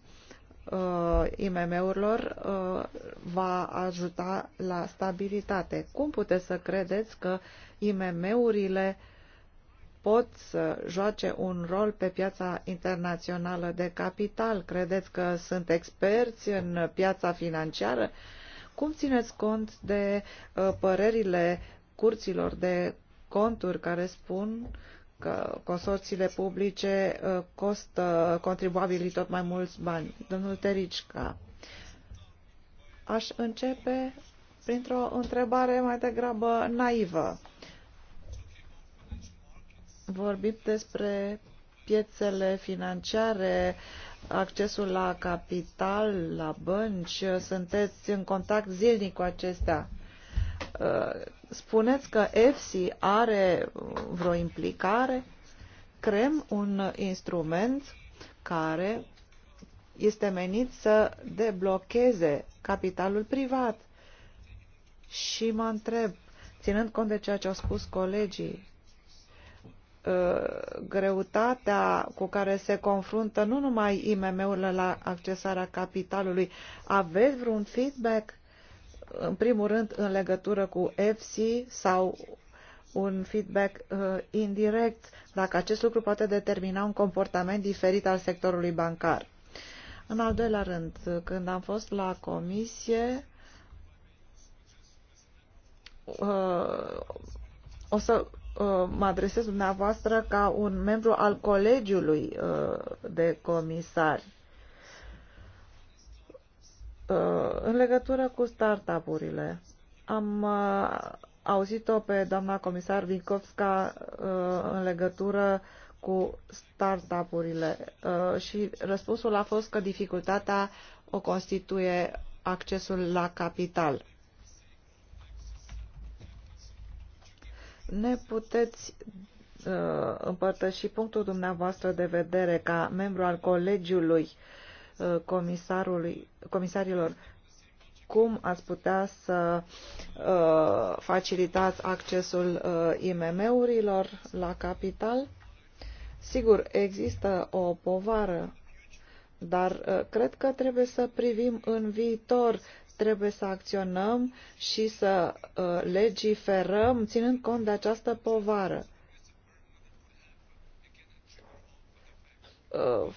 uh, IMM-urilor uh, va ajuta la stabilitate. Cum puteți să credeți că IMM-urile pot să joace un rol pe piața internațională de capital? Credeți că sunt experți în piața financiară? Cum țineți cont de uh, părerile curților de conturi care spun că consorțiile publice uh, costă contribuabilii tot mai mulți bani. Domnul Tericica, aș începe printr-o întrebare mai degrabă naivă. Vorbim despre piețele financiare, accesul la capital, la bănci, sunteți în contact zilnic cu acestea uh, spuneți că EFSI are vreo implicare, creăm un instrument care este menit să deblocheze capitalul privat. Și mă întreb, ținând cont de ceea ce au spus colegii, ă, greutatea cu care se confruntă nu numai IMM-urile la accesarea capitalului, aveți vreun feedback în primul rând în legătură cu EFSI sau un feedback uh, indirect, dacă acest lucru poate determina un comportament diferit al sectorului bancar. În al doilea rând, când am fost la comisie, uh, o să uh, mă adresez dumneavoastră ca un membru al colegiului uh, de comisari Uh, în legătură cu startup-urile, am uh, auzit-o pe doamna comisar Vinkovska uh, în legătură cu startup-urile și răspunsul a fost că dificultatea o constituie accesul la capital. Ne puteți împărtăși punctul dumneavoastră de vedere ca membru al colegiului uh, Uh, comisarilor cum ați putea să uh, facilitați accesul uh, IMM-urilor la capital? Sigur, există o povară, dar uh, cred că trebuie să privim în viitor, trebuie să acționăm și să uh, legiferăm ținând cont de această povară. Uh,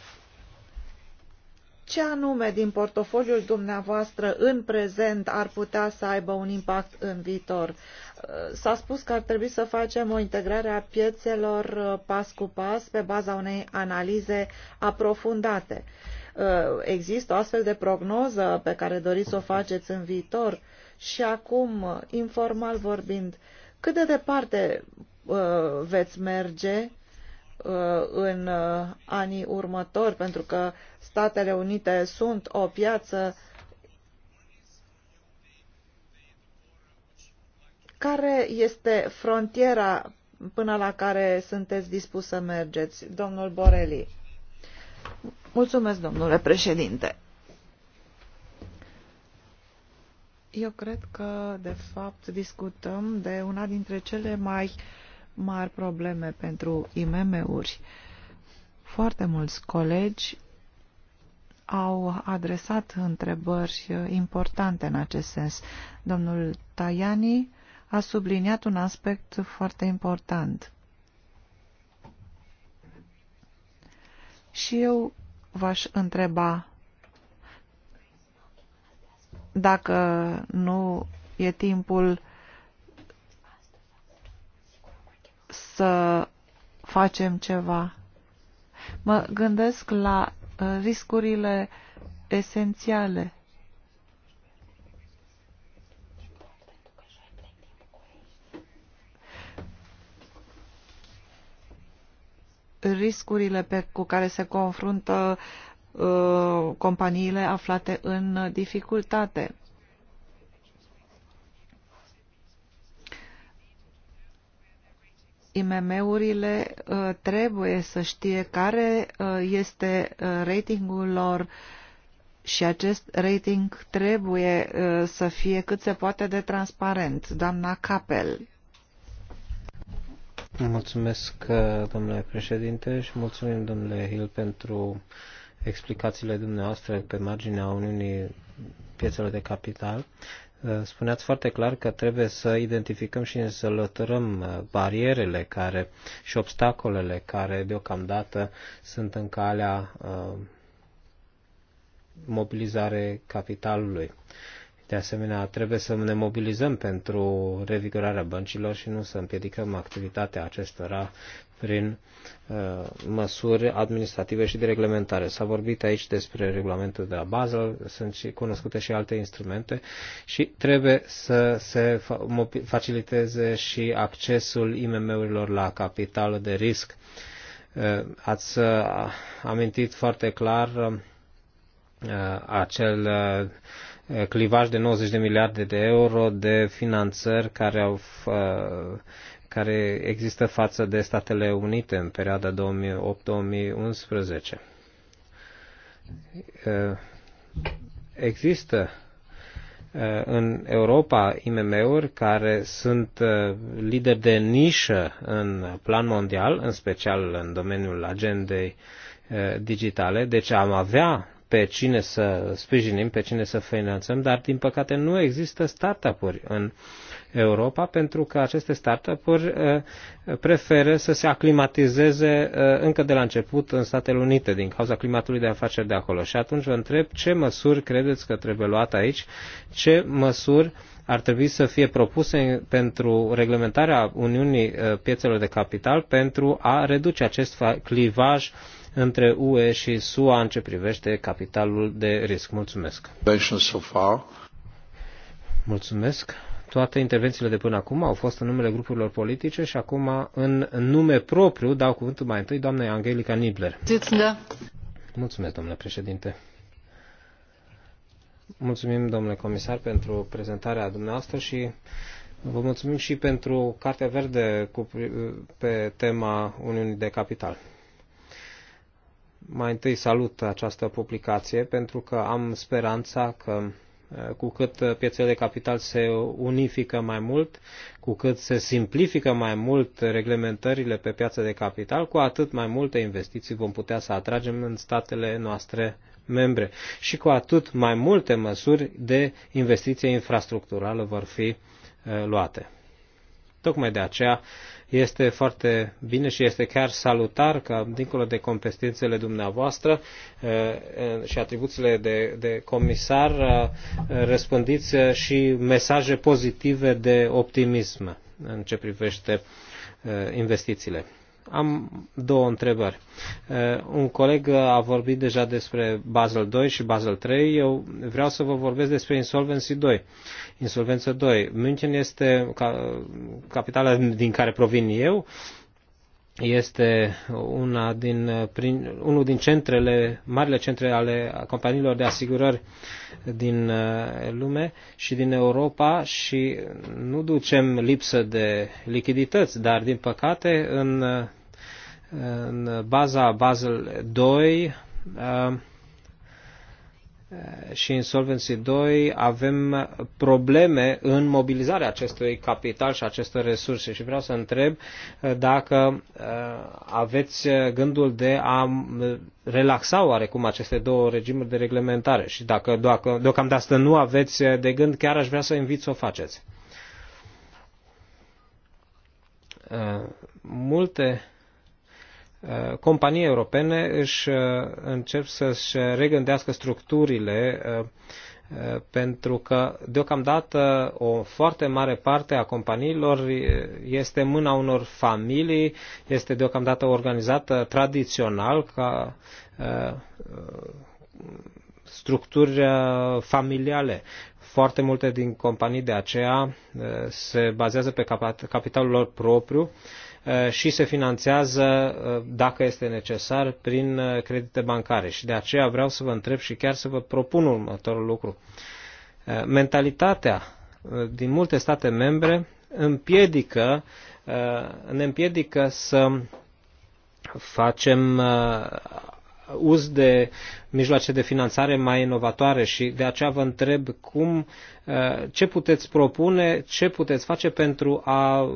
ce anume din portofoliul dumneavoastră în prezent ar putea să aibă un impact în viitor? S-a spus că ar trebui să facem o integrare a piețelor uh, pas cu pas pe baza unei analize aprofundate. Uh, există o astfel de prognoză pe care doriți să o faceți în viitor? Și acum, informal vorbind, cât de departe uh, veți merge Uh, în uh, anii următori, pentru că Statele Unite sunt o piață care este frontiera până la care sunteți dispus să mergeți, domnul Borelli? Mulțumesc, domnule președinte. Eu cred că, de fapt, discutăm de una dintre cele mai uh, mari probleme pentru IMM-uri. Foarte mulți colegi au adresat întrebări uh, importante în acest sens. Domnul Tajani a subliniat un aspect foarte important. Și eu v-aș întreba dacă nu e timpul să facem ceva. Mă gândesc la uh, riscurile esențiale. riscurile pe, cu care se confruntă uh, companiile aflate în dificultate. IMM-urile uh, trebuie să știe care uh, este uh, ratingul lor și acest rating trebuie să fie cât se poate de transparent. Doamna Capel. Mulțumesc, domnule președinte, și mulțumim, domnule Hill, pentru explicațiile dumneavoastră pe marginea Uniunii piețelor de capital. Eh, spuneați foarte clar că trebuie să identificăm și să lătărăm eh, barierele care și obstacolele care deocamdată sunt în calea eh, mobilizare capitalului. De asemenea, trebuie să ne mobilizăm pentru revigorarea băncilor și nu să împiedicăm activitatea acestora prin uh, măsuri administrative și de reglementare. S-a vorbit aici despre regulamentul de la Basel, sunt și cunoscute și alte instrumente și trebuie să se faciliteze și accesul IMM-urilor la capital de risc. Uh, ați uh, amintit foarte clar uh, acel uh, clivaj de 90 de miliarde de euro de finanțări care, au, uh, care există față de Statele Unite în perioada 2008-2011. Uh, există uh, în Europa IMM-uri care sunt lideri de nișă în plan mondial, în special în domeniul agendei digitale, deci am avea pe cine să sprijinim, pe cine să finanțăm, dar din păcate nu există startup-uri în Europa pentru că aceste startup-uri uh, preferă să se aclimatizeze uh, încă de la început în Statele Unite din cauza climatului de afaceri de acolo. Și atunci vă întreb ce măsuri credeți că trebuie luat aici, ce măsuri ar trebui să fie propuse pentru reglementarea Uniunii uh, piețelor de capital pentru a reduce acest clivaj uh, între UE și SUA în ce privește capitalul de risc. Mulțumesc! Mulțumesc! Toate intervențiile de până acum au fost în numele grupurilor politice și acum în nume propriu dau cuvântul mai întâi doamnei Angelica Nibler. Mulțumesc, domnule președinte! Mulțumim, domnule comisar, pentru prezentarea dumneavoastră și vă mulțumim și pentru Cartea Verde cu, pe tema Uniunii de Capital mai întâi salut această publicație pentru că am speranța că cu cât piețele de capital se unifică mai mult, cu cât se simplifică mai mult reglementările pe piața de capital, cu atât mai multe investiții vom putea să atragem în statele noastre membre și cu atât mai multe măsuri de investiție infrastructurală vor fi luate. Tocmai de aceea este foarte bine și este chiar salutar că, dincolo de competențele dumneavoastră și atribuțiile de, de comisar, răspândiți și mesaje pozitive de optimism în ce privește investițiile. Am două întrebări. Un coleg a vorbit deja despre Basel 2 și Basel 3. Eu vreau să vă vorbesc despre Insolvency 2. Insolvență 2. München este capitala din care provin eu este una din, prin, unul din centrele, marile centre ale companiilor de asigurări din uh, lume și din Europa și nu ducem lipsă de lichidități, dar din păcate în, uh, în baza Basel 2 Eh, și în Solvency 2 avem probleme în mobilizarea acestui capital și acestor resurse și vreau să întreb eh, dacă eh, aveți gândul de a relaxa oarecum aceste două regimuri de reglementare și dacă, dacă deocamdată nu aveți de gând, chiar aș vrea să invit să o faceți. Multe Uh, companii europene își uh, încep să-și regândească structurile uh, pentru că deocamdată o foarte mare parte a companiilor este mâna unor familii, este deocamdată organizată tradițional ca structuri familiale. Foarte multe din companii de aceea se bazează pe capitalul lor propriu Uh, și se finanțează, uh, dacă este necesar, prin uh, credite bancare. Și de aceea vreau să vă întreb și chiar să vă propun următorul lucru. Mentalitatea din multe state membre împiedică, ne împiedică să facem uz de mijloace de finanțare mai inovatoare și de aceea vă întreb cum, uh, ce puteți propune, ce puteți face pentru a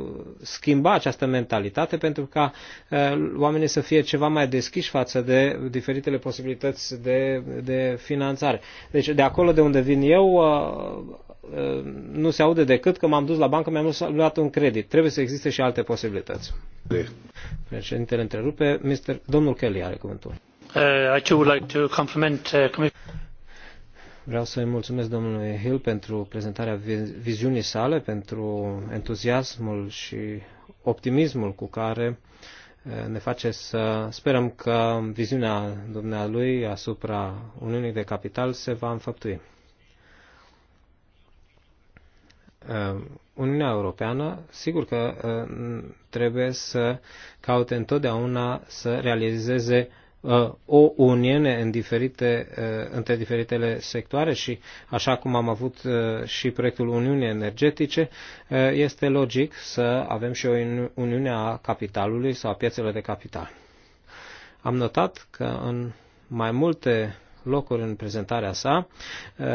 schimba această mentalitate, pentru ca uh, oamenii să fie ceva mai deschiși față de diferitele posibilități de, de finanțare. Deci de acolo de unde vin eu, uh, nu se aude decât că m-am dus la bancă, mi-am luat un credit. Trebuie să existe și alte posibilități. Președintele întrerupe. Mister, domnul Kelly are cuvântul. Uh, uh, Vreau să îi mulțumesc domnului Hill pentru prezentarea viziunii sale, pentru entuziasmul și optimismul cu care uh, ne face să sperăm că viziunea dumnealui asupra Uniunii de Capital se va înfăptui. Uniunea Europeană, sigur că trebuie să caute întotdeauna să realizeze Uh, o uniune în diferite, uh, între diferitele sectoare și așa cum am avut uh, și proiectul Uniunii Energetice, este logic să avem și o uniune a capitalului sau a piețelor de capital. Am notat că în mai multe locuri în prezentarea sa. Eh,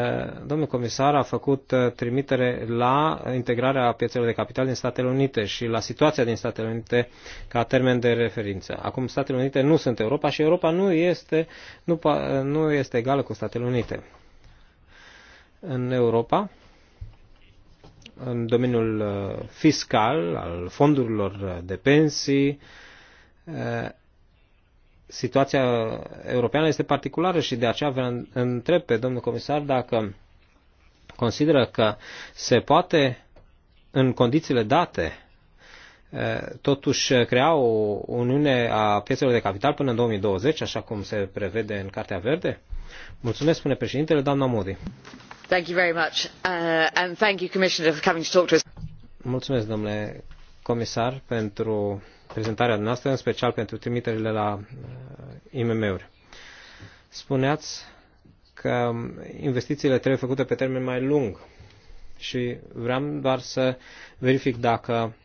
domnul comisar a făcut eh, trimitere la integrarea piețelor de capital din Statele Unite și la situația din Statele Unite ca termen de referință. Acum Statele Unite nu sunt Europa și Europa nu este, nu, nu este egală cu Statele Unite. În Europa, în domeniul eh, fiscal, al fondurilor de pensii, situația europeană este particulară și de aceea vă întreb pe domnul comisar dacă consideră că se poate, în condițiile date, totuși crea o uniune a piețelor de capital până în 2020, așa cum se prevede în Cartea Verde? Mulțumesc, spune președintele, doamna Modi. Thank you very much. Uh, and thank you, Commissioner, for coming to talk to us. Mulțumesc, domnule comisar, pentru prezentarea noastră, în special pentru trimiterile la uh, IMM-uri. Spuneați că investițiile trebuie făcute pe termen mai lung și vreau doar să verific dacă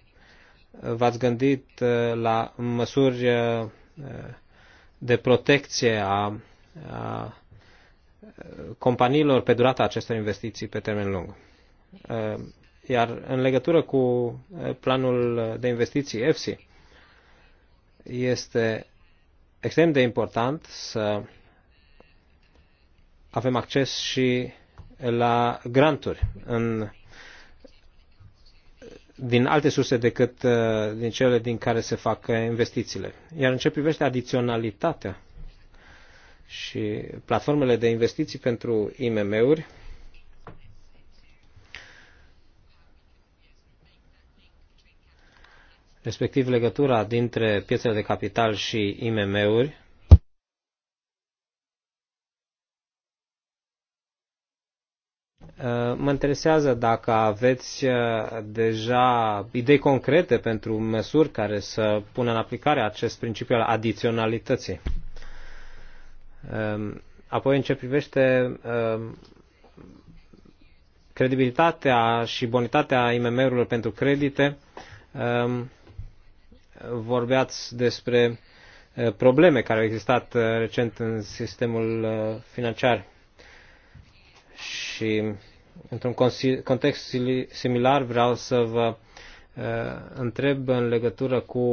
v-ați gândit uh, la măsuri uh, de protecție a, a companiilor pe durata acestor investiții pe termen lung. Iar în legătură cu planul de investiții EFSI, este extrem de important să avem acces și la granturi în, din alte surse decât uh, din cele din care se fac uh, investițiile. Iar în ce privește adiționalitatea și platformele de investiții pentru IMM-uri, respectiv legătura dintre piețele de capital și IMM-uri, uh, Mă interesează dacă aveți uh, deja idei concrete pentru măsuri care să pună în aplicare acest principiu al adiționalității. Um, apoi, în ce privește um, credibilitatea și bonitatea IMM-urilor pentru credite, um, vorbeați despre eh, probleme care au existat eh, recent în sistemul eh, financiar și într-un context similar vreau să vă întreb în legătură cu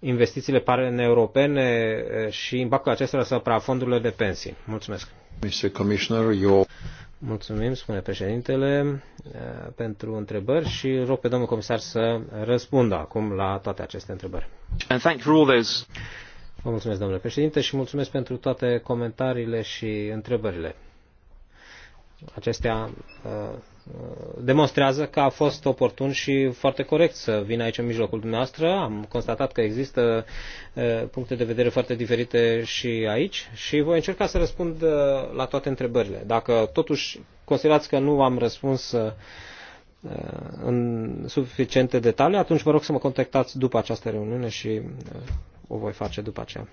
investițiile paneuropene și impactul acestora asupra fondurilor de pensii. Mulțumesc. Mr. Commissioner, your... Mulțumim, spune președintele, eh, pentru întrebări și rog pe domnul comisar să răspundă acum la toate aceste întrebări. And thank for all those. Vă mulțumesc, domnule președinte, și mulțumesc pentru toate comentariile și întrebările. Acestea uh, Uh, demonstrează că a fost oportun și foarte corect să vin aici în mijlocul dumneavoastră. Am constatat că există uh, puncte de vedere foarte diferite și aici și voi încerca să răspund uh, la toate întrebările. Dacă totuși considerați că nu am răspuns în suficiente detalii, atunci vă rog să mă contactați după această reuniune și o voi face după aceea.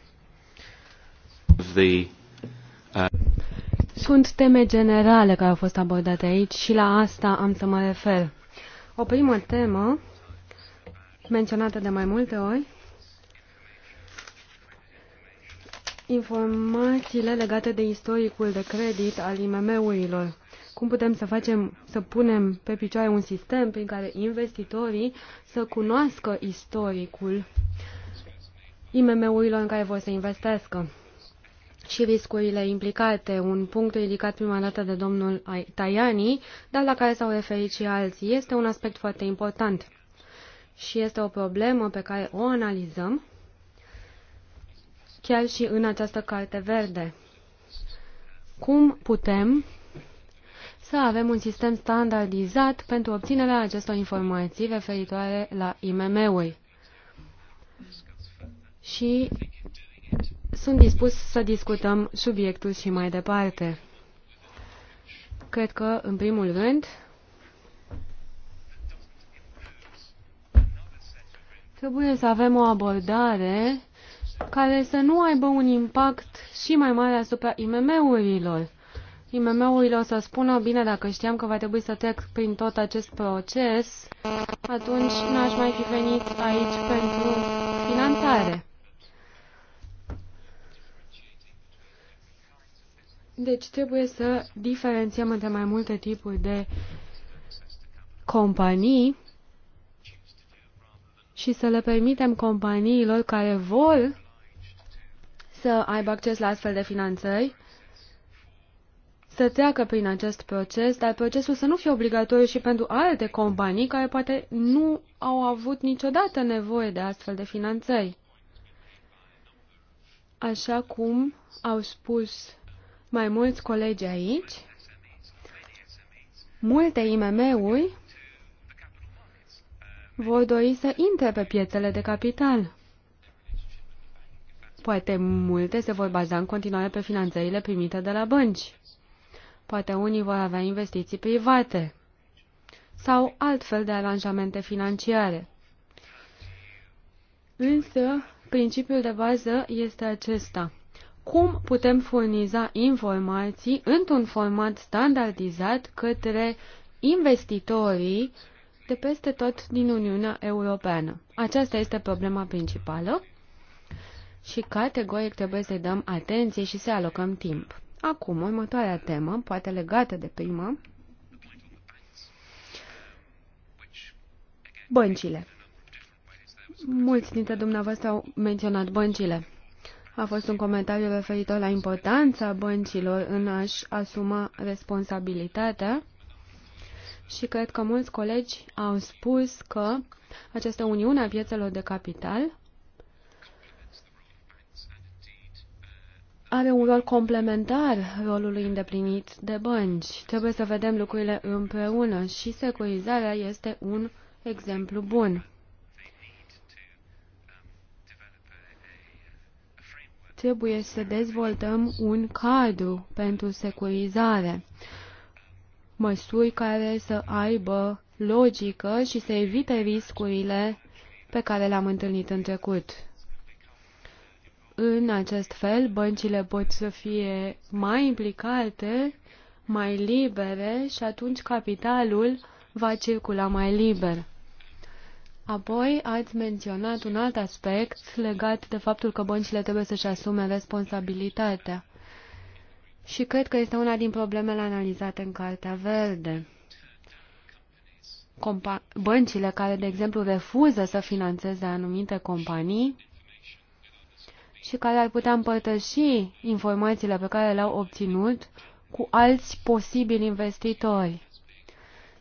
The, uh... Sunt teme generale care au fost abordate aici și la asta am să mă refer. O primă temă, menționată de mai multe ori, informațiile legate de istoricul de credit al IMM-urilor. Cum putem să facem, să punem pe picioare un sistem prin care investitorii să cunoască istoricul IMM-urilor în care vor să investească și riscurile implicate, un punct ridicat prima dată de domnul Tajani, dar la care s-au referit și alții. Este un aspect foarte important și este o problemă pe care o analizăm chiar și în această carte verde. Cum putem să avem un sistem standardizat pentru obținerea acestor informații referitoare la IMM-uri? Și sunt dispus să discutăm subiectul și mai departe. Cred că, în primul rând, trebuie să avem o abordare care să nu aibă un impact și mai mare asupra IMM-urilor. IMM-urilor să spună, bine, dacă știam că va trebui să trec prin tot acest proces, atunci n-aș mai fi venit aici pentru finanțare. Deci trebuie să diferențiem între mai multe tipuri de companii și să le permitem companiilor care vor să aibă acces la astfel de finanțări să treacă prin acest proces, dar procesul să nu fie obligatoriu și pentru alte companii care poate nu au avut niciodată nevoie de astfel de finanțări. Așa cum au spus mai mulți colegi aici, multe IMM-uri vor dori să intre pe piețele de capital. Poate multe se vor baza în continuare pe finanțările primite de la bănci. Poate unii vor avea investiții private sau altfel de aranjamente financiare. Însă, principiul de bază este acesta – cum putem furniza informații într-un format standardizat către investitorii de peste tot din Uniunea Europeană. Aceasta este problema principală și categoric trebuie să-i dăm atenție și să alocăm timp. Acum, următoarea temă, poate legată de prima, băncile. Mulți dintre dumneavoastră au menționat băncile. A fost un comentariu referitor la importanța băncilor în a-și asuma responsabilitatea și cred că mulți colegi au spus că această uniune a piețelor de capital are un rol complementar rolului îndeplinit de bănci. Trebuie să vedem lucrurile împreună și securizarea este un exemplu bun. trebuie să dezvoltăm un cadru pentru securizare, măsuri care să aibă logică și să evite riscurile pe care le-am întâlnit în trecut. În acest fel, băncile pot să fie mai implicate, mai libere și atunci capitalul va circula mai liber. Apoi ați menționat un alt aspect legat de faptul că băncile trebuie să-și asume responsabilitatea. Și cred că este una din problemele analizate în Cartea Verde. Compa băncile care, de exemplu, refuză să financeze anumite companii și care ar putea împărtăși informațiile pe care le-au obținut cu alți posibili investitori.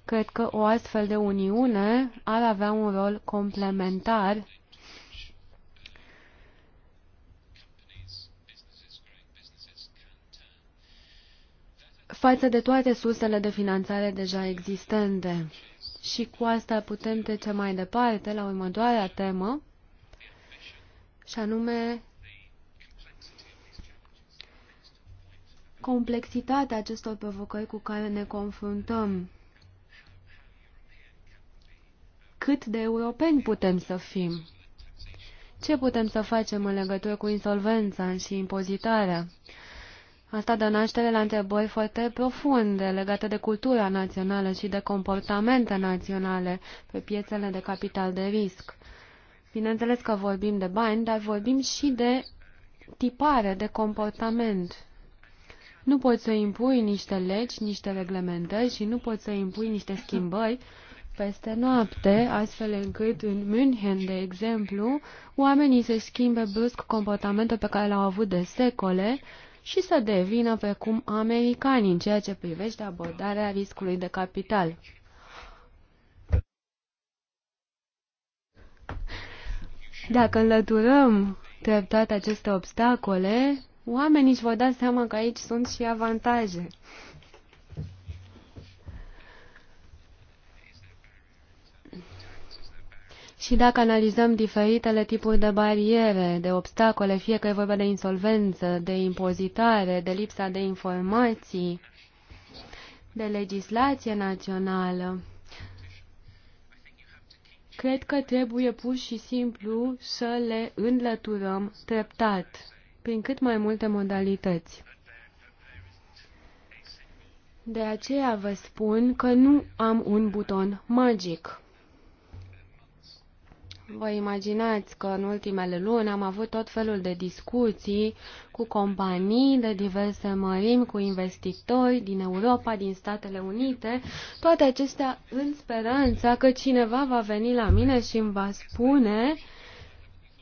Cred că o astfel de uniune ar avea un rol complementar față de toate sursele de finanțare deja existente. Și cu asta putem trece mai departe la următoarea temă, și anume complexitatea acestor provocări cu care ne confruntăm. cât de europeni putem să fim? Ce putem să facem în legătură cu insolvența și impozitarea? Asta dă naștere la întrebări foarte profunde legate de cultura națională și de comportamente naționale pe piețele de capital de risc. Bineînțeles că vorbim de bani, dar vorbim și de tipare, de comportament. Nu poți să impui niște legi, niște reglementări și nu poți să impui niște schimbări peste noapte, astfel încât în München, de exemplu, oamenii se schimbe brusc comportamentul pe care l au avut de secole și să devină pe cum americani în ceea ce privește abordarea riscului de capital. Dacă înlăturăm treptat aceste obstacole, oamenii își vor da seama că aici sunt și avantaje. Și dacă analizăm diferitele tipuri de bariere, de obstacole, fie că e vorba de insolvență, de impozitare, de lipsa de informații, de legislație națională, cred că trebuie pur și simplu să le înlăturăm treptat, prin cât mai multe modalități. De aceea vă spun că nu am un buton magic. Vă imaginați că în ultimele luni am avut tot felul de discuții cu companii de diverse mărimi, cu investitori din Europa, din Statele Unite, toate acestea în speranța că cineva va veni la mine și îmi va spune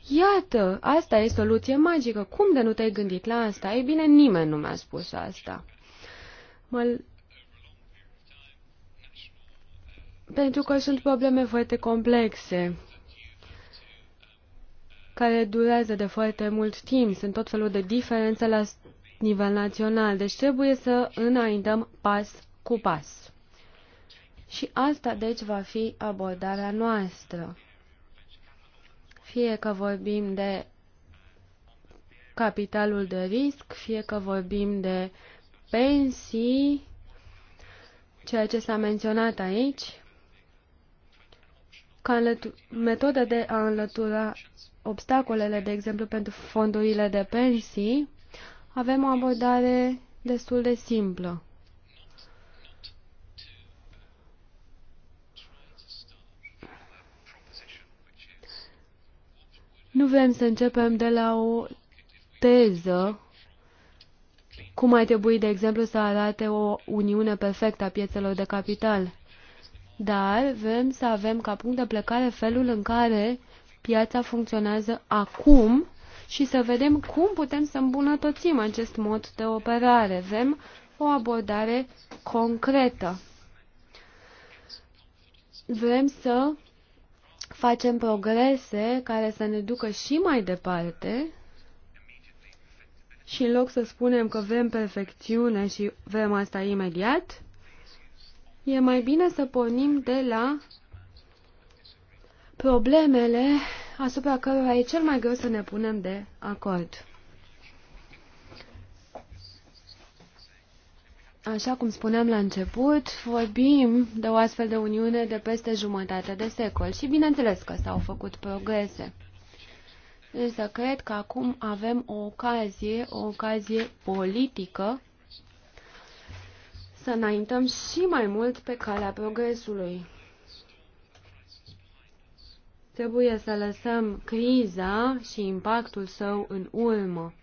Iată, asta e soluție magică, cum de nu te-ai gândit la asta? Ei bine, nimeni nu mi-a spus asta. Mă pentru că sunt probleme foarte complexe care durează de foarte mult timp. Sunt tot felul de diferențe la nivel național, deci trebuie să înaintăm pas cu pas. Și asta, deci, va fi abordarea noastră. Fie că vorbim de capitalul de risc, fie că vorbim de pensii, ceea ce s-a menționat aici, ca metodă de a înlătura obstacolele, de exemplu, pentru fondurile de pensii, avem o abordare destul de simplă. Nu vrem să începem de la o teză cum ar trebui, de exemplu, să arate o uniune perfectă a piețelor de capital. Dar vrem să avem ca punct de plecare felul în care piața funcționează acum și să vedem cum putem să îmbunătățim acest mod de operare. Vrem o abordare concretă. Vrem să facem progrese care să ne ducă și mai departe și în loc să spunem că vrem perfecțiune și vrem asta imediat, e mai bine să pornim de la problemele asupra cărora e cel mai greu să ne punem de acord. Așa cum spuneam la început, vorbim de o astfel de uniune de peste jumătate de secol și bineînțeles că s-au făcut progrese. Însă cred că acum avem o ocazie, o ocazie politică, să înaintăm și mai mult pe calea progresului. Trebuie să lăsăm criza și impactul său în urmă.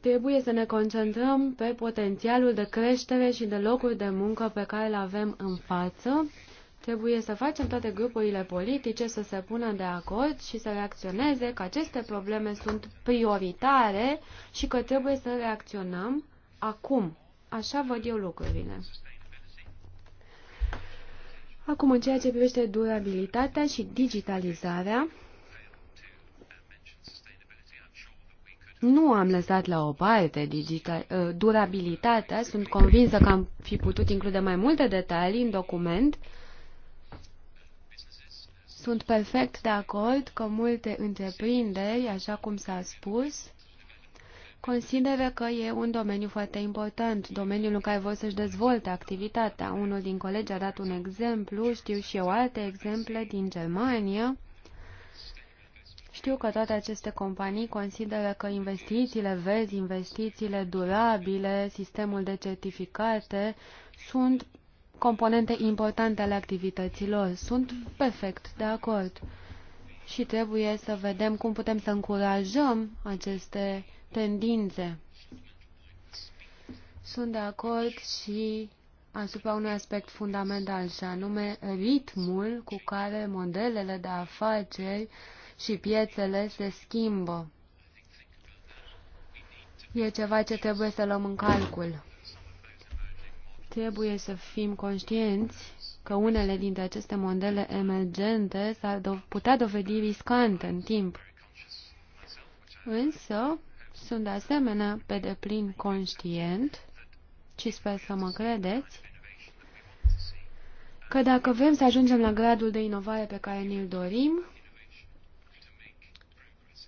Trebuie să ne concentrăm pe potențialul de creștere și de locuri de muncă pe care le avem în față. Trebuie să facem toate grupurile politice să se pună de acord și să reacționeze că aceste probleme sunt prioritare și că trebuie să reacționăm acum. Așa văd eu lucrurile. Acum, în ceea ce privește durabilitatea și digitalizarea, nu am lăsat la o parte digital, ă, durabilitatea. Sunt convinsă că am fi putut include mai multe detalii în document. Sunt perfect de acord că multe întreprinderi, așa cum s-a spus, consideră că e un domeniu foarte important, domeniul în care vor să-și dezvolte activitatea. Unul din colegi a dat un exemplu, știu și eu alte exemple din Germania. Știu că toate aceste companii consideră că investițiile vezi, investițiile durabile, sistemul de certificate sunt componente importante ale activităților. Sunt perfect de acord. Și trebuie să vedem cum putem să încurajăm aceste tendințe. Sunt de acord și asupra unui aspect fundamental, și anume ritmul cu care modelele de afaceri și piețele se schimbă. E ceva ce trebuie să luăm în calcul. Trebuie să fim conștienți că unele dintre aceste modele emergente s-ar do putea dovedi riscante în timp. Însă, sunt de asemenea pe deplin conștient și sper să mă credeți că dacă vrem să ajungem la gradul de inovare pe care ne-l dorim,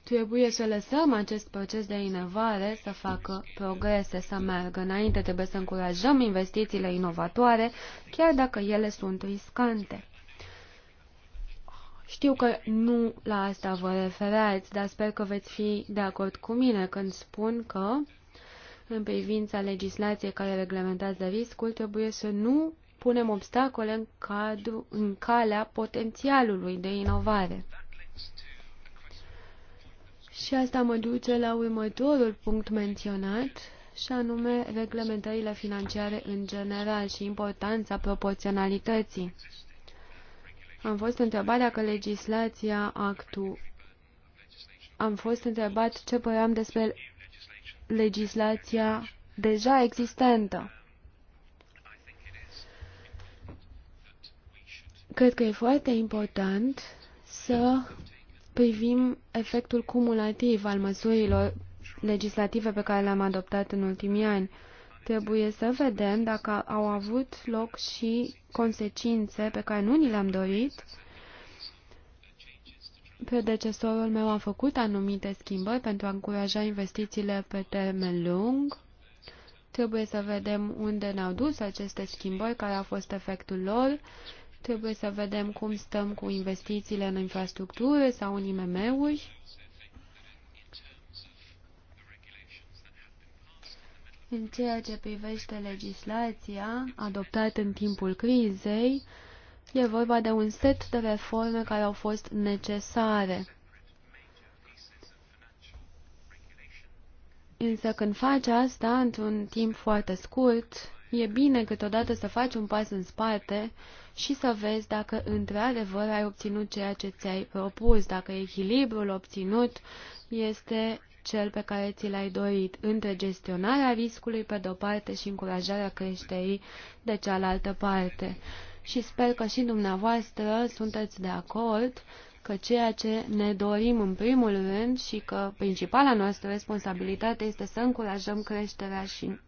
trebuie să lăsăm acest proces de inovare să facă progrese, să meargă înainte. Trebuie să încurajăm investițiile inovatoare, chiar dacă ele sunt riscante. Știu că nu la asta vă referați, dar sper că veți fi de acord cu mine când spun că, în privința legislației care reglementează riscul, trebuie să nu punem obstacole în, cadru, în calea potențialului de inovare. Și asta mă duce la următorul punct menționat, și anume reglementările financiare în general și importanța proporționalității. Am fost întrebat dacă legislația actu... Am fost întrebat ce păream am despre legislația deja existentă. Cred că e foarte important să privim efectul cumulativ al măsurilor legislative pe care le-am adoptat în ultimii ani. Trebuie să vedem dacă au avut loc și consecințe pe care nu ni le-am dorit. Predecesorul meu a făcut anumite schimbări pentru a încuraja investițiile pe termen lung. Trebuie să vedem unde ne-au dus aceste schimbări, care a fost efectul lor. Trebuie să vedem cum stăm cu investițiile în infrastructură sau în IMM-uri. În ceea ce privește legislația adoptată în timpul crizei, e vorba de un set de reforme care au fost necesare. Însă când faci asta într-un timp foarte scurt, e bine câteodată să faci un pas în spate și să vezi dacă într-adevăr ai obținut ceea ce ți-ai propus, dacă echilibrul obținut este cel pe care ți l-ai dorit, între gestionarea riscului pe de-o parte și încurajarea creșterii de cealaltă parte. Și sper că și dumneavoastră sunteți de acord că ceea ce ne dorim în primul rând și că principala noastră responsabilitate este să încurajăm creșterea și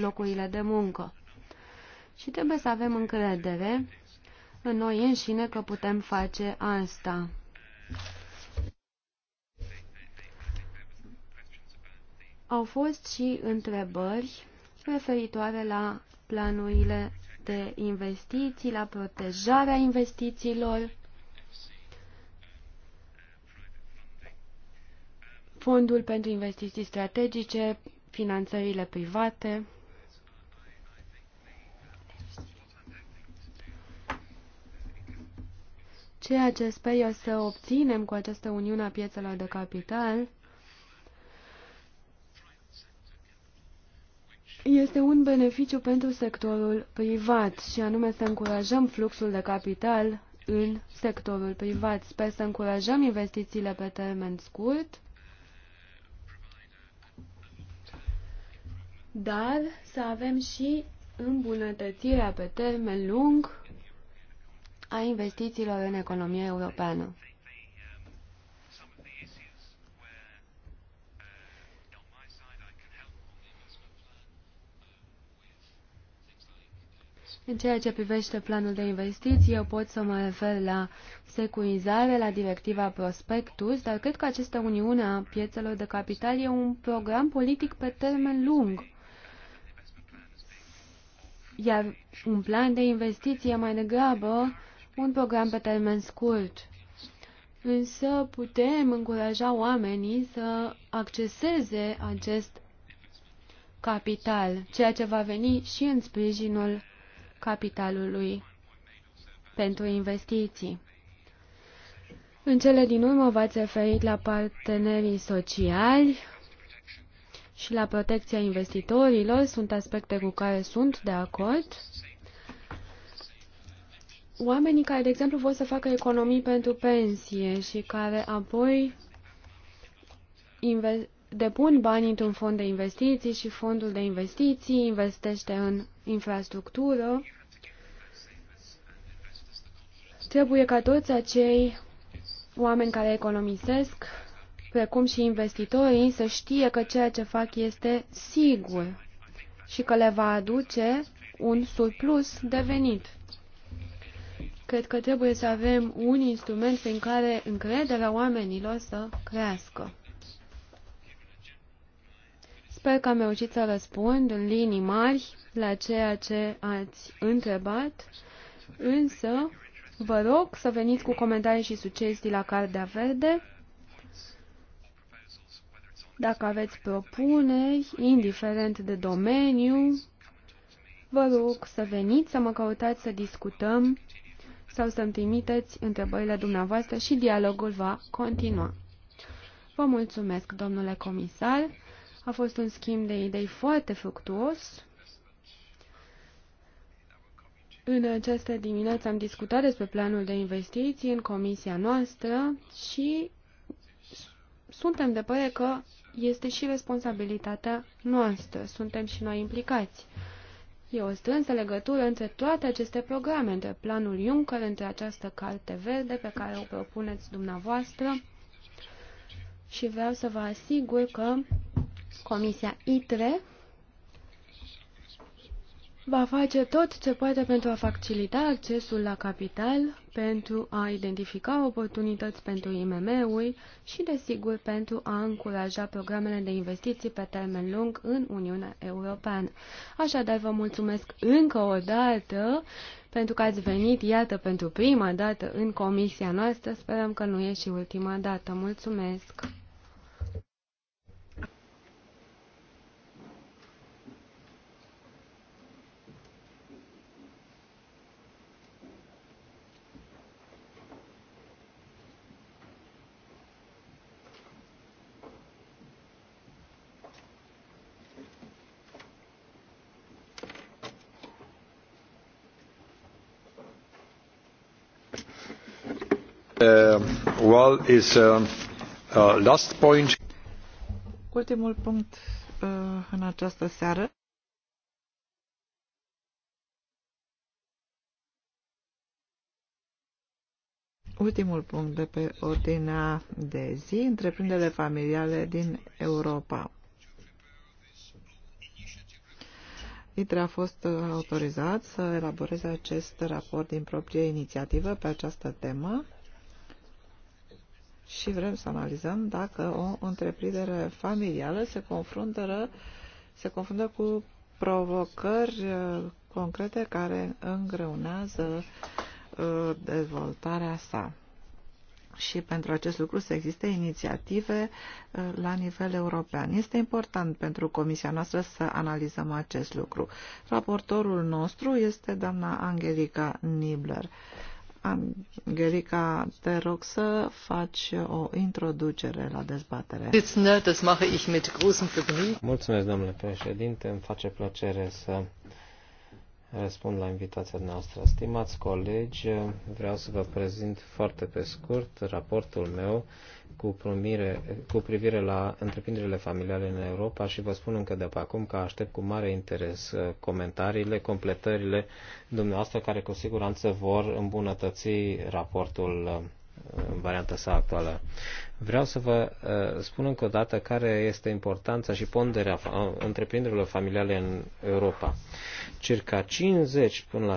locurile de muncă. Și trebuie să avem încredere în noi înșine că putem face asta. Au fost și întrebări referitoare la planurile de investiții, la protejarea investițiilor, fondul pentru investiții strategice, finanțările private. Ceea ce sper eu să obținem cu această uniune a piețelor de capital este un beneficiu pentru sectorul privat și anume să încurajăm fluxul de capital în sectorul privat. Sper să încurajăm investițiile pe termen scurt, dar să avem și îmbunătățirea pe termen lung a investițiilor în economia europeană. În ceea ce privește planul de investiții, eu pot să mă refer la securizare, la directiva Prospectus, dar cred că această uniune a piețelor de capital e un program politic pe termen lung. Iar un plan de investiții e mai degrabă un program pe termen scurt. Însă putem încuraja oamenii să acceseze acest capital, ceea ce va veni și în sprijinul capitalului pentru investiții. În cele din urmă v-ați referit la partenerii sociali și la protecția investitorilor. Sunt aspecte cu care sunt de acord. Oamenii care, de exemplu, vor să facă economii pentru pensie și care apoi depun bani într-un fond de investiții și fondul de investiții investește în infrastructură, trebuie ca toți acei oameni care economisesc, precum și investitorii, să știe că ceea ce fac este sigur și că le va aduce un surplus de venit. Cred că trebuie să avem un instrument prin care încrederea oamenilor să crească. Sper că am reușit să răspund în linii mari la ceea ce ați întrebat, însă vă rog să veniți cu comentarii și sugestii la Cardea Verde. Dacă aveți propuneri, indiferent de domeniu, vă rog să veniți să mă căutați să discutăm sau să-mi trimiteți întrebările dumneavoastră și dialogul va continua. Vă mulțumesc, domnule comisar. A fost un schimb de idei foarte fructuos. În această dimineață am discutat despre planul de investiții în comisia noastră și suntem de părere că este și responsabilitatea noastră. Suntem și noi implicați. E o strânsă legătură între toate aceste programe, între planul Juncker, între această carte verde pe care o propuneți dumneavoastră și vreau să vă asigur că Comisia ITRE va face tot ce poate pentru a facilita accesul la capital, pentru a identifica oportunități pentru IMM-uri și, desigur, pentru a încuraja programele de investiții pe termen lung în Uniunea Europeană. Așadar, vă mulțumesc încă o dată pentru că ați venit, iată, pentru prima dată în comisia noastră. Sperăm că nu e și ultima dată. Mulțumesc! Uh, well, is uh, uh, last point. Ultimul punct uh, în această seară. Ultimul punct de pe ordinea de zi, întreprinderile familiale din Europa. ITRE a fost uh, autorizat să elaboreze acest raport din proprie inițiativă pe această temă și vrem să analizăm dacă o întreprindere familială se confruntă, se confruntă cu provocări uh, concrete care îngreunează uh, dezvoltarea sa. Și pentru acest lucru să existe inițiative uh, la nivel european. Este important pentru comisia noastră să analizăm acest lucru. Raportorul nostru este doamna Angelica Nibler. Angelica, te rog să faci o introducere la dezbatere. Mulțumesc, domnule președinte. Îmi face plăcere să răspund la invitația noastră. Stimați colegi, vreau să vă prezint foarte pe scurt raportul meu cu, prumire, cu privire la întreprinderile familiale în Europa și vă spun încă de pe acum că aștept cu mare interes uh, comentariile, completările dumneavoastră care cu siguranță vor îmbunătăți raportul uh, în varianta sa actuală. Vreau să vă uh, spun încă o dată care este importanța și ponderea întreprinderilor familiale în Europa circa 50 până la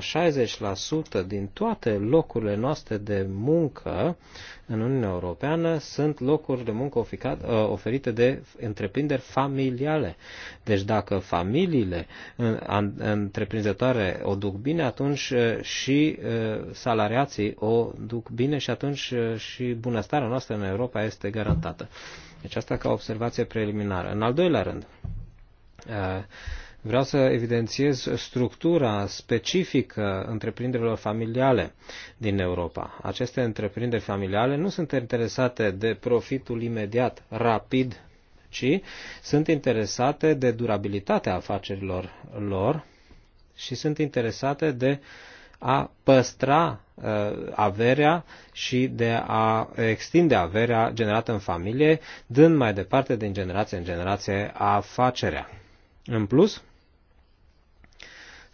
60% din toate locurile noastre de muncă în Uniunea Europeană sunt locuri de muncă uh, oferite de întreprinderi familiale. Deci dacă familiile întreprinzătoare o duc bine, atunci uh, și uh, salariații o duc bine și atunci și bunăstarea noastră în Europa este garantată. Deci asta ca observație preliminară. În al doilea rând, Vreau să evidențiez structura specifică întreprinderilor familiale din Europa. Aceste întreprinderi familiale nu sunt interesate de profitul imediat, rapid, ci sunt interesate de durabilitatea afacerilor lor și sunt interesate de a păstra uh, averea și de a extinde averea generată în familie, dând mai departe din generație în generație afacerea. În plus,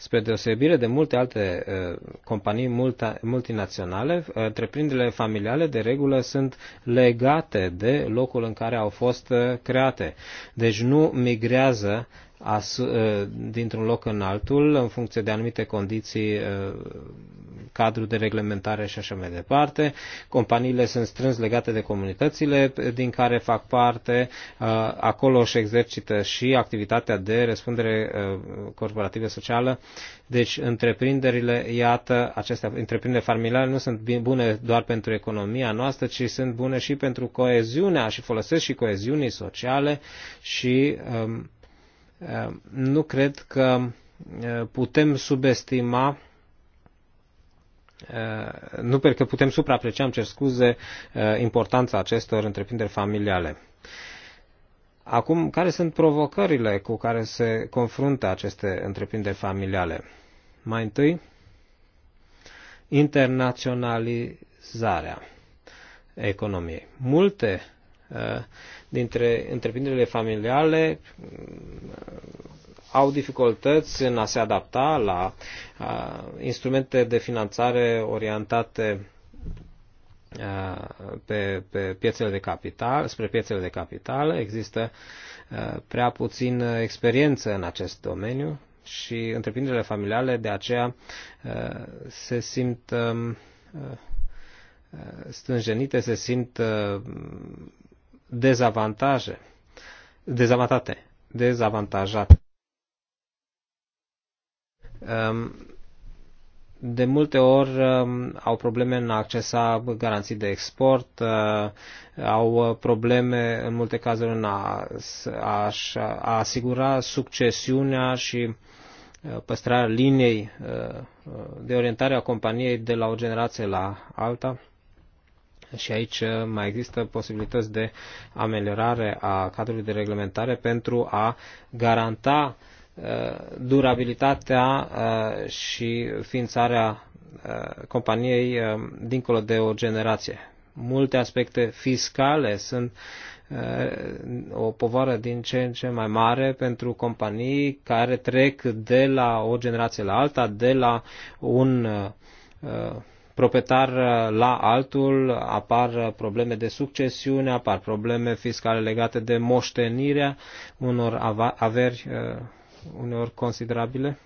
Spre deosebire de multe alte uh, companii multa, multinaționale, uh, întreprinderile familiale de regulă sunt legate de locul în care au fost uh, create. Deci nu migrează dintr-un loc în altul în funcție de anumite condiții cadru de reglementare și așa mai departe. Companiile sunt strâns legate de comunitățile din care fac parte, uh, acolo își exercită și activitatea de răspundere uh, corporativă socială. Deci întreprinderile, iată, acestea, întreprinderi familiale nu sunt bune doar pentru economia noastră, ci sunt bune și pentru coeziunea și folosesc și coeziunii sociale și um, uh, nu cred că putem subestima Eh, nu pentru că putem supraaprecia, îmi cer scuze, eh, importanța acestor întreprinderi familiale. Acum, care sunt provocările cu care se confruntă aceste întreprinderi familiale? Mai întâi, internaționalizarea economiei. Multe eh, dintre întreprinderile familiale au dificultăți în a se adapta la a, instrumente de finanțare orientate a, pe, pe piețele de capital, spre piețele de capital. Există a, prea puțin experiență în acest domeniu și întreprinderile familiale de aceea se simt stânjenite, se simt dezavantaje, dezavantate, dezavantajate. Um, de multe ori um, au probleme în a accesa garanții de export, uh, au uh, probleme în multe cazuri în a, a, a asigura succesiunea și uh, păstrarea liniei de orientare a companiei de la o generație la alta. Și aici mai există posibilități de ameliorare a cadrului de reglementare pentru a garanta uh, Uh, durabilitatea uh, și ființarea uh, companiei dincolo de o generație. Multe aspecte fiscale sunt o povară din ce în ce mai mare pentru companii care trec de la o generație la alta, de la un proprietar la altul, apar probleme de succesiune, apar probleme fiscale legate de moștenirea unor averi uneori considerabile,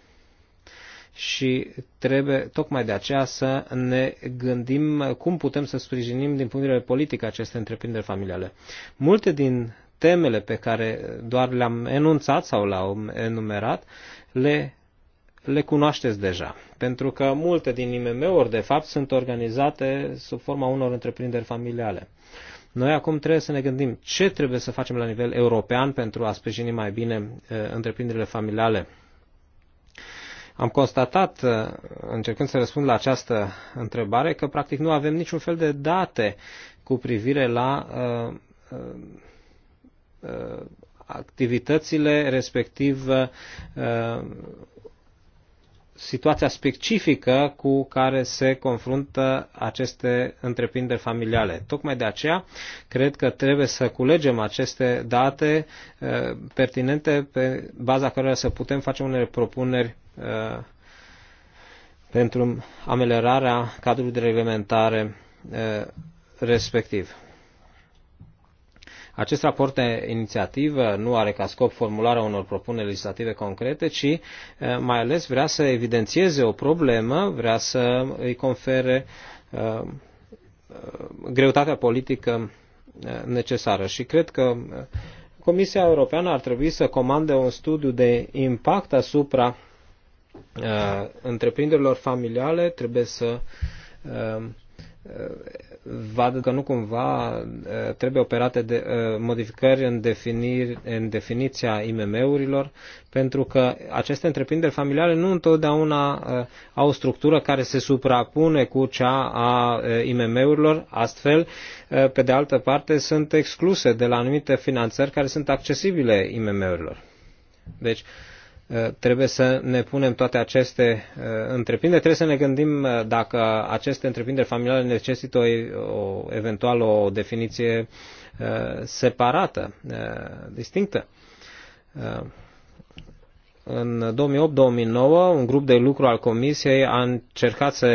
și trebuie tocmai de aceea să ne gândim cum putem să sprijinim din punct de vedere politic aceste întreprinderi familiale. Multe din temele pe care doar le-am enunțat sau le-am enumerat le, le cunoașteți deja, pentru că multe din IMM-uri, de fapt, sunt organizate sub forma unor întreprinderi familiale. Noi acum trebuie să ne gândim ce trebuie să facem la nivel european pentru a sprijini mai bine uh, întreprinderile familiale. Am constatat, uh, încercând să răspund la această întrebare, că practic nu avem niciun fel de date cu privire la uh, uh, uh activitățile, respectiv uh, situația specifică cu care se confruntă aceste întreprinderi familiale. Tocmai de aceea, cred că trebuie să culegem aceste date uh, pertinente pe baza cărora să putem face unele propuneri uh, pentru ameliorarea cadrului de reglementare uh, respectiv. Acest raport de inițiativă nu are ca scop formularea unor propuneri legislative concrete, ci eh, mai ales vrea să evidențieze o problemă, vrea să îi confere eh, eh, greutatea politică necesară. Și cred că Comisia Europeană ar trebui să comande un studiu de impact asupra întreprinderilor familiale, trebuie să vadă că nu cumva trebuie operate de, modificări în, definir, în definiția IMM-urilor, pentru că aceste întreprinderi familiale nu întotdeauna au o structură care se suprapune cu cea a IMM-urilor, astfel, pe de altă parte, sunt excluse de la anumite finanțări care sunt accesibile IMM-urilor. Deci, Eh, trebuie să ne punem toate aceste eh, întreprinderi, trebuie să ne gândim eh, dacă aceste întreprinderi familiale necesită o, o eventual o definiție separată, distinctă. În 2008-2009, un grup de lucru al Comisiei a încercat să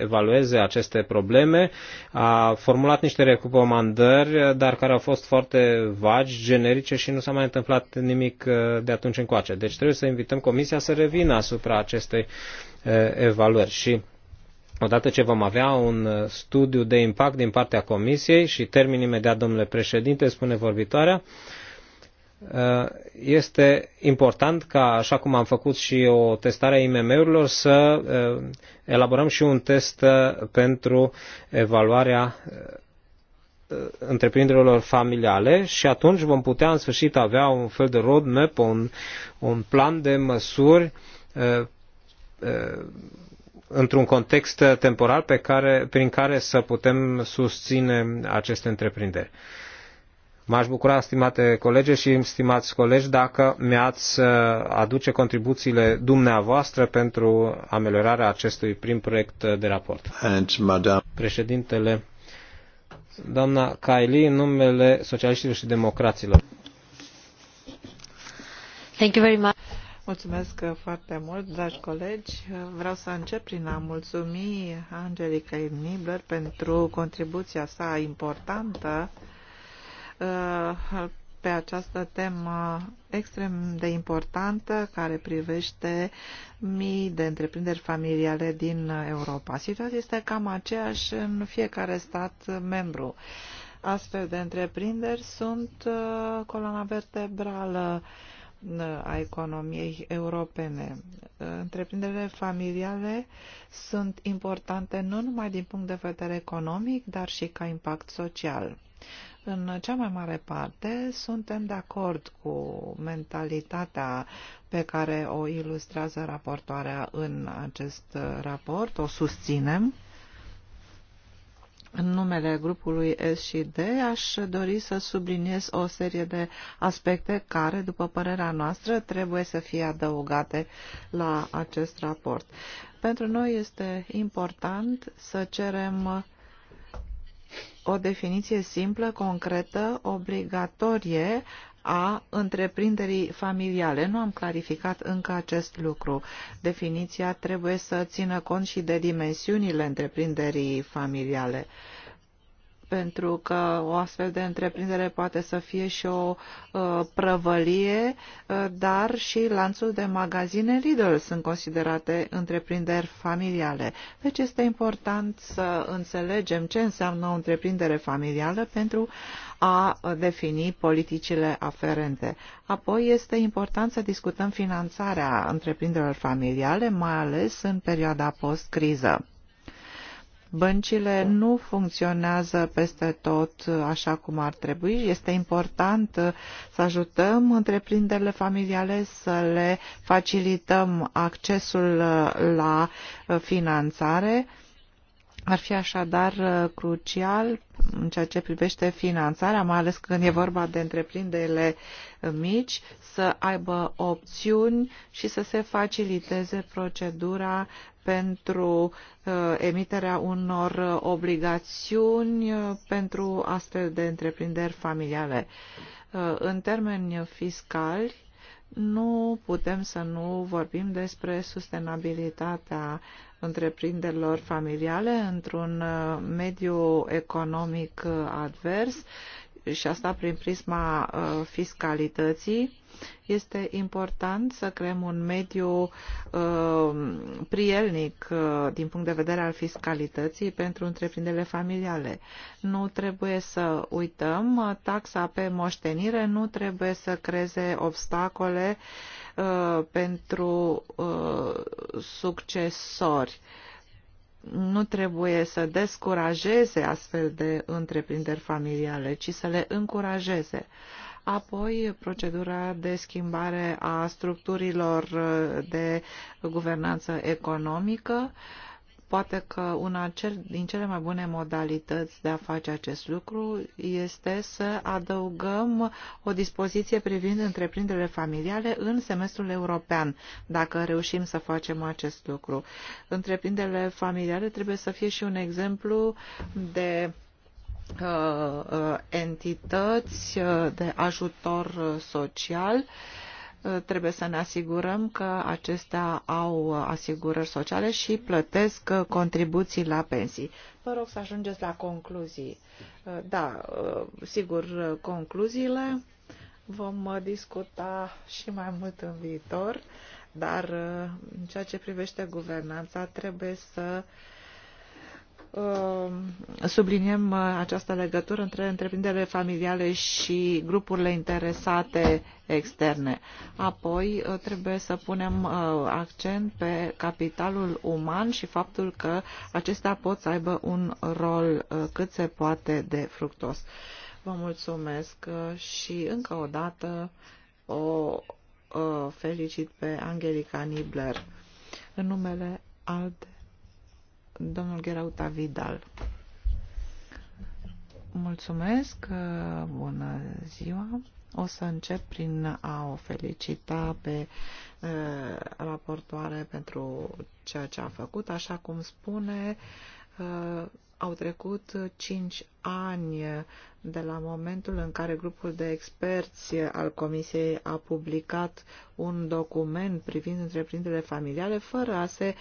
evalueze aceste probleme, a formulat niște recomandări, dar care au fost foarte vagi, generice și nu s-a mai întâmplat nimic uh, de atunci încoace. Deci trebuie să invităm Comisia să revină asupra acestei uh, evaluări. Și odată ce vom avea un uh, studiu de impact din partea Comisiei și termin imediat, domnule președinte, spune vorbitoarea, uh, Uh, este important ca, așa cum am făcut și o testare a IMM-urilor, să uh, elaborăm și un test uh, pentru evaluarea întreprinderilor familiale și atunci vom putea în sfârșit avea un fel de roadmap, un, un plan de măsuri într-un context temporal pe care, prin care să putem susține aceste întreprinderi. M-aș bucura, stimate colege și stimați colegi, dacă mi-ați uh, aduce contribuțiile dumneavoastră pentru ameliorarea acestui prim proiect de raport. And, madame... Președintele, doamna Kaili, în numele socialiștilor și democraților. Thank you very much. Mulțumesc uh, foarte mult, dragi colegi. Uh, vreau să încep prin a mulțumi Angelica Nibler pentru contribuția sa importantă Uh, pe această temă extrem de importantă care privește mii de întreprinderi familiale din Europa. Situația este cam aceeași în fiecare stat membru. Astfel de întreprinderi sunt uh, coloana vertebrală uh, a economiei europene. Întreprinderile familiale sunt importante nu numai din punct de vedere economic, dar și ca impact social. În cea mai mare parte suntem de acord cu mentalitatea pe care o ilustrează raportoarea în acest raport, o susținem. În numele grupului S și D aș dori să subliniez o serie de aspecte care, după părerea noastră, trebuie să fie adăugate la acest raport. Pentru noi este important să cerem o definiție simplă, concretă, obligatorie a întreprinderii familiale. Nu am clarificat încă acest lucru. Definiția trebuie să țină cont și de dimensiunile întreprinderii familiale. Uh, pentru că o astfel de întreprindere poate să fie și o uh, prăvălie, uh, dar și lanțul de magazine Lidl sunt considerate întreprinderi familiale. Deci este important să înțelegem ce înseamnă o întreprindere familială pentru a defini politicile aferente. Apoi este important să discutăm finanțarea întreprinderilor familiale, mai ales în perioada post-criză Băncile nu funcționează peste tot așa cum ar trebui. Este important să ajutăm întreprinderile familiale, să le facilităm accesul la finanțare. Ar fi așadar crucial în ceea ce privește finanțarea, mai ales când e vorba de întreprinderile mici, să aibă opțiuni și să se faciliteze procedura pentru uh, emiterea unor uh, obligațiuni uh, pentru astfel de întreprinderi familiale. În termeni fiscali, nu putem să nu vorbim despre sustenabilitatea întreprinderilor familiale într-un mediu economic advers și asta prin prisma uh, fiscalității, este important să creăm un mediu uh, prielnic uh, din punct de vedere al fiscalității pentru întreprinderile familiale. Nu trebuie să uităm, taxa pe moștenire nu trebuie să creeze obstacole pentru succesori. Uh, nu trebuie să descurajeze astfel de întreprinderi familiale, ci să le încurajeze. Apoi, procedura de schimbare a structurilor de guvernanță economică, uh, Poate că una din cele mai bune modalități de a face acest lucru este să adăugăm o dispoziție privind întreprinderile familiale în semestrul european, dacă reușim să facem acest lucru. Întreprinderile familiale trebuie să fie și un exemplu de uh, uh, entități uh, de ajutor social uh, trebuie să ne asigurăm că acestea au asigurări sociale și plătesc contribuții la pensii. Vă rog să ajungeți la concluzii. Uh, da, uh, sigur, concluziile vom discuta și mai mult în viitor, dar uh, în ceea ce privește guvernanța trebuie să uh, Uh, subliniem uh, această legătură între întreprinderile familiale și grupurile interesate externe. Apoi uh, trebuie să punem accent pe capitalul uman și faptul că acestea pot să aibă un rol cât se poate de fructos. Vă mulțumesc și încă o dată o felicit pe Angelica Nibler în numele ALDE domnul Gherauta Vidal. Mulțumesc, uh, bună ziua. O să încep prin a o felicita pe uh, raportoare pentru ceea ce a făcut. Așa cum spune, uh, au trecut cinci ani de la momentul în care grupul de experți al Comisiei a publicat un document privind întreprinderile familiale fără a se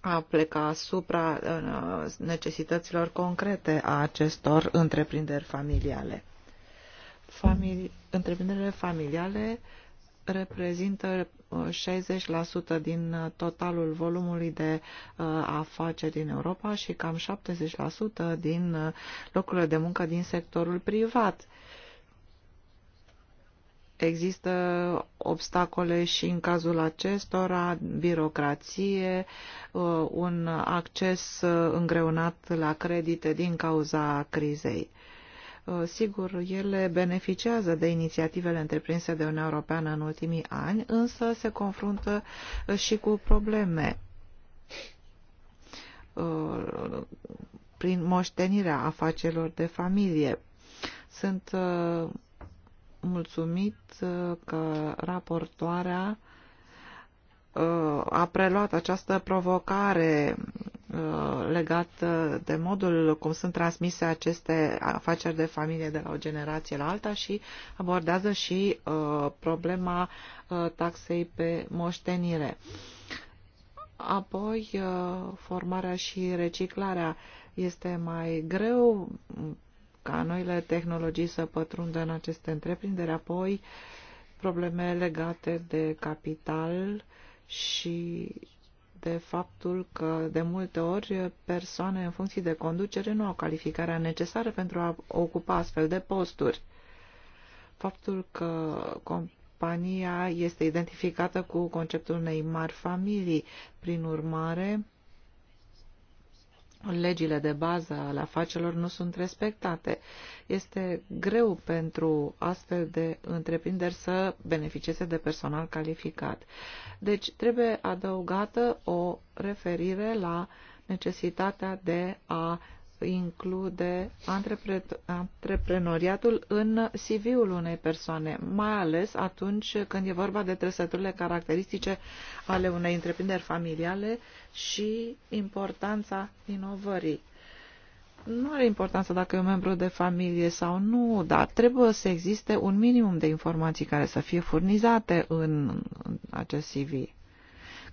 a pleca asupra uh, necesităților concrete a acestor întreprinderi familiale. Famili întreprinderile familiale reprezintă 60% uh, din uh, totalul volumului de afaceri din Europa și cam 70% din locurile de muncă din sectorul privat. Există obstacole și în cazul acestora, birocrație, uh, un acces îngreunat la credite din cauza crizei. Uh, sigur, ele beneficiază de inițiativele întreprinse de Uniunea Europeană în ultimii ani, însă se confruntă și cu probleme uh, prin moștenirea afacerilor de familie. Sunt mulțumit uh, că raportoarea uh, a preluat această provocare uh, legată de modul cum sunt transmise aceste afaceri de familie de la o generație la alta și abordează și problema taxei pe moștenire. Apoi, formarea și reciclarea este mai greu ca noile tehnologii să pătrundă în aceste întreprinderi, apoi probleme legate de capital și de faptul că de multe ori persoane în funcție de conducere nu au calificarea necesară pentru a ocupa astfel de posturi. Faptul că compania este identificată cu conceptul unei mari familii, prin urmare, legile de bază ale afacerilor nu sunt respectate. Este greu pentru astfel de întreprinderi să beneficieze de personal calificat. Deci trebuie adăugată o referire la necesitatea de a include antreprenoriatul în CV-ul unei persoane, mai ales atunci când e vorba de trăsăturile caracteristice ale unei întreprinderi familiale și importanța inovării. Nu are importanță dacă e un membru de familie sau nu, dar trebuie să existe un minimum de informații care să fie furnizate în acest CV.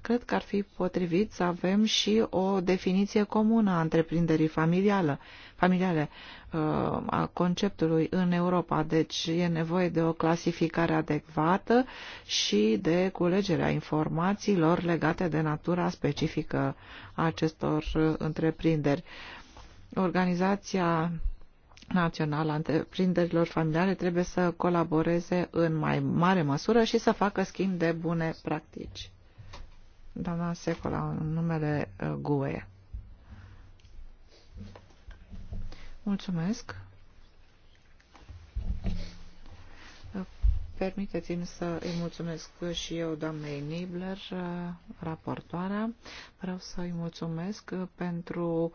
Cred că ar fi potrivit să avem și o definiție comună a întreprinderii familială, familiale, uh, a conceptului în Europa. Deci e nevoie de o clasificare adecvată și de culegerea informațiilor legate de natura specifică a acestor întreprinderi. Organizația națională a întreprinderilor familiale trebuie să colaboreze în mai mare măsură și să facă schimb de bune practici doamna Secola, în numele uh, GUE. Mulțumesc. Uh, permiteți-mi să îi mulțumesc și eu, doamnei Nibler, uh, raportoarea. Vreau să îi mulțumesc pentru uh,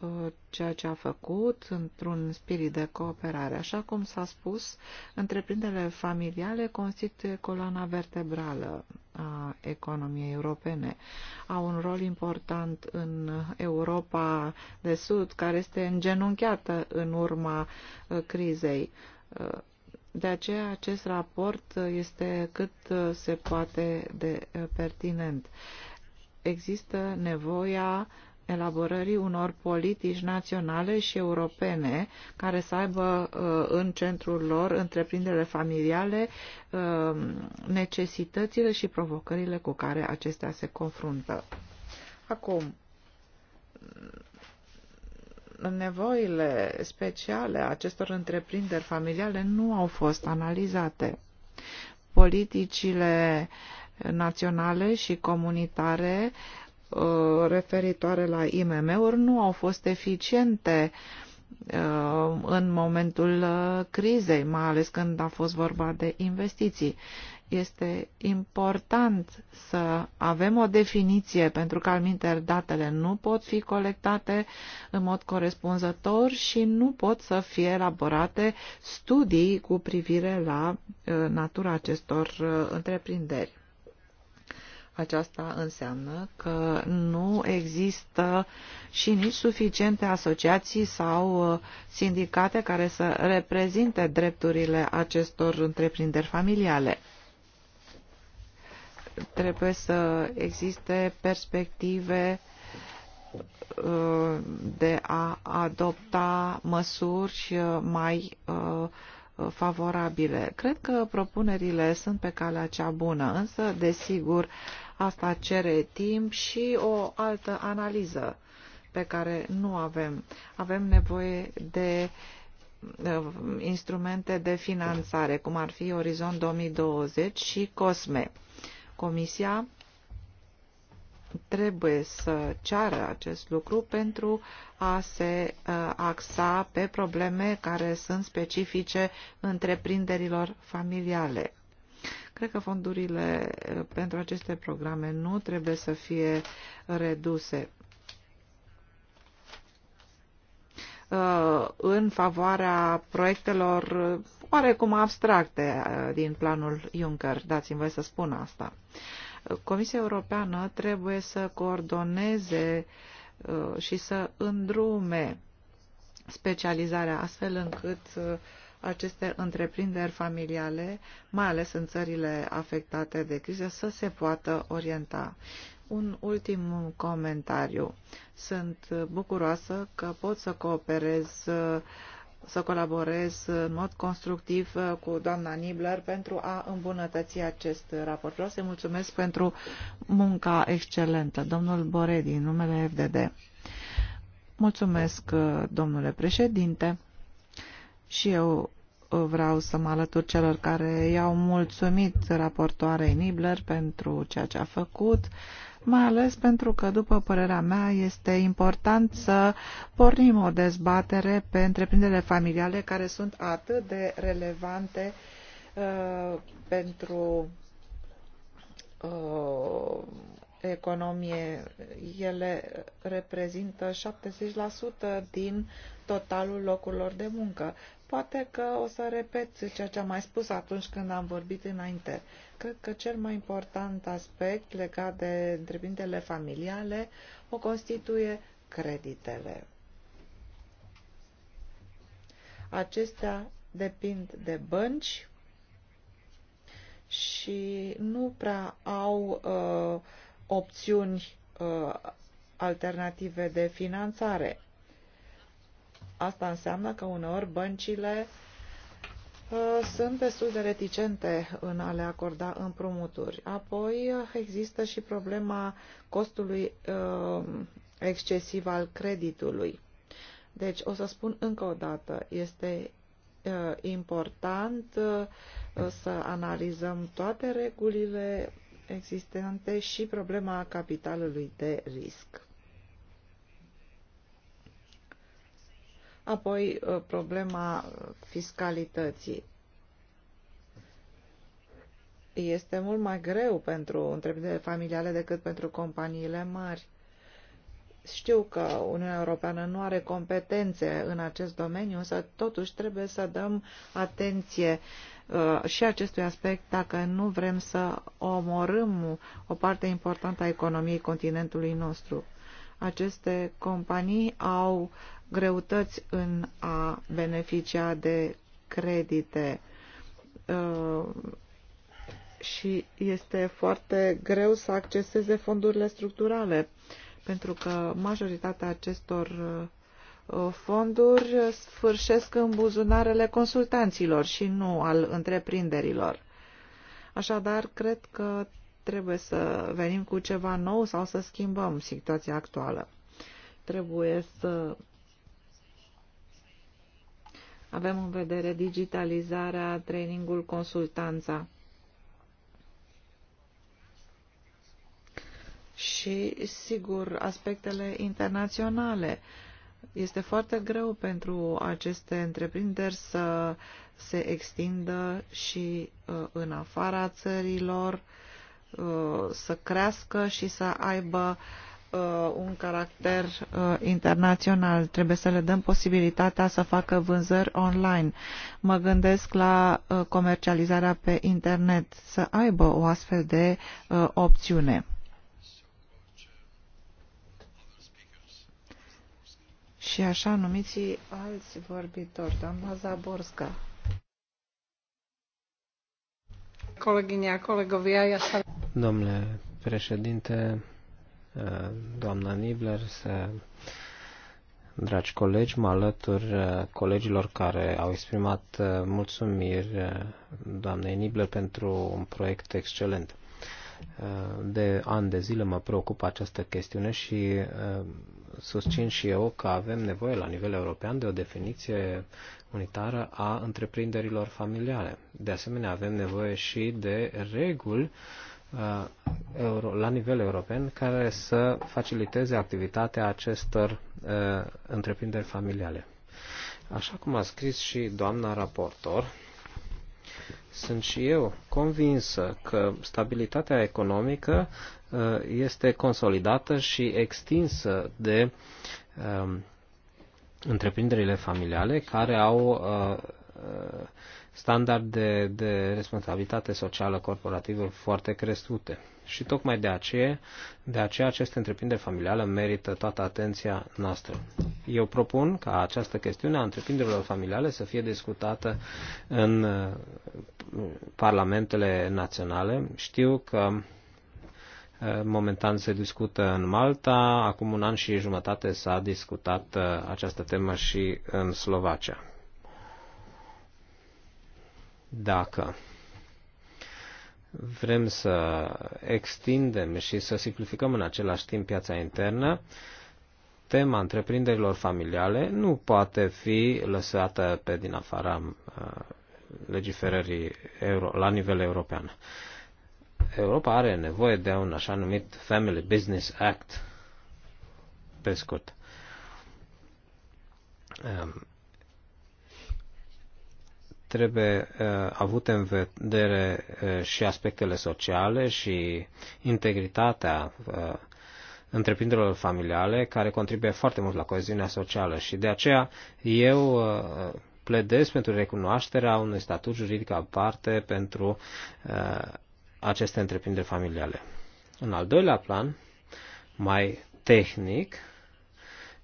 Uh, ceea ce a făcut într-un spirit de cooperare. Așa cum s-a spus, întreprinderile familiale constituie coloana vertebrală a economiei europene. Au un rol important în Europa de Sud, care este îngenunchiată în urma uh, crizei. Uh, de aceea acest raport este cât se poate de pertinent. Există nevoia uh, elaborării unor politici naționale și europene care să aibă uh, în centrul lor întreprinderile familiale, uh, necesitățile și provocările cu care acestea se confruntă. Acum, nevoile speciale acestor întreprinderi familiale nu au fost analizate. Politicile naționale și comunitare uh, Uh, referitoare la IMM-uri nu au fost eficiente uh, în momentul uh, crizei, mai ales când a fost vorba de investiții. Este important să avem o definiție, pentru că alminter datele nu pot fi colectate în mod corespunzător și nu pot să fie elaborate studii cu privire la natura acestor întreprinderi. Aceasta înseamnă că nu există și nici suficiente asociații sau uh, sindicate care să reprezinte drepturile acestor întreprinderi familiale. Trebuie să existe perspective uh, de a adopta măsuri uh, mai uh, favorabile. Cred că propunerile sunt pe calea cea bună, însă, desigur, asta cere timp și o altă analiză pe care nu avem. Avem nevoie de uh, instrumente de finanțare, cum ar fi Orizont 2020 și COSME. Comisia trebuie să ceară acest lucru pentru a se uh, axa pe probleme care sunt specifice întreprinderilor familiale. Cred că fondurile uh, pentru aceste programe nu trebuie să fie reduse uh, în favoarea proiectelor oarecum abstracte din planul Juncker, dați-mi voi să spun asta. Comisia Europeană trebuie să coordoneze uh, și să îndrume specializarea astfel încât uh, aceste întreprinderi familiale, mai ales în țările afectate de criză, să se poată orienta. Un ultim comentariu. Sunt bucuroasă că pot să cooperez uh, să colaborez în mod constructiv uh, cu doamna Nibler pentru a îmbunătăți acest raport. Vreau să mulțumesc pentru munca excelentă. Domnul Bore în numele FDD. Mulțumesc, uh, domnule președinte. Și eu uh, vreau să mă alătur celor care i-au mulțumit raportoarei Nibler pentru ceea ce a făcut mai ales pentru că, după părerea mea, este important să pornim o dezbatere pe întreprinderile familiale care sunt atât de relevante uh, pentru uh, economie. Ele reprezintă 70% din totalul locurilor de muncă. Poate că o să repet ceea ce am mai spus atunci când am vorbit înainte. Cred că cel mai important aspect legat de întreprinderile familiale o constituie creditele. Acestea depind de bănci și nu prea au uh, opțiuni uh, alternative de finanțare. Asta înseamnă că uneori băncile uh, Uh, sunt destul de reticente în a le acorda împrumuturi. Apoi uh, există și problema costului uh, excesiv al creditului. Deci, o să spun încă o dată, este important să analizăm toate regulile existente și problema capitalului de risc. Apoi uh, problema fiscalității. Este mult mai greu pentru întreprinderile familiale decât pentru companiile mari. Știu că Uniunea Europeană nu are competențe în acest domeniu, însă totuși trebuie să dăm atenție uh, și acestui aspect dacă nu vrem să omorâm o parte importantă a economiei continentului nostru. Aceste companii au greutăți în a beneficia de credite uh, și este foarte greu să acceseze fondurile structurale, pentru că majoritatea acestor uh, fonduri sfârșesc în buzunarele consultanților și nu al întreprinderilor. Așadar, cred că trebuie să venim cu ceva nou sau să schimbăm situația actuală. Trebuie să avem în vedere digitalizarea, trainingul, consultanța. Și, sigur, aspectele internaționale. Este foarte greu pentru aceste întreprinderi să se extindă și uh, în afara țărilor, uh, să crească și să aibă uh, Uh, un caracter uh, internațional. Trebuie să le dăm posibilitatea să facă vânzări online. Mă gândesc la uh, comercializarea pe internet, să aibă o astfel de opțiune. și așa numiți alți vorbitori. Doamna Zaborska. Domnule președinte, doamna Nibler, să, dragi colegi, mă alătur uh, colegilor care au exprimat uh, mulțumiri uh, doamnei Nibler pentru un proiect excelent. De ani de zile mă preocupă această chestiune și susțin și eu că avem nevoie la nivel european de o definiție unitară a întreprinderilor familiale. De asemenea, avem nevoie și de reguli uh, Uh, euro, la nivel european care să faciliteze activitatea acestor uh, întreprinderi familiale. Așa cum a scris și doamna raportor, sunt și eu convinsă că stabilitatea economică uh, este consolidată și extinsă de um, întreprinderile familiale care au standard de, de responsabilitate socială corporativă foarte crescute. Și tocmai de aceea, de aceea aceste întreprinderi familiale merită toată atenția noastră. Eu propun ca această chestiune a întreprinderilor familiale să fie discutată în uh, parlamentele naționale. Știu că uh, momentan se discută în Malta, acum un an și jumătate s-a discutat uh, această temă și în Slovacia. Dacă vrem să extindem și să simplificăm în același timp piața internă, tema întreprinderilor familiale nu poate fi lăsată pe din afara uh, legiferării euro, la nivel european. Europa are nevoie de un așa numit Family Business Act, pe scurt. Um, trebuie uh, avut în vedere uh, și aspectele sociale și integritatea uh, întreprinderilor familiale, care contribuie foarte mult la coeziunea socială. Și de aceea eu pledez pentru recunoașterea unui statut juridic aparte pentru aceste întreprinderi familiale. În al doilea plan, mai tehnic,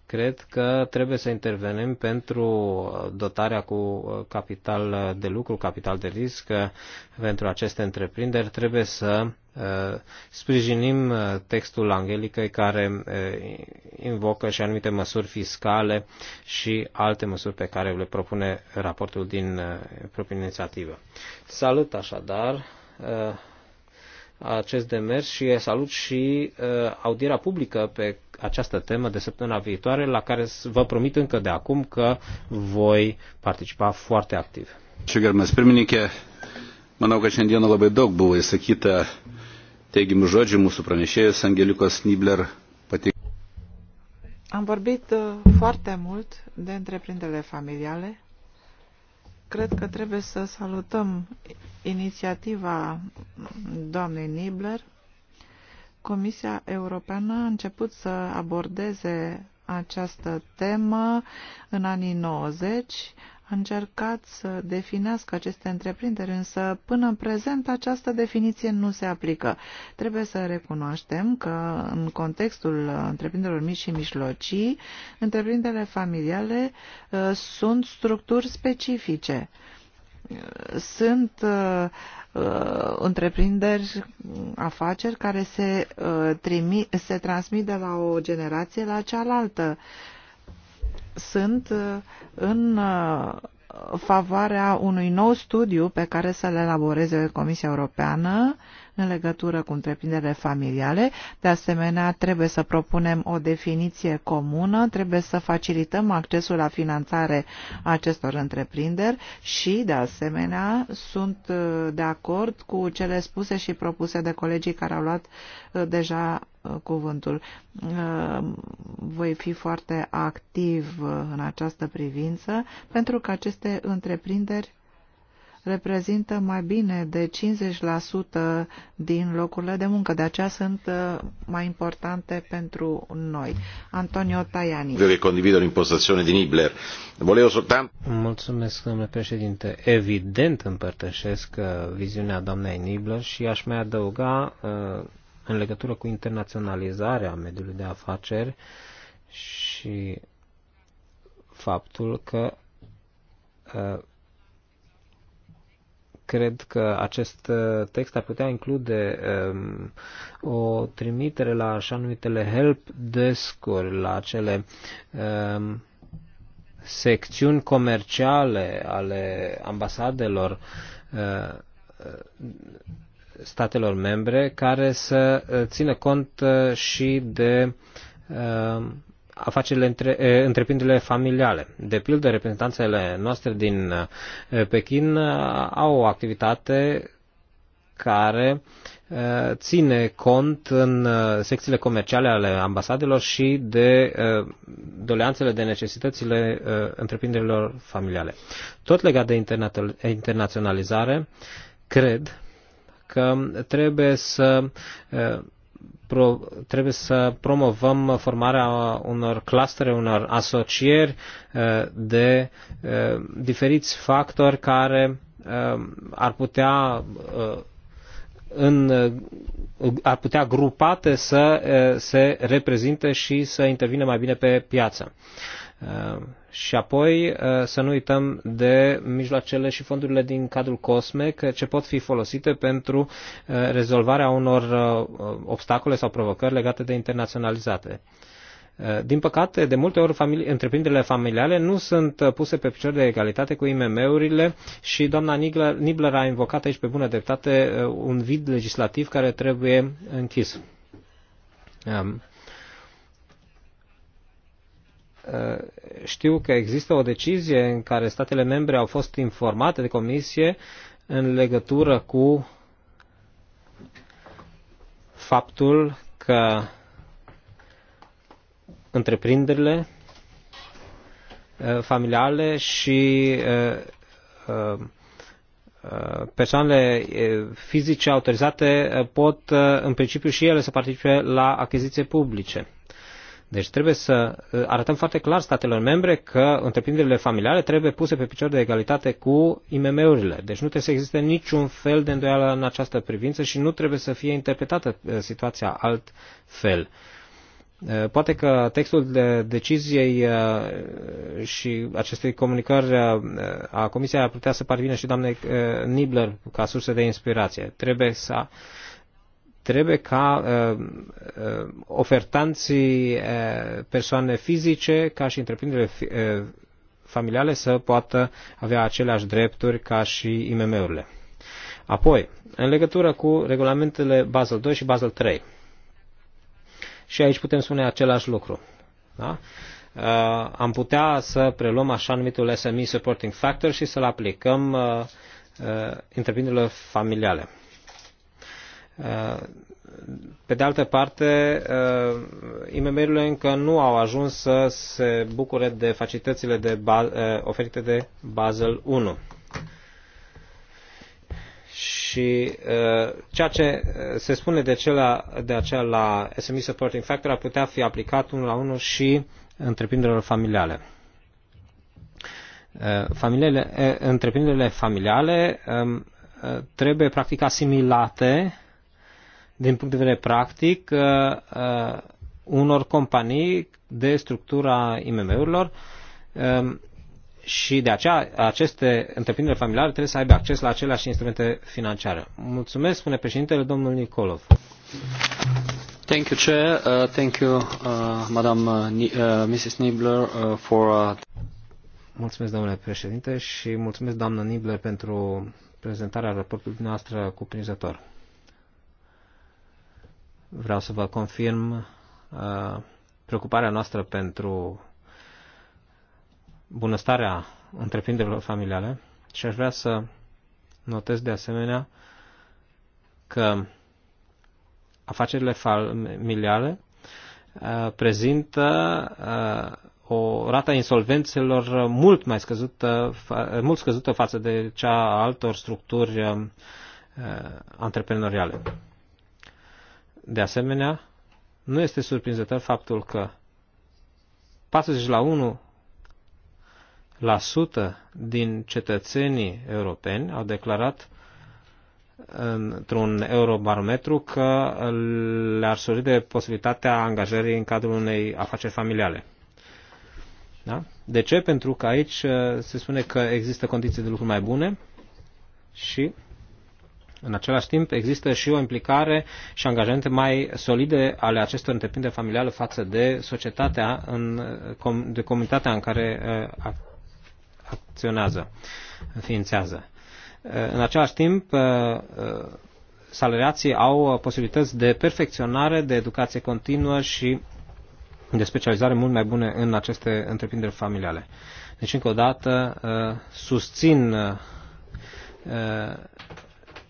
cred că trebuie să intervenim pentru dotarea cu capital de lucru, capital de risc pentru aceste întreprinderi. Trebuie să eh, sprijinim textul Angelicăi care eh, invocă și anumite măsuri fiscale și alte măsuri pe care le propune raportul din eh, propria inițiativă. Salut așadar acest demers și salut și uh, audierea publică pe această temă de săptămâna viitoare, la care vă promit încă de acum că voi participa foarte activ. Ačiū gerbiamas pirmininkė. Manau, kad šiandieną labai daug buvo įsakyta teigiamų žodžių mūsų pranešėjos Angelikos Nibler pateikti. Am vorbit uh, foarte mult de întreprinderile familiale. Cred că trebuie să salutăm inițiativa doamnei Nibler, Comisia Europeană a început să abordeze această temă în anii 90, a încercat să definească aceste întreprinderi, însă până în prezent această definiție nu se aplică. Trebuie să recunoaștem că în contextul întreprinderilor mici și mijlocii, întreprinderile familiale uh, sunt structuri specifice. Uh, sunt uh, uh, întreprinderi, afaceri care se, uh, trimi, se transmit de la o generație la cealaltă. Sunt în favoarea unui nou studiu pe care să-l elaboreze Comisia Europeană în legătură cu întreprinderile familiale. De asemenea, trebuie să propunem o definiție comună, trebuie să facilităm accesul la finanțare a acestor întreprinderi și, de asemenea, sunt uh, de acord cu cele spuse și propuse de colegii care au luat uh, deja uh, cuvântul. Voi fi foarte activ în această privință pentru că aceste întreprinderi reprezintă mai bine de 50% din locurile de muncă. De aceea sunt uh, mai importante pentru noi. Antonio Tajani. Vreau că condivido l'impostazione di Nibler. Volevo soltanto... Mulțumesc, domnule președinte. Evident împărtășesc uh, viziunea doamnei Nibler și aș mai adăuga uh, în legătură cu internaționalizarea mediului de afaceri și faptul că cred că acest uh, text ar putea include um, o trimitere la așa numitele help desk-uri, la acele um, secțiuni comerciale ale ambasadelor uh, statelor membre care să uh, țină cont uh, și de uh, afacerile între, întreprinderile familiale. De pildă, reprezentanțele noastre din Pekin au o activitate care ține cont în secțiile comerciale ale ambasadelor și de doleanțele de necesitățile întreprinderilor familiale. Tot legat de internaționalizare, cred că trebuie să pro, trebuie să promovăm formarea unor clustere, unor asocieri eh, de eh, diferiți factori care eh, ar putea în, ar putea grupate să se reprezinte și să intervină mai bine pe piață. Și apoi uh, să nu uităm de mijloacele și fondurile din cadrul COSME, ce pot fi folosite pentru uh, rezolvarea unor uh, obstacole sau provocări legate de internaționalizate. Din păcate, de multe ori familie, întreprinderile familiale nu sunt puse pe picior de egalitate cu IMM-urile și doamna Nibler a invocat aici pe bună dreptate un vid legislativ care trebuie închis. Um, Eh, știu că există o decizie în care statele membre au fost informate de comisie în legătură cu faptul că întreprinderile eh, familiale și eh, persoanele fizice autorizate pot în principiu și ele să participe la achiziții publice. Deci trebuie să uh, arătăm foarte clar statelor membre că întreprinderile familiale trebuie puse pe picior de egalitate cu IMM-urile. Deci nu trebuie să existe niciun fel de îndoială în această privință și nu trebuie să fie interpretată uh, situația altfel. Uh, poate că textul de deciziei și acestei comunicări a Comisiei ar putea să parvină și doamnei Nibler ca sursă de inspirație. Trebuie să trebuie ca uh, uh, ofertanții uh, persoane fizice, ca și întreprinderile uh, familiale să poată avea aceleași drepturi ca și IMM-urile. Apoi, în legătură cu regulamentele Basel 2 și Basel 3. Și aici putem spune același lucru. Da? Uh, am putea să preluăm așa numitul SME Supporting Factor și să-l aplicăm uh, uh, întreprinderilor familiale. Pe de altă parte, uh, IMM-urile încă nu au ajuns să se bucure de facilitățile de uh, oferite de Basel 1. Și uh, ceea ce se spune de, acela, de acea la SME Supporting Factor ar putea fi aplicat unul la unul și întreprinderilor familiale. întreprinderile familiale um, trebuie practic asimilate din punct de vedere practic, uh, uh, unor companii de structura IMM-urilor um, și de aceea aceste întreprinderi familiale trebuie să aibă acces la aceleași instrumente financiare. Mulțumesc, spune președintele, domnul Nicolov. Thank you, Chair. Uh, thank you, uh, Madam uh, uh Mrs. Nibler, uh, for... Uh... Mulțumesc, domnule președinte, și mulțumesc, doamnă Nibler, pentru prezentarea raportului noastră cuprinzător vreau să vă confirm uh, preocuparea noastră pentru bunăstarea întreprinderilor familiale și aș vrea să notez de asemenea că afacerile familiale uh, prezintă uh, o rata insolvențelor mult mai scăzută, mult scăzută față de cea a altor structuri antreprenoriale. De asemenea, nu este surprinzător faptul că 40 la 1 la sută din cetățenii europeni au declarat într-un eurobarometru că le-ar sori de posibilitatea angajării în cadrul unei afaceri familiale. Da? De ce? Pentru că aici uh, se spune că există condiții de lucru mai bune și în același timp, există și o implicare și angajamente mai solide ale acestor întreprinderi familiale față de societatea, în, de comunitatea în care uh, acționează, înființează. Uh, în același timp, uh, salariații au posibilități de perfecționare, de educație continuă și de specializare mult mai bune în aceste întreprinderi familiale. Deci, încă o dată, susțin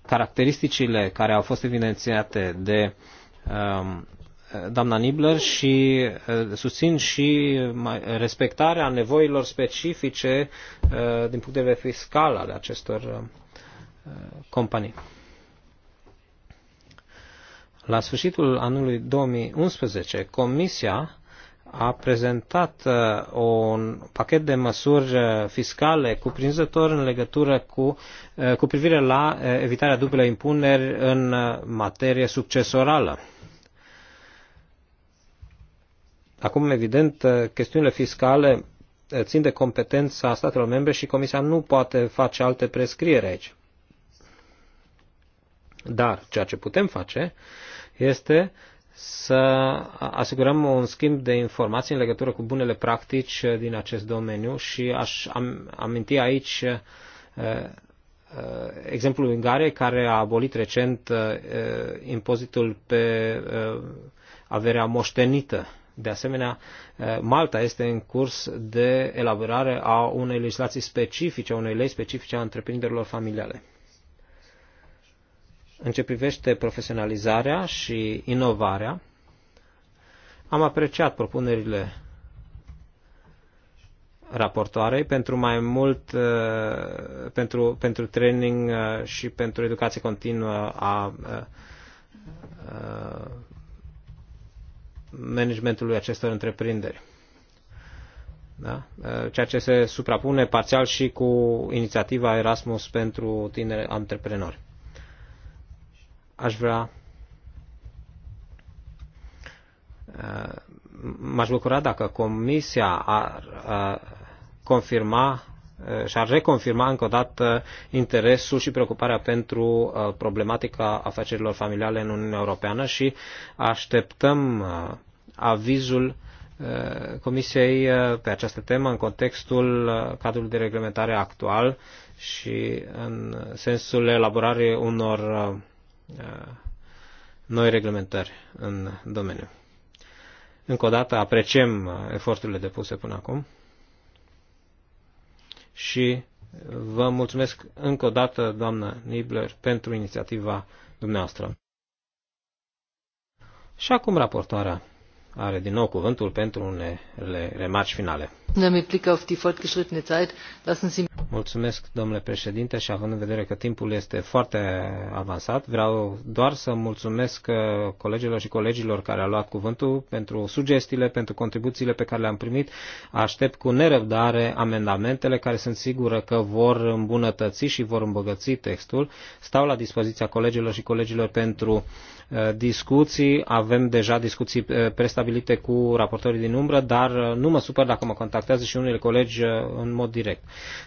caracteristicile care au fost evidențiate de um, doamna Nibler și uh, susțin și uh, respectarea nevoilor specifice uh, din punct de vedere fiscal ale acestor companii. La sfârșitul anului 2011, Comisia a prezentat uh, un pachet de măsuri uh, fiscale cuprinzător în legătură cu, uh, cu privire la evitarea dublei impuneri în materie succesorală. Acum, evident, chestiunile fiscale țin de competența statelor membre și Comisia nu poate face alte prescrieri aici. Dar ceea ce putem face este uh, să asigurăm un schimb de informații în legătură cu bunele practici din acest domeniu și aș am, aminti aici uh, uh, exemplul Ungariei care a abolit recent uh, impozitul pe averea moștenită. De asemenea, Malta este în curs de elaborare a unei legislații specifice, a unei lei specifice a întreprinderilor familiale. În ce privește profesionalizarea și inovarea, am apreciat propunerile raportoarei pentru mai mult uh, pentru, pentru training uh, și pentru educație continuă a uh, managementului acestor întreprinderi. Da? Ceea ce se suprapune parțial și cu inițiativa Erasmus pentru tineri antreprenori aș vrea uh, m-aș bucura dacă Comisia ar uh, confirma uh, și ar reconfirma încă o dată interesul și preocuparea pentru problematica afacerilor familiale în Uniunea Europeană și așteptăm avizul Comisiei pe această temă în contextul cadrului de reglementare actual și în sensul elaborării unor Uh, noi reglementări în domeniu. Încă o dată apreciem uh, eforturile depuse până acum și vă mulțumesc încă o dată, doamnă Nibler, pentru inițiativa dumneavoastră. Și acum raportoarea are din nou cuvântul pentru unele remarci finale. Mulțumesc, domnule președinte, și având în vedere că timpul este foarte avansat, vreau doar să mulțumesc uh, colegilor și colegilor care au luat cuvântul pentru sugestiile, pentru contribuțiile pe care le-am primit. Aștept cu nerăbdare amendamentele care sunt sigură că vor îmbunătăți și vor îmbogăți textul. Stau la dispoziția colegilor și colegilor pentru uh, discuții. Avem deja discuții uh, prestabilite cu raportorii din umbră, dar nu mă supăr dacă mă contactați afectează și unele colegi uh, în mod direct.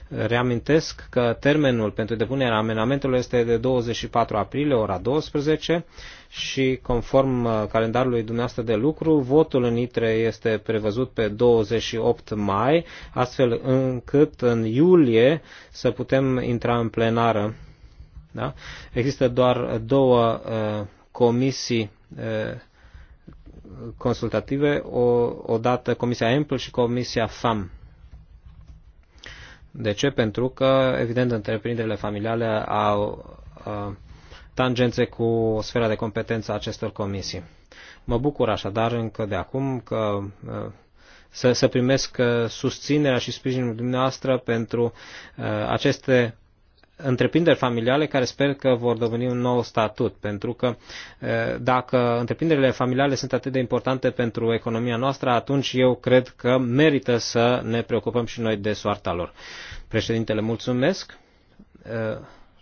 Reamintesc că termenul pentru depunerea amenamentelor este de 24 aprilie, ora 12, și conform uh, calendarului dumneavoastră de lucru, votul în ITRE este prevăzut pe 28 mai, astfel încât în iulie să putem intra în plenară. Da? Există doar două uh, comisii uh, consultative, o, odată Comisia EMPL și Comisia FAM. De ce? Pentru că, evident, întreprinderile familiale au a, tangențe cu sfera de competență a acestor comisii. Mă bucur așadar încă de acum că să, să primesc susținerea și sprijinul dumneavoastră pentru aceste întreprinderi familiale care sper că vor deveni un nou statut, pentru că dacă întreprinderile familiale sunt atât de importante pentru economia noastră, atunci eu cred că merită să ne preocupăm și noi de soarta lor. Președintele, mulțumesc.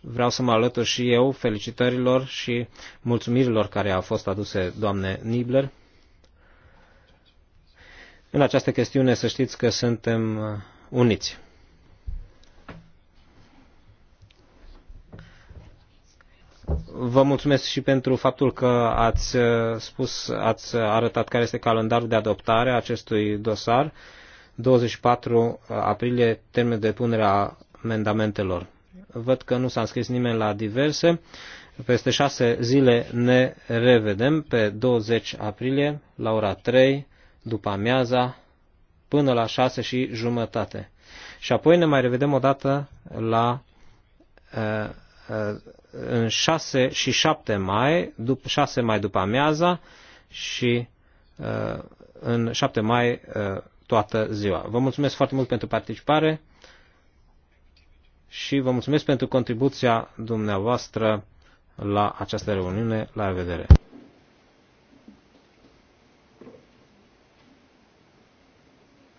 Vreau să mă alătur și eu felicitărilor și mulțumirilor care au fost aduse doamne Nibler. În această chestiune să știți că suntem uniți. Vă mulțumesc și pentru faptul că ați uh, spus, ați arătat care este calendarul de adoptare a acestui dosar. 24 aprilie, termen de punere a amendamentelor. Văd că nu s-a înscris nimeni la diverse. Peste șase zile ne revedem pe 20 aprilie la ora 3, după amiaza, până la 6 și jumătate. Și apoi ne mai revedem o dată la uh, Uh, în 6 și 7 mai, 6 mai după amiaza și uh, în 7 mai uh, toată ziua. Vă mulțumesc foarte mult pentru participare și vă mulțumesc pentru contribuția dumneavoastră la această reuniune. La revedere!